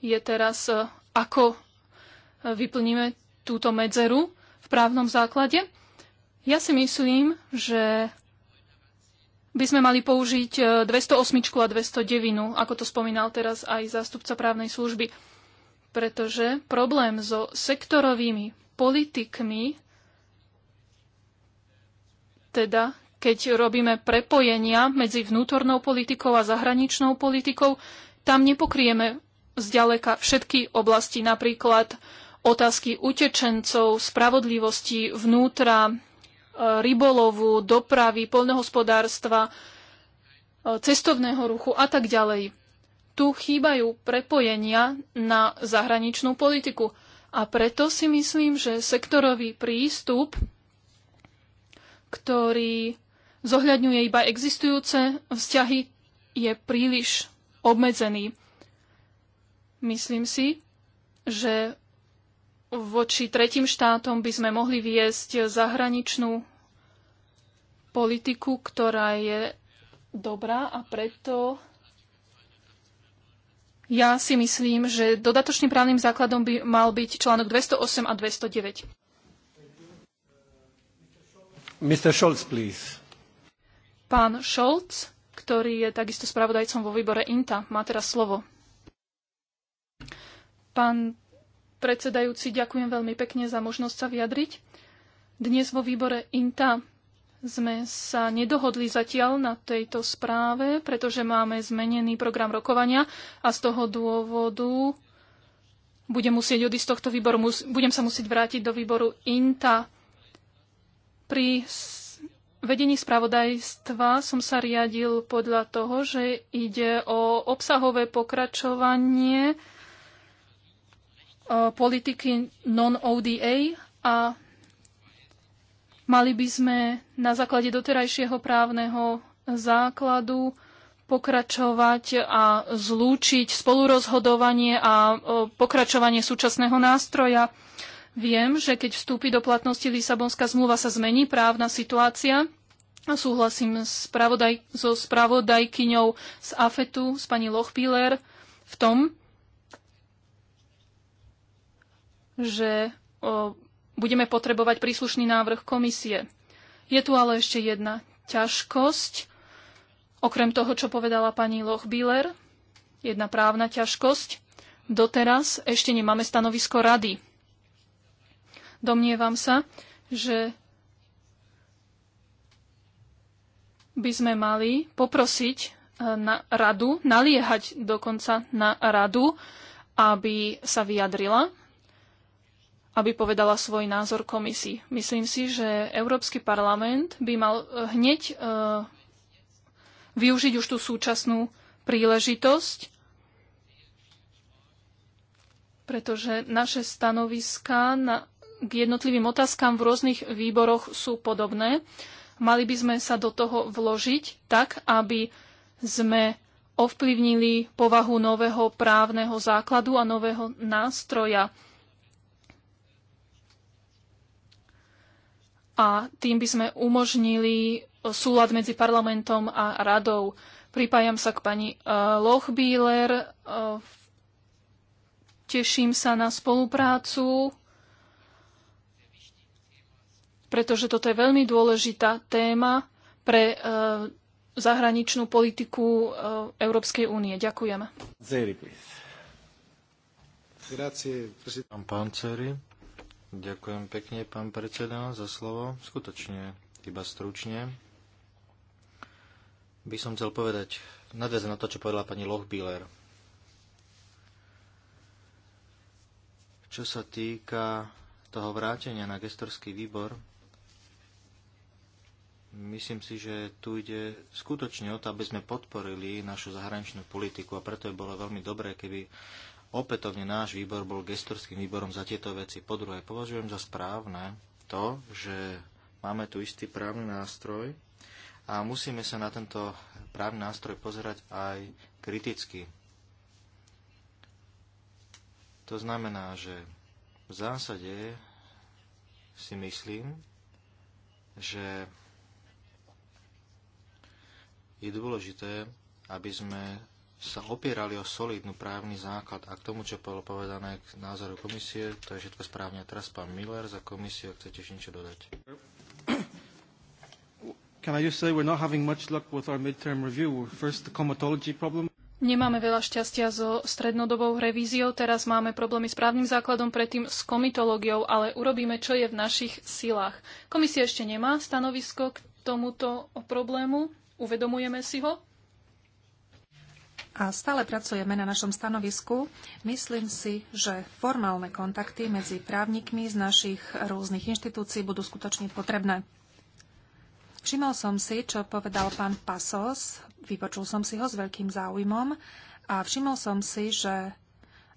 je teraz, eh, ako eh, vyplníme túto medzeru právnom základe? Ja si myslím, že by sme mali použiť 208 e, a 209, ako to spomínal teraz aj zástupca právnej služby, pretože problém so sektorovými politikmi, teda keď robíme prepojenia medzi vnútornou politikou a zahraničnou politikou, tam nepokrieme zďaleka všetky oblasti, napríklad otázky utečencov, spravodlivosti vnútra, e, rybolovu, dopravy, poľnohospodárstva, e, cestovného ruchu a tak ďalej. Tu chýbajú prepojenia na zahraničnú politiku. A preto si myslím, že sektorový prístup, ktorý zohľadňuje iba existujúce vzťahy, je príliš obmedzený. Myslím si, že voči tretím štátom by sme mohli viesť zahraničnú politiku, ktorá je dobrá a preto ja si myslím, že dodatočným právnym základom by mal byť článok 208 a 209. Mr. Scholz, please. Pán Scholz, ktorý je takisto spravodajcom vo výbore INTA, má teraz slovo. Pán predsedajúci, ďakujem veľmi pekne za možnosť sa vyjadriť. Dnes vo výbore INTA sme sa nedohodli zatiaľ na tejto správe, pretože máme zmenený program rokovania a z toho dôvodu budem musieť odísť z tohto výboru, budem sa musieť vrátiť do výboru INTA. Pri vedení spravodajstva som sa riadil podľa toho, že ide o obsahové pokračovanie Eh, politiky non-ODA a mali by sme na základe doterajšieho právneho základu pokračovať a zlúčiť spolurozhodovanie a eh, pokračovanie súčasného nástroja. Viem, že keď vstúpi do platnosti Lisabonská zmluva, sa zmení právna situácia. A súhlasím so spravodajkyňou z AFETu, s pani Lochpiller, v tom, že o, budeme potrebovať príslušný návrh komisie. Je tu ale ešte jedna ťažkosť, okrem toho, čo povedala pani Lochbiller, jedna právna ťažkosť. Doteraz ešte nemáme stanovisko rady. Domnievam sa, že by sme mali poprosiť e, na radu, naliehať dokonca na radu, aby sa vyjadrila aby povedala svoj názor komisii. Myslím si, že Európsky parlament by mal eh, hneď eh, využiť už tú súčasnú príležitosť, pretože naše stanoviská na, k jednotlivým otázkam v rôznych výboroch sú podobné. Mali by sme sa do toho vložiť tak, aby sme ovplyvnili povahu nového právneho základu a nového nástroja a tým by sme umožnili súlad medzi parlamentom a radou. Pripájam sa k pani eh, Lochbíler. Eh, teším sa na spoluprácu, pretože toto je veľmi dôležitá téma pre eh, zahraničnú politiku Európskej únie. Ďakujem. Grazie, prezident Panceri. Ďakujem pekne, pán predseda, za slovo. Skutočne, iba stručne. By som chcel povedať, nadviazať na to, čo povedala pani Lochbíler. Čo sa týka toho vrátenia na gestorský výbor, myslím si, že tu ide skutočne o to, aby sme podporili našu zahraničnú politiku a preto je bolo veľmi dobré, keby Opätovne náš výbor bol gestorským výborom za tieto veci. Po druhé, považujem za správne to, že máme tu istý právny nástroj a musíme sa na tento právny nástroj pozerať aj kriticky. To znamená, že v zásade si myslím, že je dôležité, aby sme sa opierali o solidnú právny základ a k tomu, čo bolo povedané k názoru komisie, to je všetko správne. A teraz pán Miller za komisiu, ak chcete ešte niečo dodať. Can I just say we're not having much luck with our midterm review. First the comatology problem. Nemáme veľa šťastia so strednodobou revíziou, teraz máme problémy s právnym základom, predtým s komitológiou, ale urobíme, čo je v našich silách. Komisia ešte nemá stanovisko k tomuto problému, uvedomujeme si ho, a stále pracujeme na našom stanovisku. Myslím si, že formálne kontakty medzi právnikmi z našich rôznych inštitúcií budú skutočne potrebné. Všimol som si, čo povedal pán Pasos, vypočul som si ho s veľkým záujmom a všimol som si, že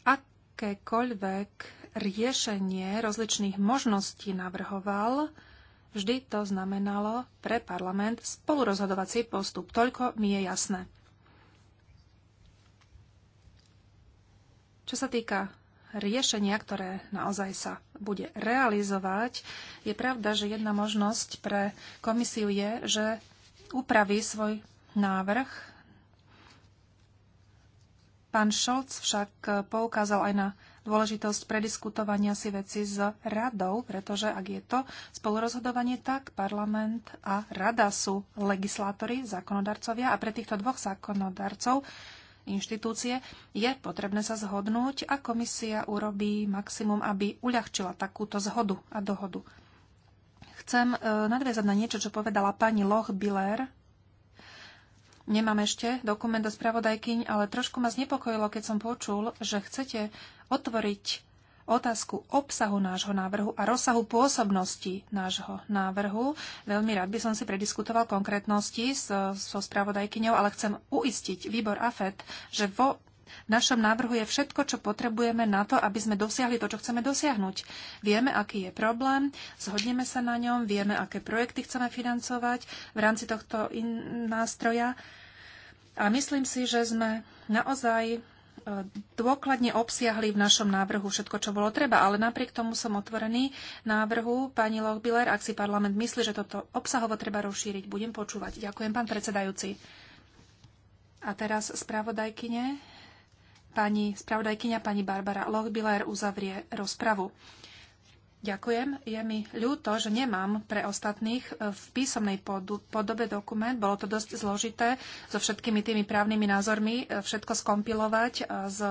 akékoľvek riešenie rozličných možností navrhoval, vždy to znamenalo pre parlament spolurozhodovací postup. Toľko mi je jasné. Čo sa týka riešenia, ktoré naozaj sa bude realizovať, je pravda, že jedna možnosť pre komisiu je, že upraví svoj návrh. Pán Šolc však poukázal aj na dôležitosť prediskutovania si veci s radou, pretože ak je to spolurozhodovanie, tak parlament a rada sú legislátori, zákonodarcovia a pre týchto dvoch zákonodarcov inštitúcie, je potrebné sa zhodnúť a komisia urobí maximum, aby uľahčila takúto zhodu a dohodu. Chcem e, nadviazať na niečo, čo povedala pani Loch Biller. Nemám ešte dokument do spravodajkyň, ale trošku ma znepokojilo, keď som počul, že chcete otvoriť otázku obsahu nášho návrhu a rozsahu pôsobnosti nášho návrhu. Veľmi rád by som si prediskutoval konkrétnosti so, so spravodajkyňou, ale chcem uistiť výbor AFET, že vo našom návrhu je všetko, čo potrebujeme na to, aby sme dosiahli to, čo chceme dosiahnuť. Vieme, aký je problém, zhodneme sa na ňom, vieme, aké projekty chceme financovať v rámci tohto nástroja. A myslím si, že sme naozaj dôkladne obsiahli v našom návrhu všetko, čo bolo treba, ale napriek tomu som otvorený návrhu. Pani Lochbiller, ak si parlament myslí, že toto obsahovo treba rozšíriť, budem počúvať. Ďakujem, pán predsedajúci. A teraz spravodajkyne, pani, spravodajkyňa pani Barbara Lochbiller uzavrie rozpravu. Ďakujem. Je mi ľúto, že nemám pre ostatných e, v písomnej podobe dokument. Bolo to dosť zložité so všetkými tými právnymi názormi e, všetko skompilovať e, s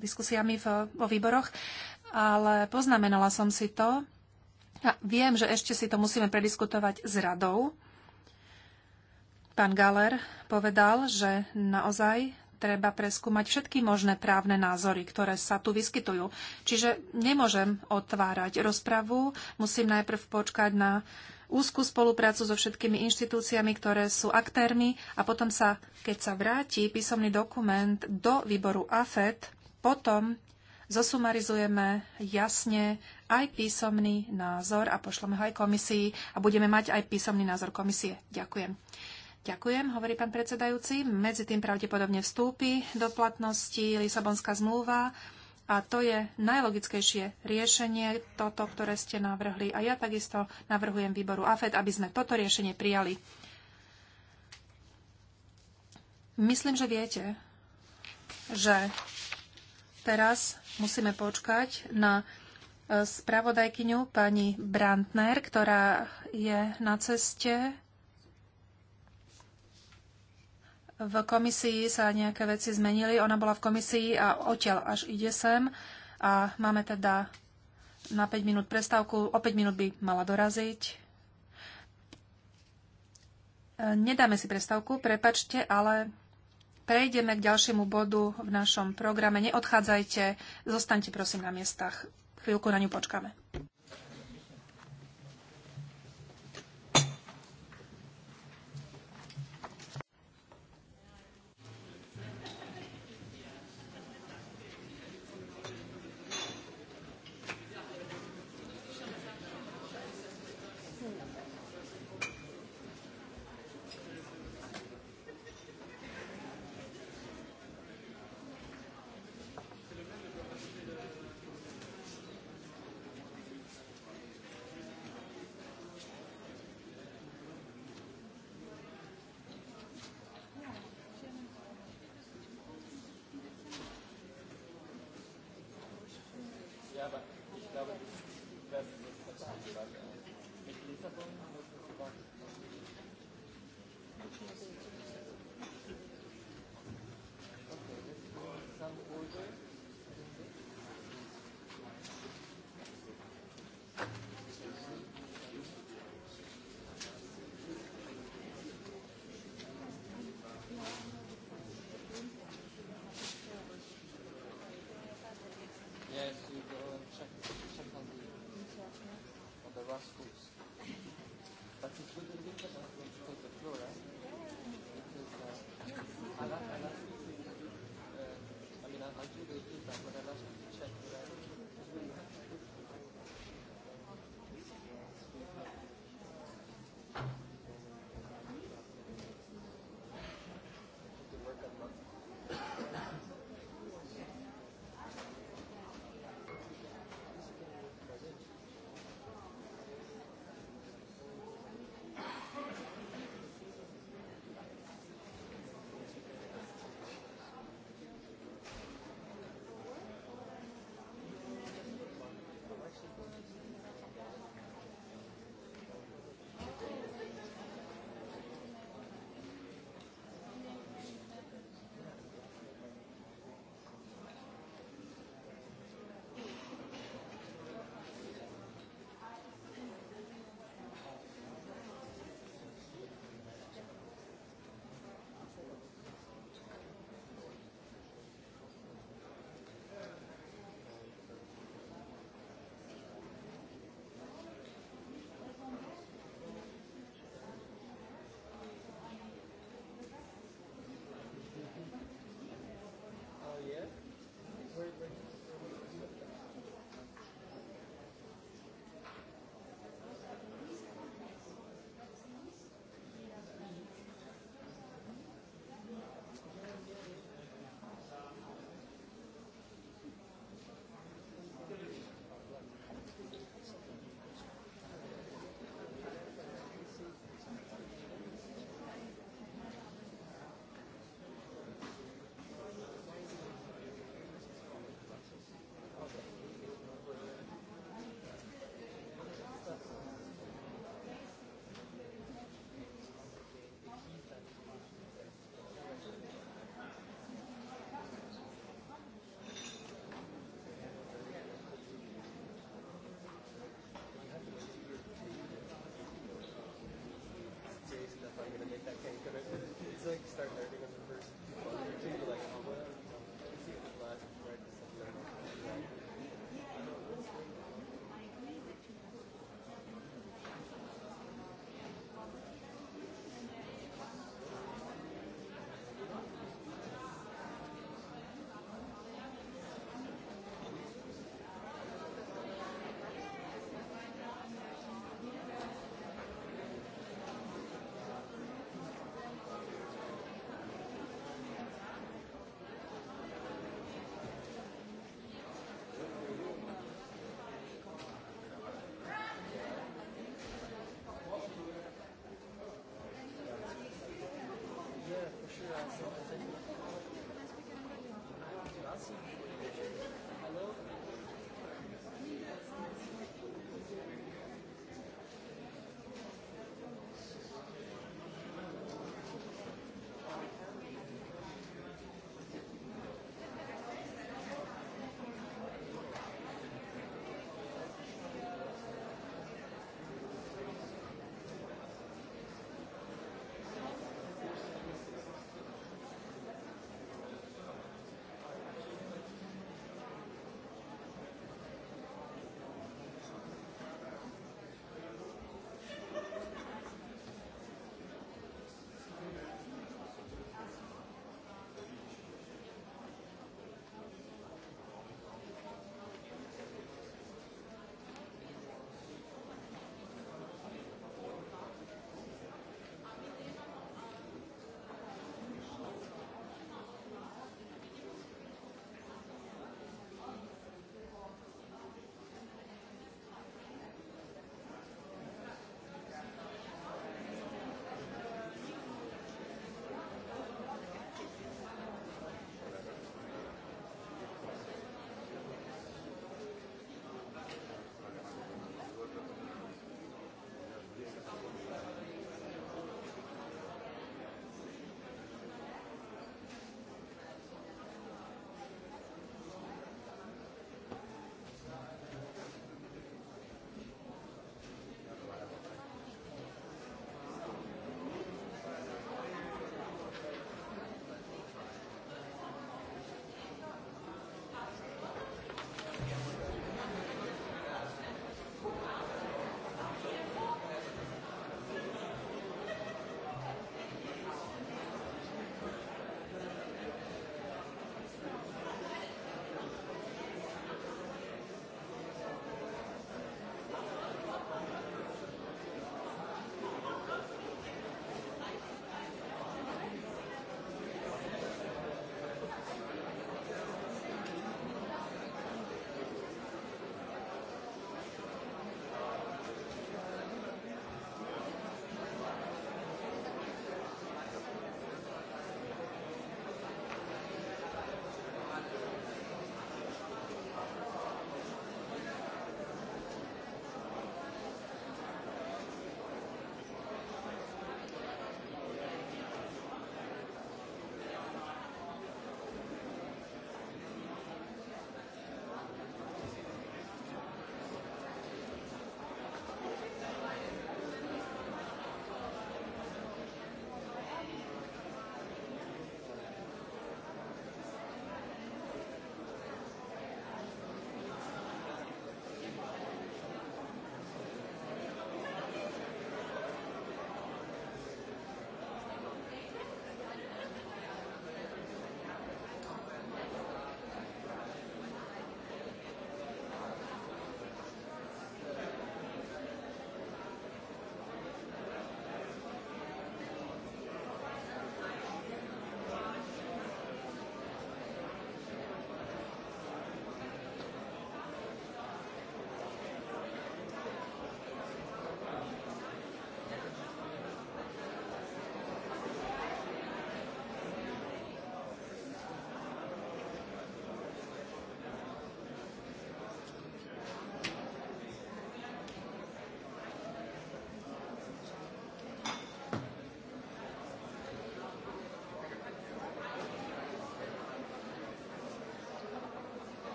diskusiami v, vo výboroch, ale poznamenala som si to a viem, že ešte si to musíme prediskutovať s radou. Pán Galer povedal, že naozaj treba preskúmať všetky možné právne názory, ktoré sa tu vyskytujú. Čiže nemôžem otvárať rozpravu, musím najprv počkať na úzkú spoluprácu so všetkými inštitúciami, ktoré sú aktérmi a potom sa, keď sa vráti písomný dokument do výboru AFET, potom zosumarizujeme jasne aj písomný názor a pošleme ho aj komisii a budeme mať aj písomný názor komisie. Ďakujem. Ďakujem, hovorí pán predsedajúci. Medzi tým pravdepodobne vstúpi do platnosti Lisabonská zmluva a to je najlogickejšie riešenie, toto, ktoré ste navrhli. A ja takisto navrhujem výboru AFED, aby sme toto riešenie prijali. Myslím, že viete, že teraz musíme počkať na e, spravodajkyňu pani Brandner, ktorá je na ceste v komisii sa nejaké veci zmenili. Ona bola v komisii a odtiaľ až ide sem. A máme teda na 5 minút prestávku. O 5 minút by mala doraziť. E, nedáme si prestávku, prepačte, ale prejdeme k ďalšiemu bodu v našom programe. Neodchádzajte, zostaňte prosím na miestach. Chvíľku na ňu počkáme. otázku. Uzbekistan'da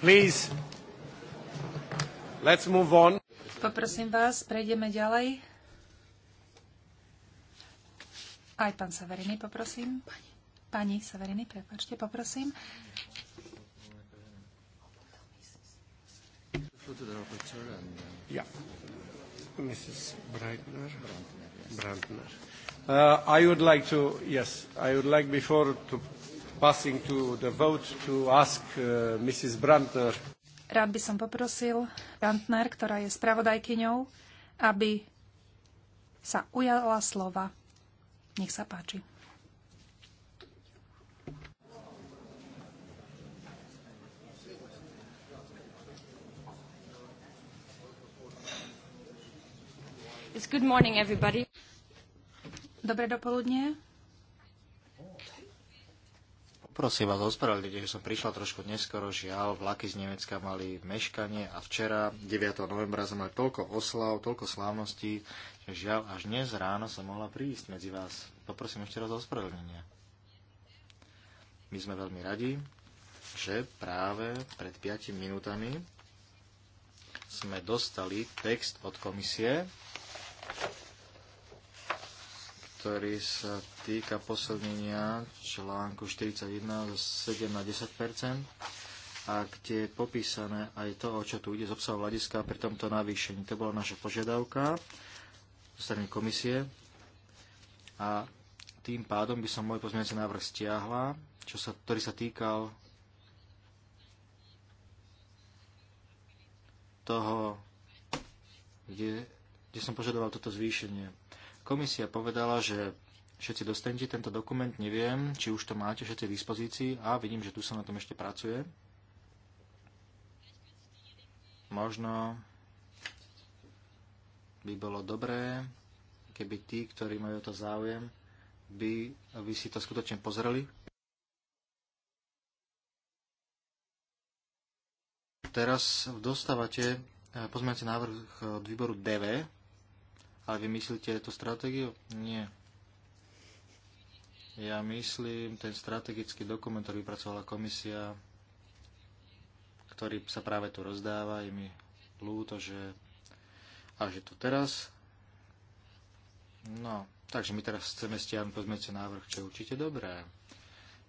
Please. Let's move on. Poprosím vás, prejdeme ďalej. Aj pán Severiny, poprosím. Pani Severiny, prepáčte, poprosím. Yeah. Mrs. Breitner. Brandner. Brandner. Uh, I would like to, yes, I would like before to passing to the vote to ask uh, Mrs. Brandner. Rád by som poprosil Brandner, ktorá je spravodajkyňou, aby sa ujala slova. Nech sa páči. It's good morning, everybody. Dobré dopoludne. Prosím vás, ospravedlite, že som prišla trošku neskoro, žiaľ, vlaky z Nemecka mali meškanie a včera, 9. novembra, sme mali toľko oslav, toľko slávností, že žiaľ, až dnes ráno som mohla prísť medzi vás. Poprosím ešte raz o ospravedlnenie. My sme veľmi radi, že práve pred 5 minútami sme dostali text od komisie, ktorý sa týka posilnenia článku 41 z 7 na 10 a kde je popísané aj to, o čo tu ide z obsahu hľadiska pri tomto navýšení. To bola naša požiadavka zo strany komisie a tým pádom by som môj pozmeňujúci návrh stiahla, čo sa, ktorý sa týkal toho, kde, kde som požadoval toto zvýšenie Komisia povedala, že všetci dostanete tento dokument, neviem, či už to máte všetci v dispozícii a vidím, že tu sa na tom ešte pracuje. Možno by bolo dobré, keby tí, ktorí majú to záujem, by, aby si to skutočne pozreli. Teraz dostávate eh, pozmeňujúci návrh eh, od výboru DV, a vy myslíte tú stratégiu? Nie. Ja myslím ten strategický dokument, ktorý vypracovala komisia, ktorý sa práve tu rozdáva, je mi ľúto, že až je to teraz. No, takže my teraz chceme stiahnuť pozmeňujúci návrh, čo je určite dobré.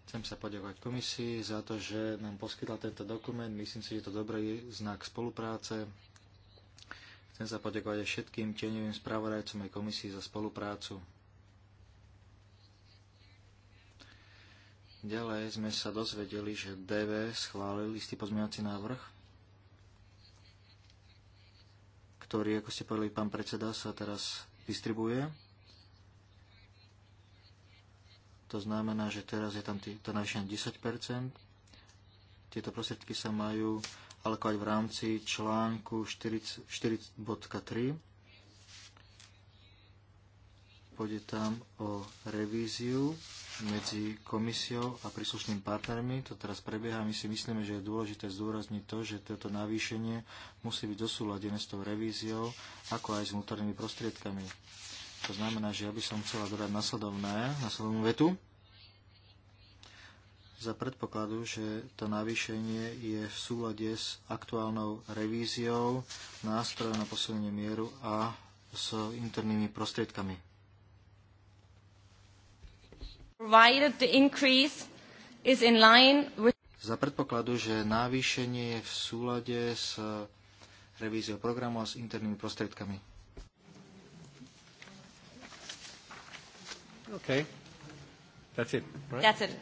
Chcem sa poďakovať komisii za to, že nám poskytla tento dokument. Myslím si, že je to dobrý znak spolupráce Chcem sa poďakovať aj všetkým tieňovým spravodajcom aj komisii za spoluprácu. Ďalej sme sa dozvedeli, že DV schválil istý pozmeňovací návrh, ktorý, ako ste povedali, pán predseda, sa teraz distribuje. To znamená, že teraz je tam to navýšenie 10 Tieto prostriedky sa majú aj v rámci článku 4.3. Pôjde tam o revíziu medzi komisiou a príslušnými partnermi. To teraz prebieha. My si myslíme, že je dôležité zdôrazniť to, že toto navýšenie musí byť dosúladené s tou revíziou, ako aj s vnútornými prostriedkami. To znamená, že ja by som chcela dodať nasledovné, nasledovnú vetu za predpokladu, že to navýšenie je v súlade s aktuálnou revíziou nástroja na posilnenie mieru a s internými prostriedkami. Za predpokladu, že navýšenie je v súlade s revíziou programu a s internými prostriedkami. Okay. That's it, right? That's it.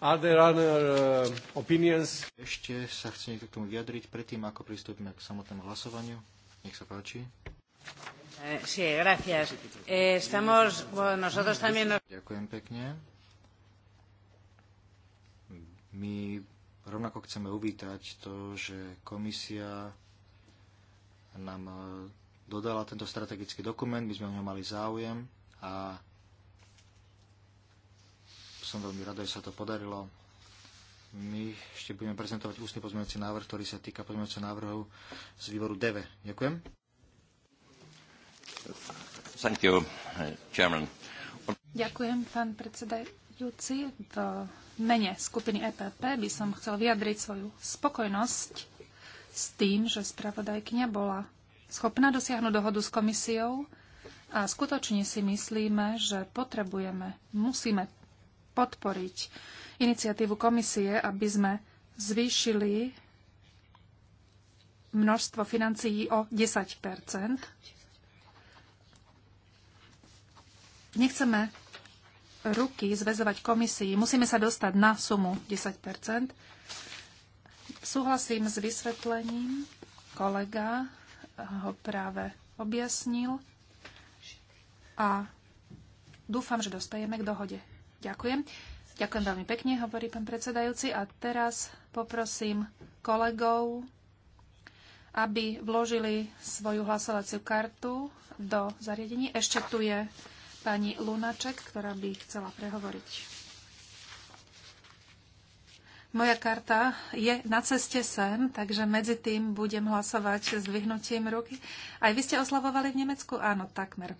Are there other, uh, opinions? Ešte sa chce niekto k tomu vyjadriť predtým, ako pristúpime k samotnému hlasovaniu. Nech sa páči. Eh, sí, gracias. Eh, estamos, nosotros también... Ďakujem pekne. My rovnako chceme uvítať to, že komisia nám eh, dodala tento strategický dokument, my sme o ňom mali záujem a som veľmi rada, že sa to podarilo. My ešte budeme prezentovať ústny pozmeňujúci návrh, ktorý sa týka pozmeňujúceho návrhov z výboru DEVE. Ďakujem. Thank you, chairman. Ďakujem, pán predsedajúci. V mene skupiny EPP by som chcel vyjadriť svoju spokojnosť s tým, že spravodajkňa bola schopná dosiahnuť dohodu s komisiou a skutočne si myslíme, že potrebujeme, musíme podporiť iniciatívu komisie, aby sme zvýšili množstvo financií o 10 Nechceme ruky zväzovať komisii. Musíme sa dostať na sumu 10 Súhlasím s vysvetlením. Kolega ho práve objasnil. A dúfam, že dostajeme k dohode. Ďakujem. Ďakujem veľmi pekne, hovorí pán predsedajúci. A teraz poprosím kolegov, aby vložili svoju hlasovaciu kartu do zariadení. Ešte tu je pani Lunaček, ktorá by chcela prehovoriť. Moja karta je na ceste sem, takže medzi tým budem hlasovať s dvihnutím ruky. Aj vy ste oslavovali v Nemecku? Áno, takmer.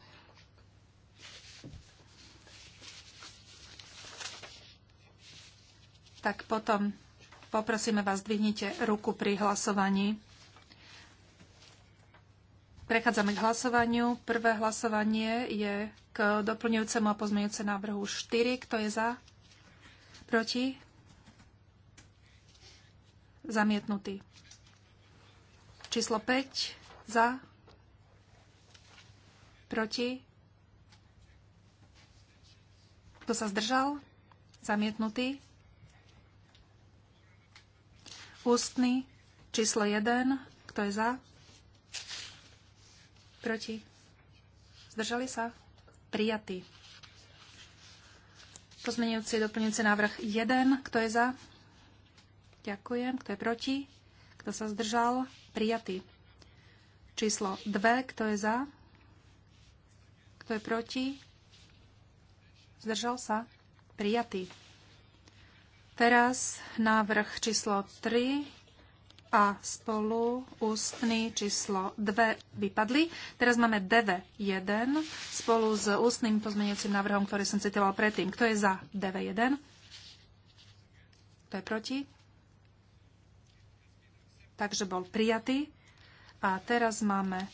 tak potom poprosíme vás, dvihnite ruku pri hlasovaní. Prechádzame k hlasovaniu. Prvé hlasovanie je k doplňujúcemu a pozmeňujúce návrhu 4. Kto je za? Proti? Zamietnutý. Číslo 5. Za? Proti? Kto sa zdržal? Zamietnutý. Ústny číslo 1. Kto je za? Proti? Zdržali sa? Prijatý. Pozmenujúci doplňujúci návrh 1. Kto je za? Ďakujem. Kto je proti? Kto sa zdržal? Prijatý. Číslo 2. Kto je za? Kto je proti? Zdržal sa? Prijatý. Teraz návrh číslo 3 a spolu ústny číslo 2 vypadli. Teraz máme DV1 spolu s ústnym pozmeňujúcim návrhom, ktorý som citoval predtým. Kto je za DV1? Kto je proti? Takže bol prijatý. A teraz máme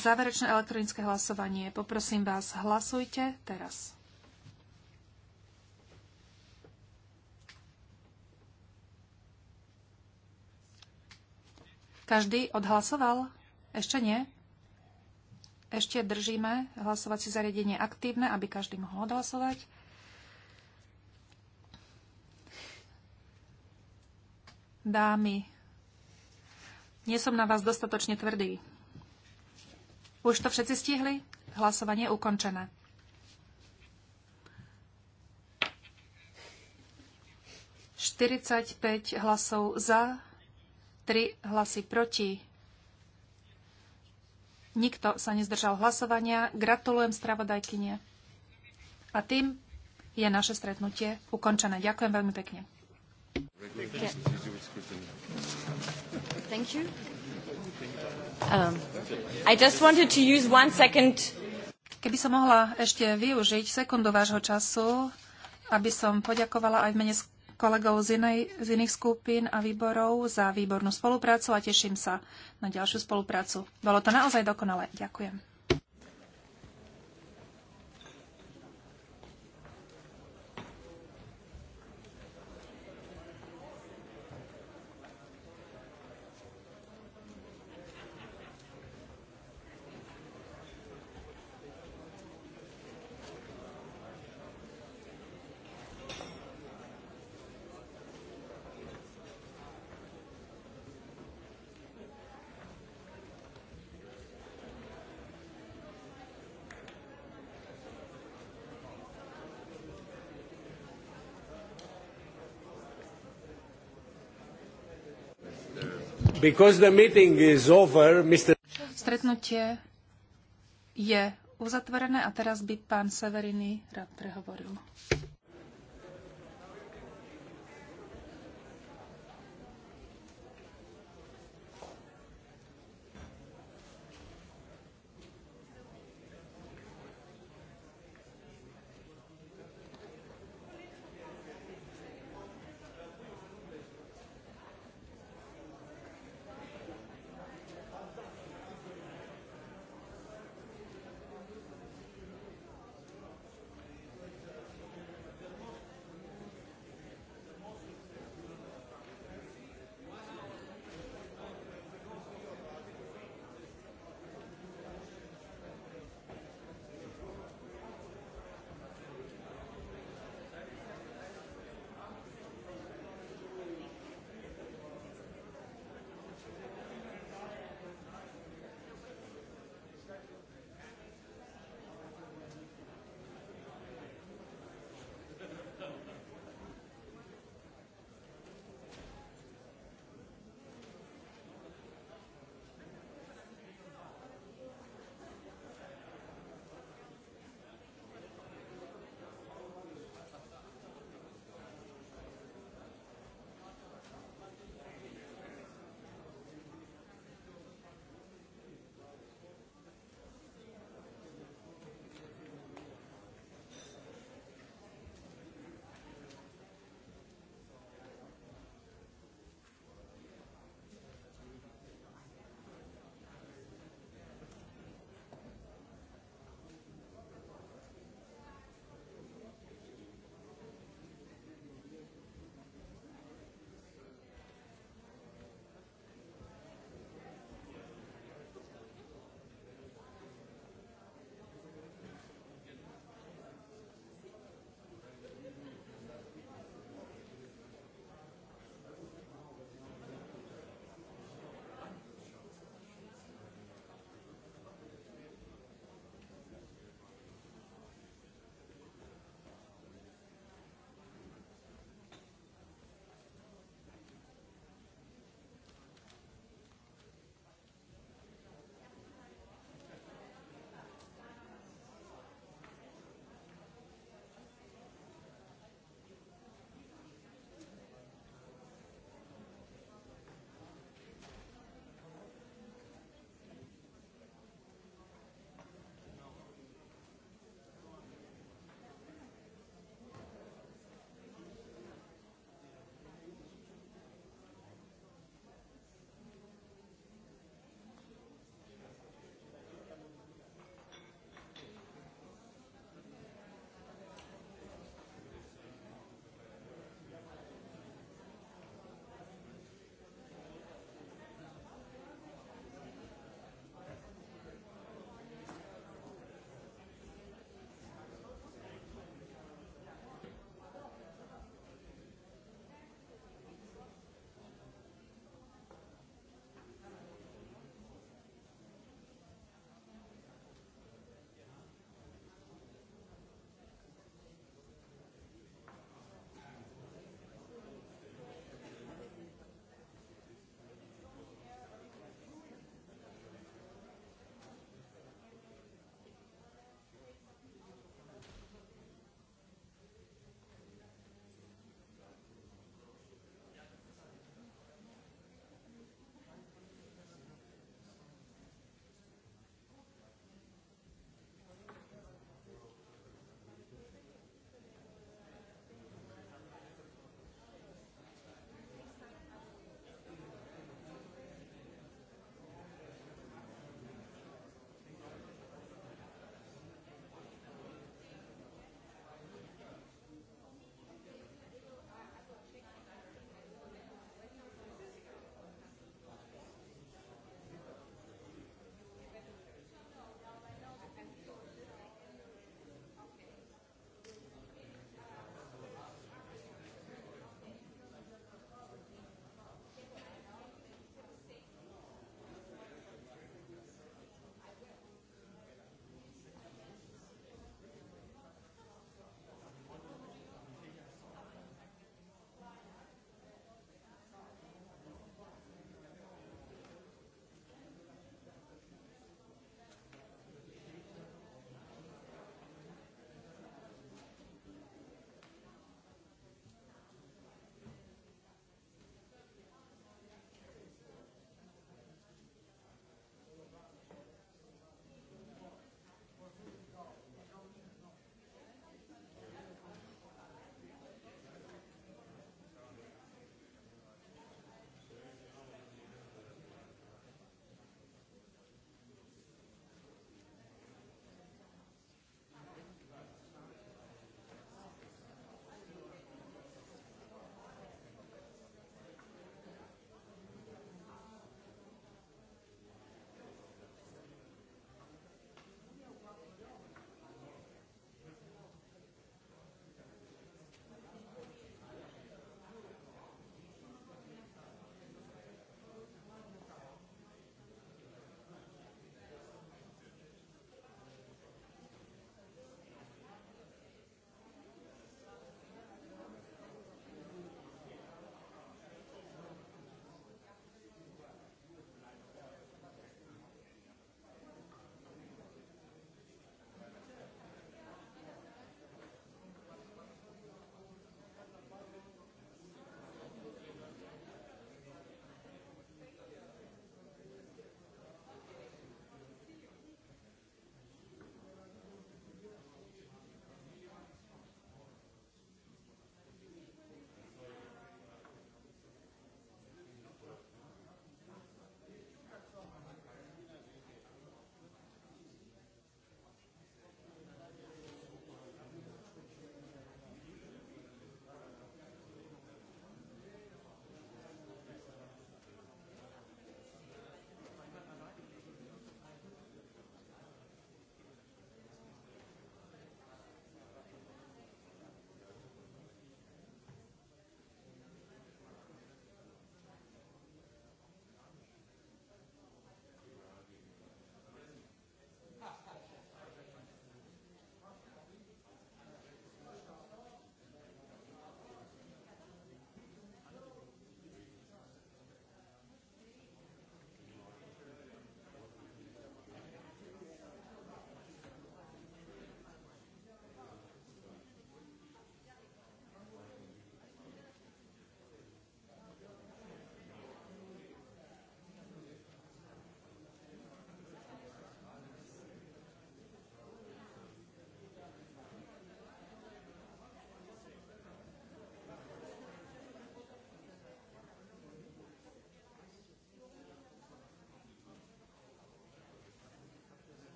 záverečné elektronické hlasovanie. Poprosím vás, hlasujte teraz. Každý odhlasoval? Ešte nie? Ešte držíme hlasovacie zariadenie aktívne, aby každý mohol odhlasovať. Dámy, nie som na vás dostatočne tvrdý. Už to všetci stihli? Hlasovanie je ukončené. 45 hlasov za, 3 hlasy proti. Nikto sa nezdržal hlasovania. Gratulujem spravodajkyne. A tým je naše stretnutie ukončené. Ďakujem veľmi pekne. Thank you. Um, I just wanted to use one second. Keby som mohla ešte využiť sekundu vášho času, aby som poďakovala aj v mene kolegov z, inej, z iných skupín a výborov za výbornú spoluprácu a teším sa na ďalšiu spoluprácu. Bolo to naozaj dokonalé. Ďakujem. Stretnutie je uzatvorené a teraz by pán Severiny rád prehovoril.